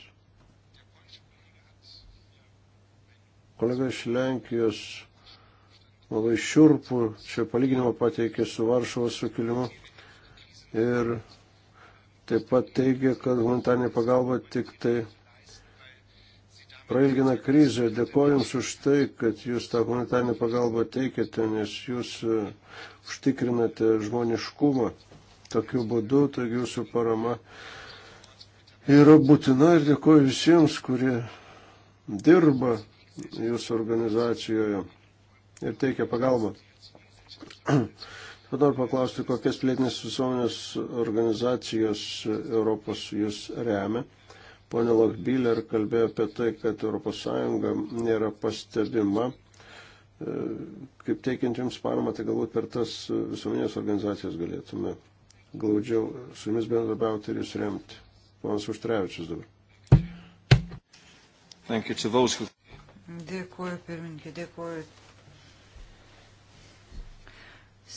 Kolega iš Lenkijos labai šiurpų čia palyginimą pateikė su Varšuvos sukilimu ir taip pat teigia, kad humanitarinė pagalba tik tai prailgina krizę. Dėkoju Jums už tai, kad Jūs tą humanitarinę pagalbą teikiate, nes Jūs e, užtikrinate žmoniškumą tokiu būdu, taigi Jūsų parama yra būtina ir dėkoju visiems, kurie dirba Jūsų organizacijoje ir teikia pagalbą. Noriu paklausti, kokias plėtinės visuomenės organizacijos Europos jūs remia. Pone Lokbiler kalbėjo apie tai, kad ES nėra pastebima. E, kaip teikiant jums paramą, tai galbūt per tas visuomenės organizacijas galėtume glaudžiau su jumis bendrabiauti ir jūs remti. Ponas Užtrevičius dabar. Who... Dėkuoju, pirmininkė, dėkuoju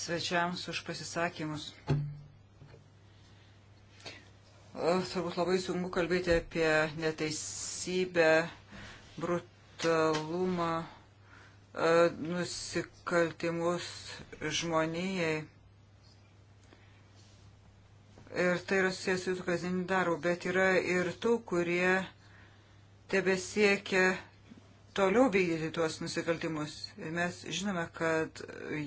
svečiams už pasisakymus turbūt labai sunku kalbėti apie neteisybę, brutalumą, e, nusikaltimus žmonijai. Ir tai yra susijęs su jūsų kasdieniniu darbu, bet yra ir tų, kurie tebesiekia toliau vykdyti tuos nusikaltimus. Ir mes žinome, kad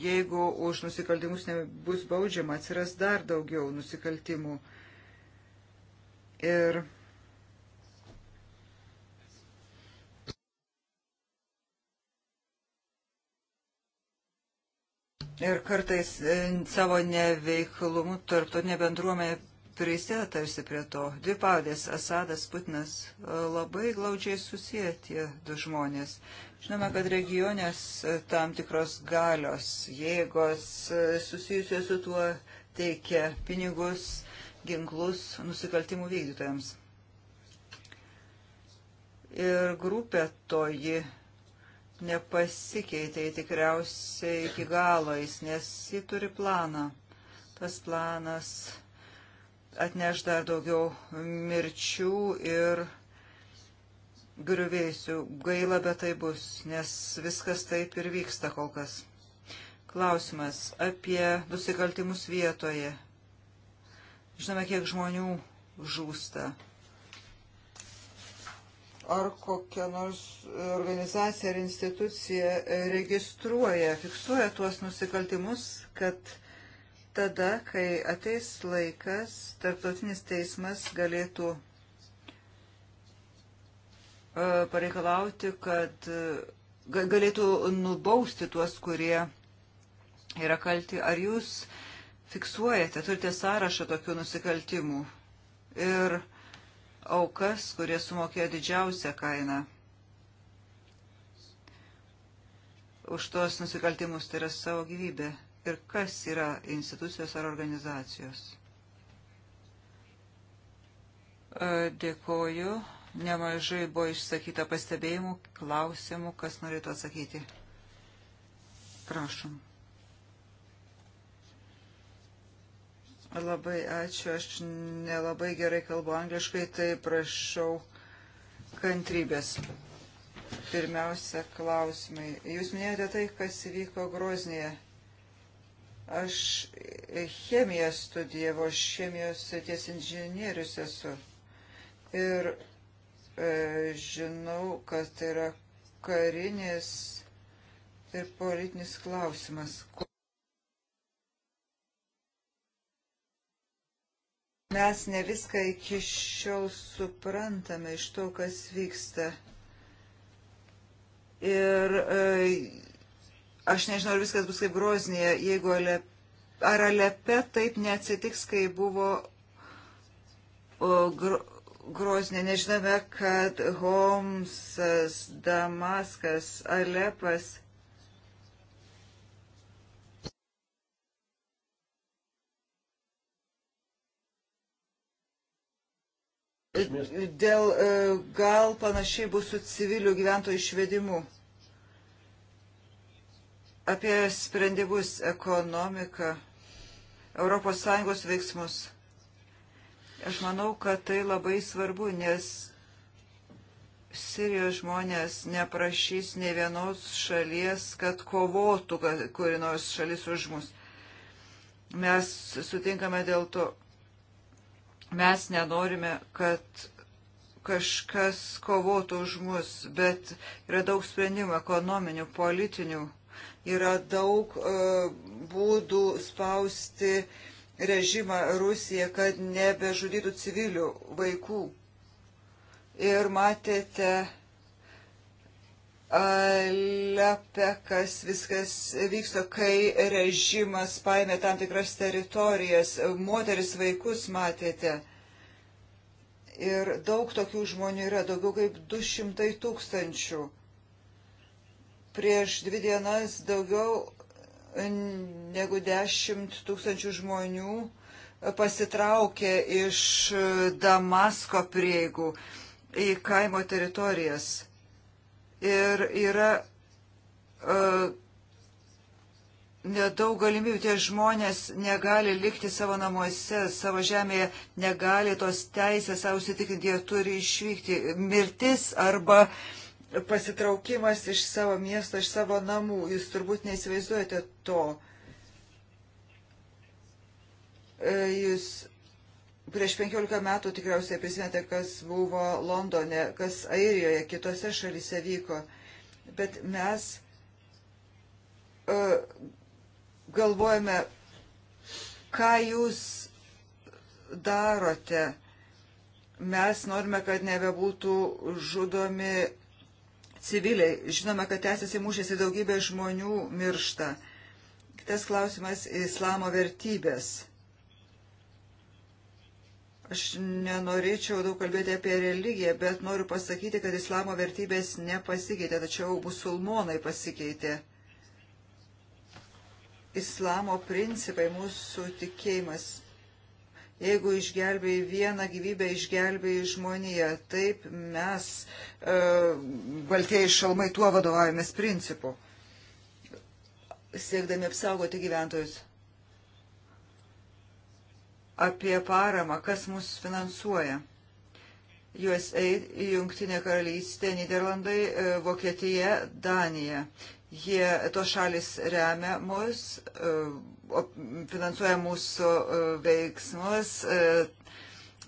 jeigu už nusikaltimus nebus baudžiama, atsiras dar daugiau nusikaltimų. Uh, Ir Ir kartais e, savo neveiklumu tarptautinė bendruomenė prisideda tarsi prie to. Dvi pavardės - Asadas, Putinas e, - labai glaudžiai susiję tie du žmonės. Žinome, kad regionės e, tam tikros galios, jėgos susijusios su tuo teikia pinigus, ginklus nusikaltimų vykdytojams. Ir grupė toji nepasikeitė tikriausiai iki galo, jis, nes jis turi planą. Tas planas atneš dar daugiau mirčių ir griuvėsių. Gaila, bet tai bus, nes viskas taip ir vyksta kol kas. Klausimas apie nusikaltimus vietoje. Žinome, kiek žmonių žūsta. Ar kokia nors organizacija ar institucija registruoja, fiksuoja tuos nusikaltimus, kad tada, kai ateis laikas, tarptautinis teismas galėtų e, pareikalauti, kad galėtų nubausti tuos, kurie yra kalti. Ar jūs uh, fiksuojate, turite sąrašą tokių nusikaltimų ir aukas, kurie sumokėjo didžiausią kainą už tos nusikaltimus, tai yra savo gyvybė. Ir kas yra institucijos ar organizacijos? E, dėkoju. Nemažai buvo išsakyta pastebėjimų, klausimų, kas norėtų atsakyti. Prašom. Labai ačiū, aš nelabai gerai kalbu angliškai, tai prašau kantrybės. Pirmiausia, klausimai. Jūs minėjote tai, kas įvyko Groznėje. Aš chemiją studijavau, aš chemijos ties inžinierius esu. Ir e, žinau, kad tai yra karinis ir politinis klausimas. Mes ne viską iki šiol suprantame iš to, kas vyksta. Ir e, aš nežinau, ar viskas bus kaip groznėje, jeigu ale, ar alepe taip neatsitiks, kai buvo o, gro, groznė. Nežinome, kad Homsas, Damaskas, Alepas Dėl e, gal panašiai bus su civilių gyventojų išvedimu. Apie sprendimus ekonomiką, ES veiksmus. Aš manau, kad tai labai svarbu, nes Sirijos žmonės neprašys ne vienos šalies, kad kovotų kuri nors šalis už mus. Mes sutinkame dėl to Mes nenorime, kad kažkas kovotų už mus, bet yra daug sprendimų ekonominių, politinių, yra daug uh, būdų spausti režimą Rusiją, kad nebežudytų civilių vaikų. Ir matėte Alepe, kas viskas vyksta, kai režimas paėmė tam tikras teritorijas, moteris vaikus matėte. Ir daug tokių žmonių yra, daugiau kaip 200 tūkstančių. Prieš dvi dienas daugiau negu 10 tūkstančių žmonių pasitraukė iš Damasko prieigų į kaimo teritorijas ir yra uh, nedaug galimybių. Tie žmonės negali likti savo namuose, savo žemėje, negali tos teisės savo sitikrinti, jie turi išvykti. Mirtis arba pasitraukimas iš savo miesto, iš savo namų. Jūs turbūt neįsivaizduojate to. E, jūs Prieš 15 metų tikriausiai prisimėte, kas buvo Londone, kas Airijoje, kitose šalyse vyko. Bet mes uh, galvojame, ką jūs darote. Mes norime, kad nebebūtų žudomi civiliai. Žinome, kad tęsiasi mūšėsi daugybė žmonių miršta. Kitas klausimas - islamo vertybės. Aš nenorėčiau daug kalbėti apie religiją, bet noriu pasakyti, kad islamo vertybės nepasikeitė, tačiau musulmonai pasikeitė. Islamo principai, mūsų tikėjimas. Jeigu išgelbėjai vieną gyvybę, išgelbėjai žmoniją, taip mes, e, baltieji šalmai, tuo vadovavomės principu, siekdami apsaugoti gyventojus apie paramą, kas mus finansuoja. USAID, Jungtinė karalystė, Niderlandai, e, Vokietija, Danija. Jie, tos šalis remia mus, e, finansuoja mūsų e, veiksmus,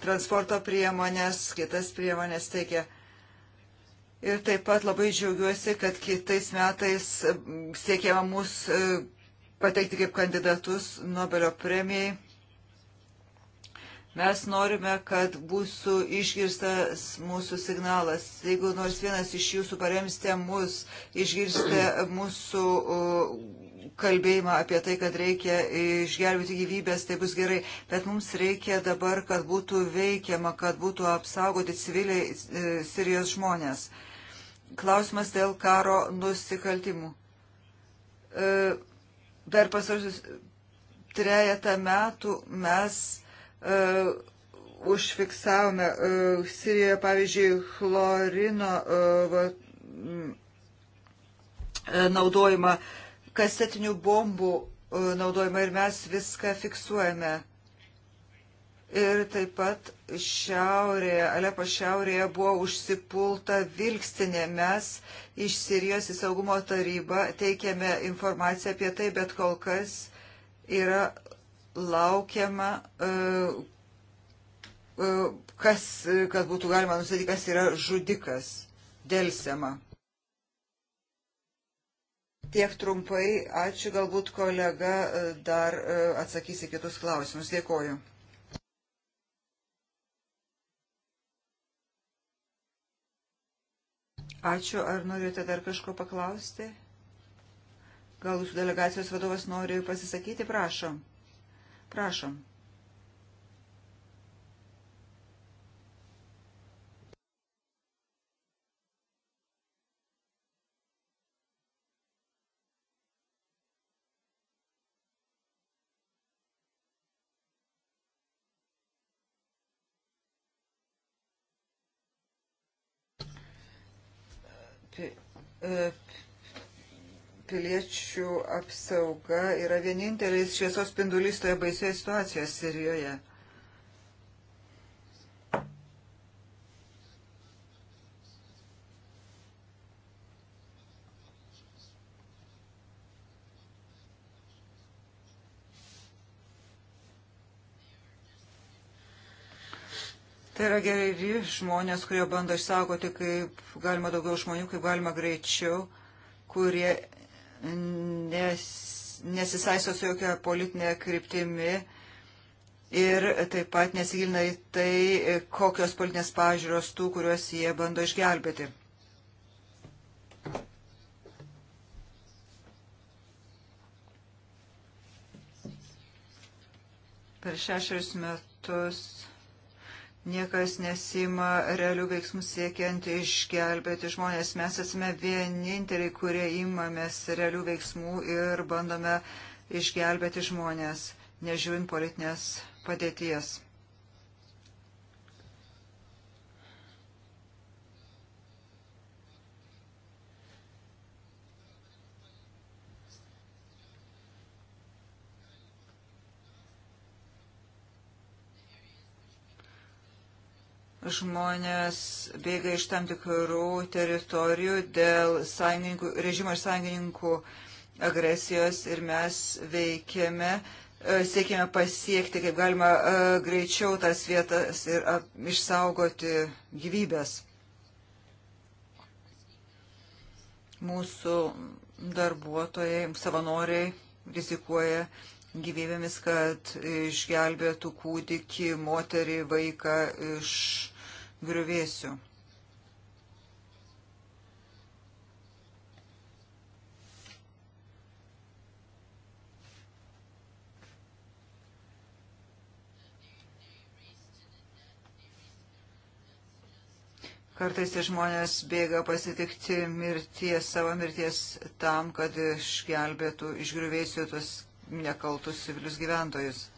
transporto priemonės, kitas priemonės teikia. Ir taip pat labai džiaugiuosi, kad kitais metais siekiama mus pateikti kaip kandidatus Nobelio premijai Mes norime, kad būtų išgirstas mūsų signalas. Jeigu nors vienas iš jūsų paremsite mus, išgirsite mūsų uh, kalbėjimą apie tai, kad reikia išgelbėti gyvybės, tai bus gerai. Bet mums reikia dabar, kad būtų veikiama, kad būtų apsaugoti civiliai uh, Sirijos žmonės. Klausimas dėl karo nusikaltimų. Per uh, pasarusius trejata metų mes uh, užfiksavome uh, Sirijoje, pavyzdžiui, chlorino uh, naudojimą, kasetinių bombų naudojimą ir mes viską fiksuojame. Ir taip pat šiaurėje, Alepo šiaurėje buvo užsipulta vilkstinė. Mes iš Sirijos į saugumo tarybą teikėme informaciją apie tai, bet kol kas yra laukiama, e, e, kas, kad būtų galima nustatyti, kas yra žudikas, dėlsiama. Tiek trumpai, ačiū, galbūt kolega e, dar atsakys į kitus klausimus. Dėkoju. Ačiū, ar norite dar kažko paklausti? Gal jūsų delegacijos vadovas nori pasisakyti, prašom. Prašom. E, piliečių apsauga yra vienintelis šviesos spindulys toje baisioje situacijoje Sirijoje. Tai yra geri žmonės, kurie bando išsaugoti kaip galima daugiau žmonių, kaip galima greičiau, kurie nes, nesisaisto su jokia politinė kryptimi ir taip pat nesigilina į tai, kokios politinės pažiūros tų, kuriuos jie bando išgelbėti. Per šešerius metus niekas nesima realių veiksmų siekiant išgelbėti žmonės. Mes esame vieninteliai, kurie imamės realių veiksmų ir bandome išgelbėti žmonės, nežiūrint politinės padėties. žmonės bėga iš tam tikrų teritorijų dėl režimo ir sąjungininkų agresijos ir mes veikiame, e, siekiame pasiekti, kaip galima e, greičiau tas vietas ir išsaugoti gyvybės. Mūsų darbuotojai, savanoriai rizikuoja gyvybėmis, kad išgelbėtų kūdikį, moterį, vaiką iš griuvėsių. Kartais žmonės bėga pasitikti mirties, savo mirties tam, kad išgelbėtų, išgriuvėsių tuos nekaltus civilius gyventojus.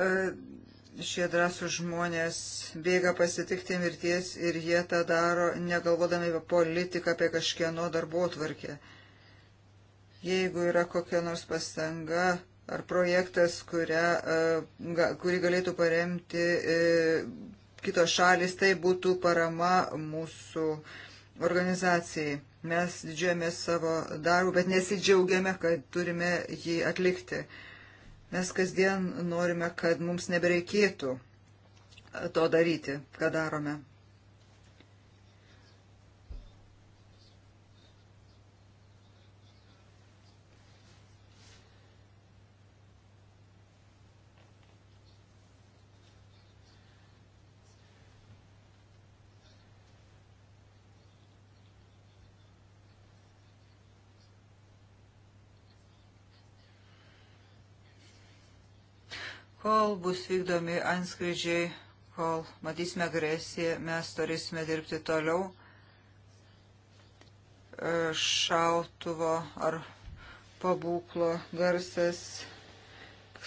E, šie drąsų žmonės bėga pasitikti mirties ir jie tą daro negalvodami apie politiką, apie kažkieno darbo tvarkę. Jeigu yra kokia nors pastanga ar projektas, kurią, e, kurį galėtų paremti e, kitos šalis, tai būtų parama mūsų organizacijai. Mes didžiuojame savo darbų, bet nesidžiaugiame, kad turime jį atlikti. Uh, Mes kasdien norime, kad mums nebereikėtų to daryti, ką darome. Kol bus vykdomi anskridžiai, kol matysime agresiją, mes turėsime dirbti toliau e, šautuvo ar pabūklo garsas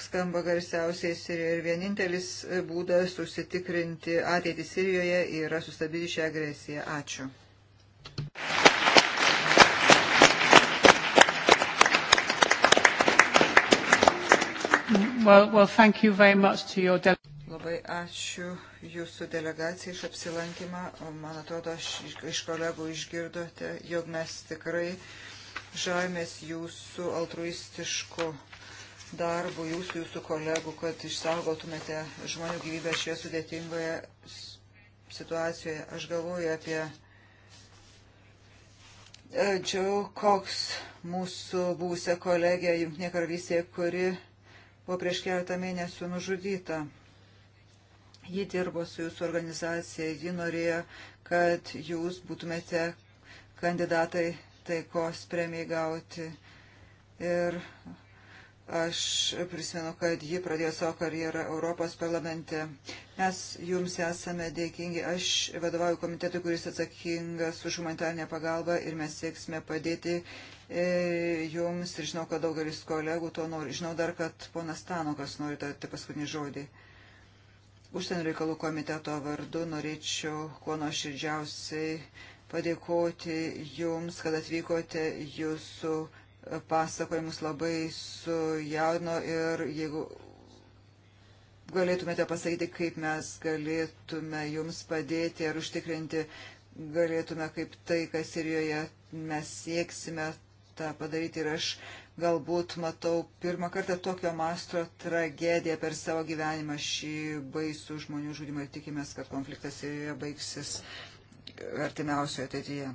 skamba garsiausiai Sirijoje ir vienintelis būdas užsitikrinti ateitį Sirijoje yra sustabdyti šią agresiją. Ačiū. Well, well, thank you very much to your delegation. Labai ačiū jūsų delegacijai iš apsilankymą. Man atrodo, aš iš kolegų išgirdote, jog mes tikrai žavimės jūsų altruistišku darbu, jūsų, jūsų kolegų, kad išsaugotumėte žmonių gyvybę šioje sudėtingoje situacijoje. Aš galvoju apie e, Džiau Koks, mūsų būsę kolegę Junktinė karalystėje, kuri buvo prieš keletą mėnesių nužudyta. Ji dirbo su jūsų organizacija, ji norėjo, kad jūs būtumėte kandidatai taikos premijai gauti. Ir Aš prisimenu, kad ji pradėjo savo karjerą Europos parlamente. Mes jums esame dėkingi. Aš vadovauju komitetui, kuris atsakingas už humanitarnę pagalbą ir mes sieksime padėti E, jums ir žinau, kad daugelis kolegų to nori. Žinau dar, kad ponas Tanokas nori tarti paskutinį žodį. Užsienio reikalų komiteto vardu norėčiau kuo nuoširdžiausiai padėkoti jums, kad atvykote jūsų pasakojimus labai sujaudino ir jeigu galėtumėte pasakyti, kaip mes galėtume jums padėti ir užtikrinti, galėtume kaip tai, kas ir joje mes sieksime tą padaryti ir aš galbūt matau pirmą kartą tokio mastro tragediją per savo gyvenimą šį baisų žmonių žudimą ir tikimės, kad konfliktas Sirijoje baigsis artimiausioje ateityje.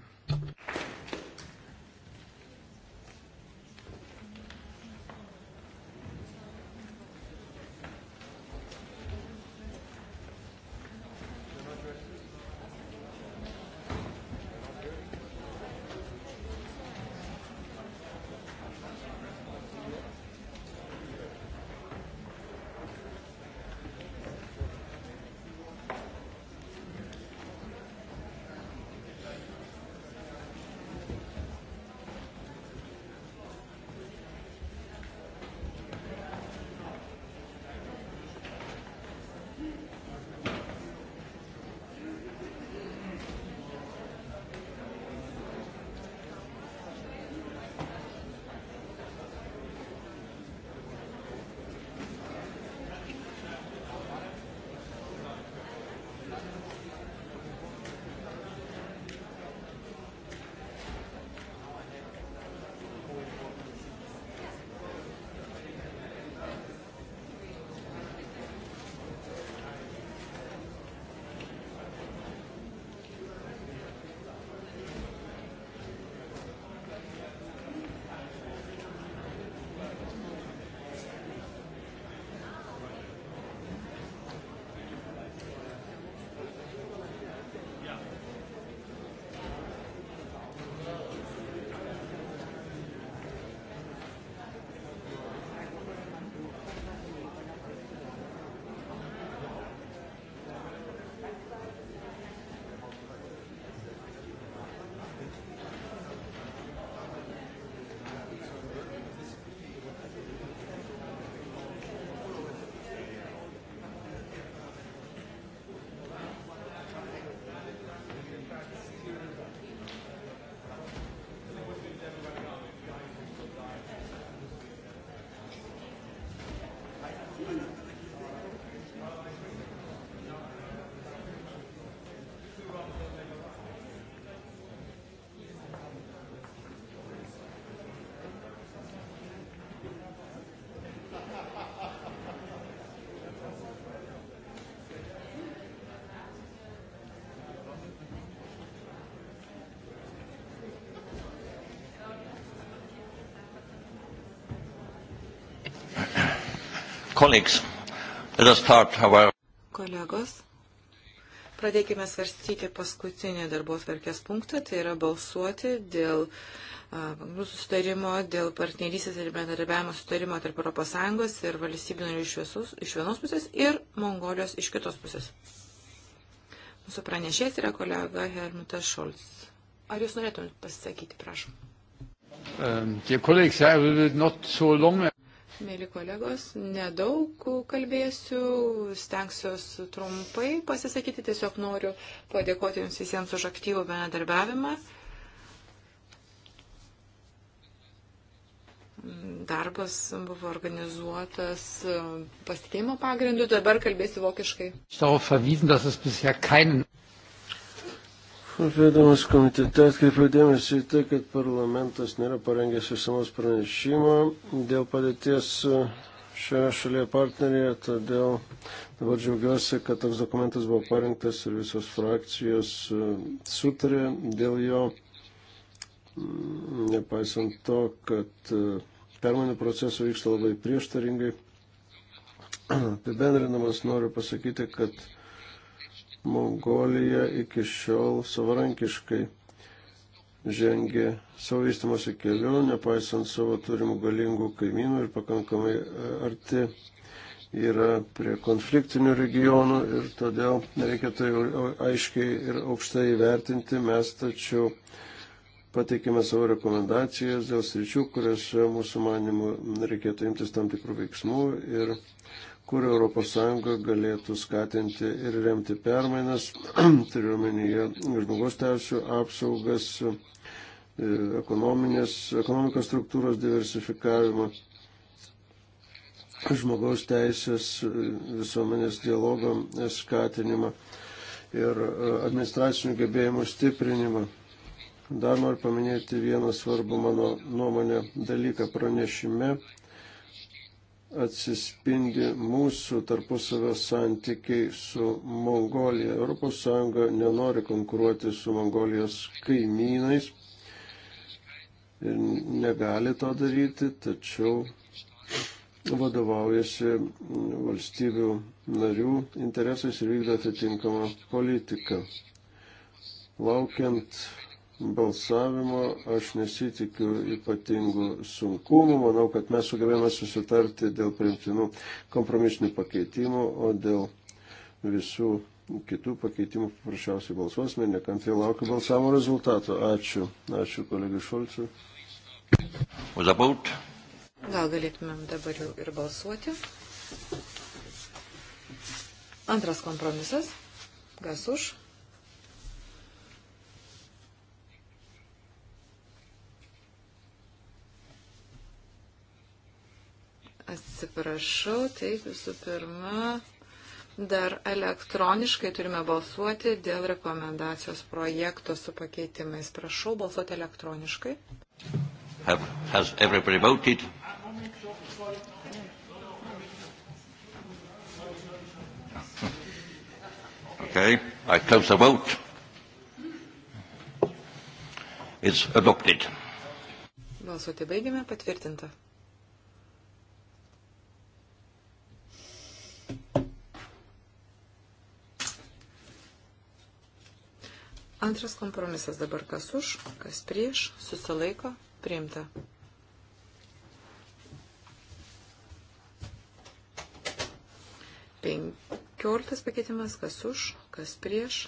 Colleagues, let us start our... Kolegos, pradėkime svarstyti paskutinį darbos verkės punktą, tai yra balsuoti dėl uh, sutarimo, dėl partnerysės ir bendradarbiavimo sutarimo tarp ES ir valstybių narių iš, visus, iš vienos pusės ir Mongolijos iš kitos pusės. Mūsų pranešėjas yra kolega Hermitas Šolts. Ar jūs norėtumėte pasisakyti, prašom? Um, dear colleagues, I will not so long... Mėly kolegos, nedaug kalbėsiu, stengsiuos trumpai pasisakyti, tiesiog noriu padėkoti Jums visiems už aktyvų bendradarbiavimą. Darbas buvo organizuotas pasitikėjimo pagrindu, dabar kalbėsiu vokiškai. Kalbėdamas komitete atkreipiau dėmesį į tai, kad parlamentas nėra parengęs išsamos pranešimo dėl padėties e, šioje šalyje partnerėje, todėl dabar džiaugiuosi, kad toks dokumentas buvo parengtas ir visos frakcijos e, sutarė dėl jo, mm, nepaisant to, kad e, permainų procesų vyksta labai prieštaringai. Apibendrinamas noriu pasakyti, kad Mongolija iki šiol savarankiškai žengė savo vystimosi keliu, nepaisant savo turimų galingų kaimynų ir pakankamai e, arti yra prie konfliktinių regionų ir todėl reikia tai aiškiai ir aukštai įvertinti. Mes tačiau pateikėme savo rekomendacijas dėl sričių, kuriuose mūsų manimų reikėtų imtis tam tikrų veiksmų ir kur ES galėtų skatinti ir remti permainas, turiuomenyje žmogaus teisų apsaugas, e, ekonomikos struktūros diversifikavimą, žmogaus teisės e, visuomenės dialogą skatinimą ir e, administracinių gebėjimų stiprinimą. Dar noriu paminėti vieną svarbų mano nuomonę dalyką pranešime atsispindi mūsų tarpusavio santykiai su Mongolija. ES nenori konkuruoti su Mongolijos kaimynais ir negali to daryti, tačiau vadovaujasi valstybių narių interesais ir vykdo atitinkamą politiką. Laukiant balsavimo aš nesitikiu ypatingų sunkumų. Manau, kad mes sugebėjome susitarti dėl priimtinų kompromisinių pakeitimų, o dėl visų kitų pakeitimų paprasčiausiai balsuosime ir nekantriai laukiu balsavimo rezultato. Ačiū. Ačiū kolegai Šolcui. Gal galėtumėm dabar jau ir balsuoti. Antras kompromisas. Kas už? Atsiprašau, taip visų pirma, dar elektroniškai turime balsuoti dėl rekomendacijos projekto su pakeitimais. Prašau balsuoti elektroniškai. Have, has everybody voted? Okay, I close the vote. It's adopted. Balsuoti baigėme, patvirtinta. Antras kompromisas dabar kas už, kas prieš, susilaiko, priimta. Penkioltas pakeitimas, kas už, kas prieš,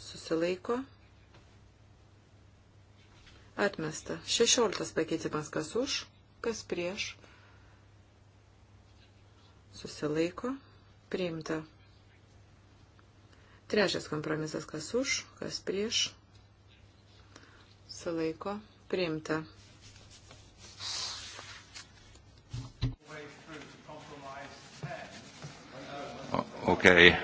susilaiko, atmesta. Šešioltas pakeitimas, kas už, kas prieš, susilaiko, priimta. Trečias kompromisas, kas už, kas prieš, sulaiko, priimta. Okay.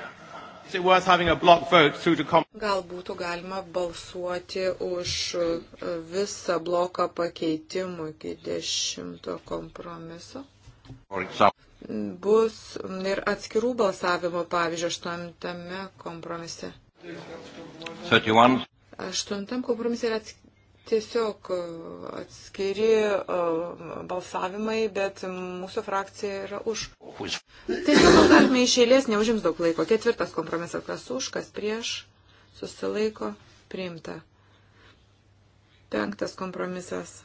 Gal būtų galima balsuoti už e, visą bloką pakeitimų iki dešimto kompromiso? bus ir atskirų balsavimų, pavyzdžiui, aštuntame kompromise. 31. Aštuntam kompromise yra atskirų tiesiog e, atskiri e, balsavimai, bet mūsų frakcija yra už. Tiesiog balsavimai iš eilės neužims daug laiko. Ketvirtas kompromisas, kas už, kas prieš, susilaiko, priimta. Penktas kompromisas,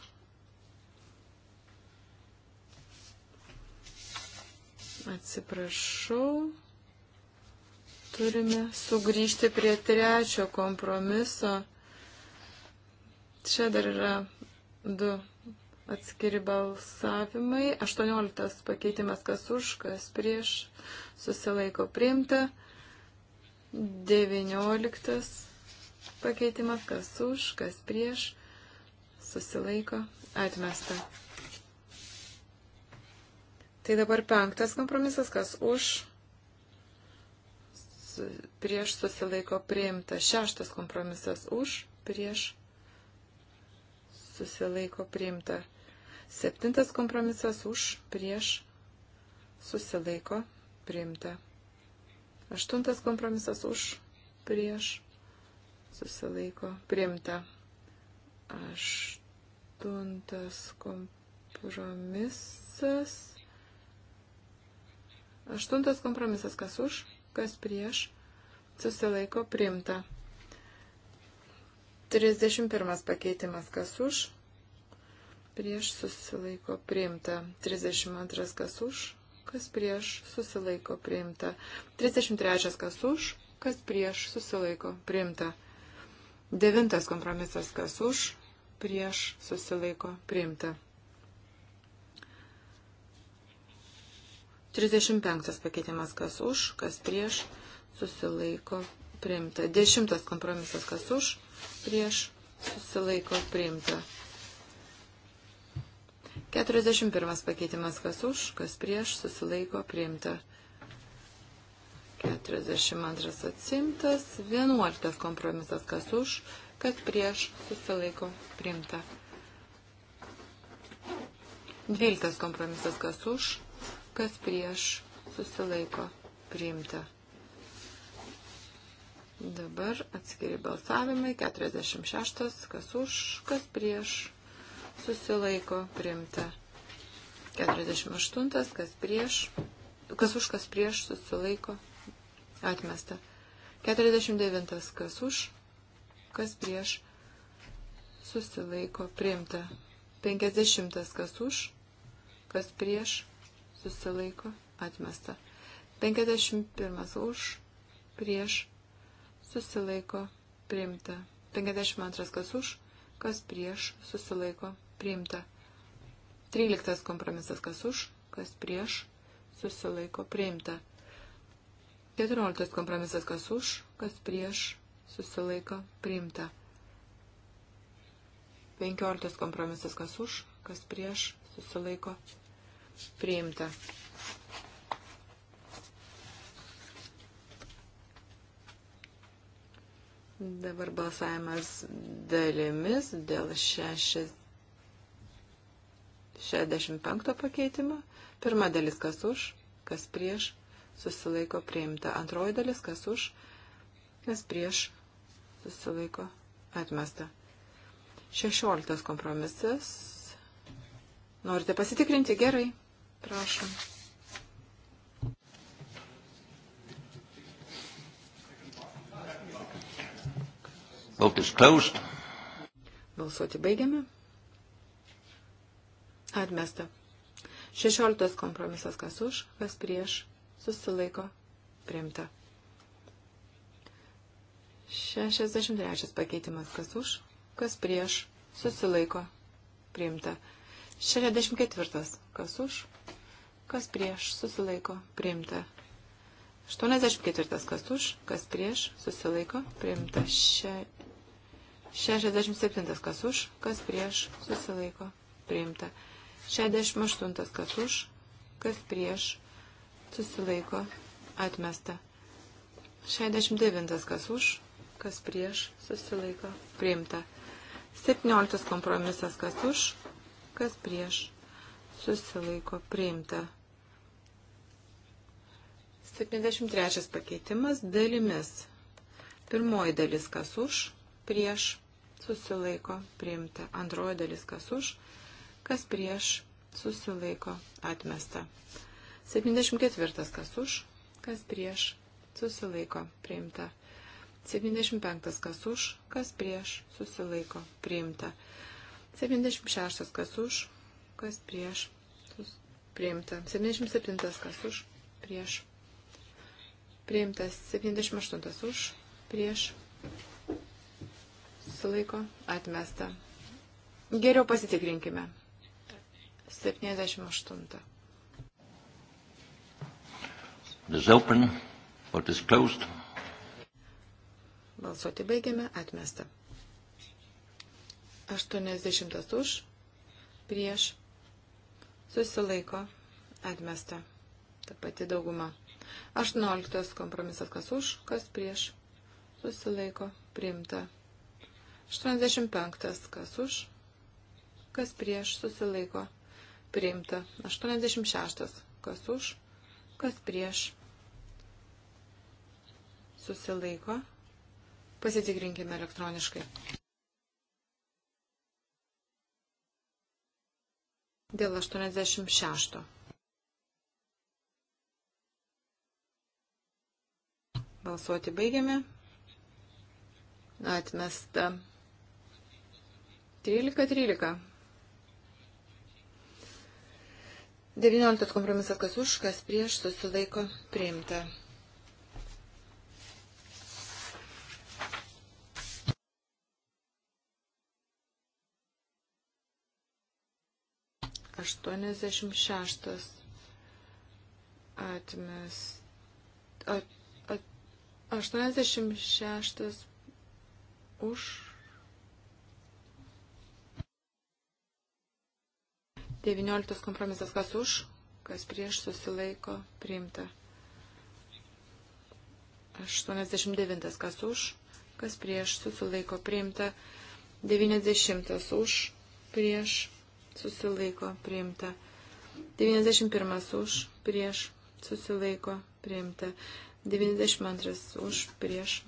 Atsiprašau. Turime sugrįžti prie trečio kompromiso. Čia dar yra du atskiri balsavimai. 18 pakeitimas kas už, kas prieš, susilaiko priimta. 19 pakeitimas kas už, kas prieš, susilaiko atmesta. Tai dabar penktas kompromisas, kas už, prieš susilaiko priimta. Šeštas kompromisas už, prieš susilaiko priimta. Septintas kompromisas už, prieš susilaiko priimta. Aštuntas kompromisas už, prieš susilaiko priimta. Aštuntas kompromisas. Aštuntas kompromisas, kas už, kas prieš, susilaiko priimta. 31 pakeitimas, kas už, prieš susilaiko priimta. 32 kas už, kas prieš susilaiko priimta. 33 kas už, kas prieš susilaiko priimta. Devintas kompromisas, kas už, prieš susilaiko priimta. 35 pakeitimas kas už, kas prieš, susilaiko priimta. 10 kompromisas kas už, prieš, susilaiko priimta. 41 pakeitimas kas už, kas prieš, susilaiko priimta. 42 atsimtas, 11 kompromisas kas už, kad prieš susilaiko priimta. 12 kompromisas kas už, kas prieš susilaiko priimta. Dabar atskiri balsavimai. 46. Kas už, kas prieš susilaiko priimta. 48. Kas prieš, kas už, kas prieš susilaiko atmesta. 49. Kas už, kas prieš susilaiko priimta. 50. Kas už, kas prieš susilaiko atmesta. 51 už, prieš susilaiko priimta. 52 kas už, kas prieš susilaiko priimta. 13 kompromisas kas už, kas prieš susilaiko priimta. 14 kompromisas kas už, kas prieš susilaiko priimta. 15 kompromisas kas už, kas prieš susilaiko priimta priimta. Dabar balsavimas dalimis dėl 65 pakeitimo. Pirma dalis kas už, kas prieš, susilaiko priimta. Antroji dalis kas už, kas prieš, susilaiko atmesta. 16 kompromisas. Norite pasitikrinti gerai. Prašom. Vote is closed. Balsuoti baigiame. Atmesta. 16 kompromisas kas už, kas prieš, susilaiko, primta. 63 pakeitimas kas už, kas prieš, susilaiko, primta. 64 kas už, kas prieš susilaiko priimta. 84. kas už, kas prieš susilaiko priimta. Še... 67. kas už, kas prieš susilaiko priimta. 68. kas už, kas prieš susilaiko atmesta. 69. kas už, kas prieš susilaiko priimta. 17. kompromisas kas už, kas prieš susilaiko priimta. 73 pakeitimas dalimis. Pirmoji dalis kas už, prieš, susilaiko, priimta. Antroji dalis kas už, kas prieš, susilaiko, atmesta. 74 kas už, kas prieš, susilaiko, priimta. 75 kas už, kas prieš, susilaiko, priimta. 76 kas už, kas prieš, sus, priimta. 77 kas už, prieš, Priimtas 78 už, prieš, sulaiko, atmesta. Geriau pasitikrinkime. 78. Is open, but is closed. Balsuoti baigiame, atmesta. 80 už, prieš, susilaiko, atmesta. Ta pati dauguma. 18 kompromisas kas už, kas prieš, susilaiko priimta. 85 kas už, kas prieš, susilaiko priimta. 86 kas už, kas prieš, susilaiko. Pasitikrinkime elektroniškai. Dėl 86. Balsuoti baigiame. Atmesta. 13-13. 19 kompromisas, kas už, kas prieš, susilaiko priimta. Aštuoniasdešimt šeštas atmes. At, 86 už. Devynioliktas kompromisas, kas už, kas prieš susilaiko priimta. 89, kas už, kas prieš susilaiko priimta. 90 už, prieš susilaiko priimta. 91 už, prieš susilaiko priimta. 92 už prieš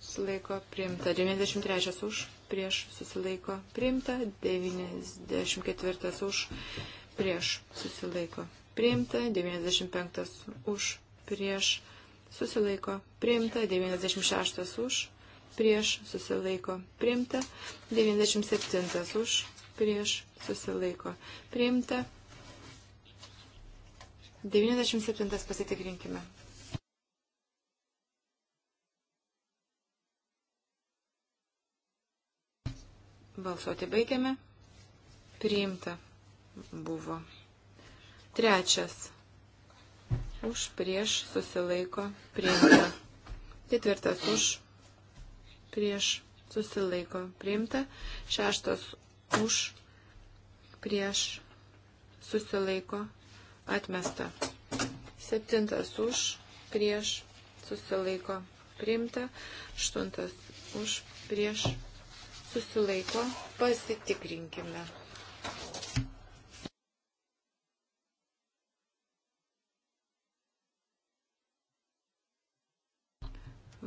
susilaiko priimta, 93 už prieš susilaiko priimta, 94 už prieš susilaiko priimta, 95 už prieš susilaiko priimta, 96 už prieš susilaiko priimta, 97 už prieš susilaiko priimta. 97 pasitikrinkime. Balsuoti baigiame. Priimta buvo. Trečias. Už prieš susilaiko priimta. Ketvirtas už prieš susilaiko priimta. Šeštas už prieš susilaiko atmesta. Septintas už prieš susilaiko priimta. Aštuntas už prieš susilaiko, pasitikrinkime.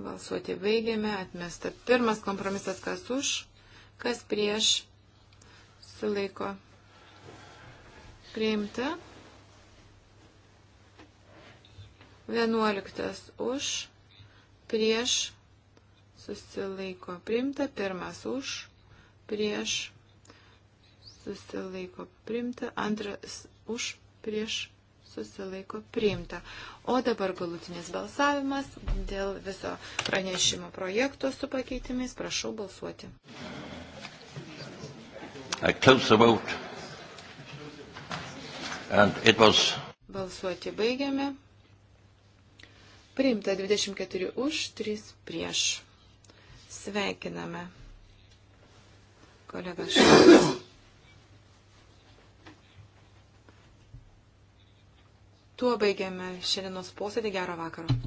Balsuoti baigėme, atmesta pirmas kompromisas, kas už, kas prieš, sulaiko, priimta, vienuoliktas už, prieš, susilaiko primta, pirmas už, prieš, susilaiko primta, antras už, prieš, susilaiko priimta. O dabar galutinis balsavimas dėl viso pranešimo projekto su pakeitimais. Prašau balsuoti. Was... Balsuoti baigiame. Priimta 24 už, 3 prieš. Sveikiname kolega Šaras. Tuo baigiame šiandienos posėdį. Gerą vakarą.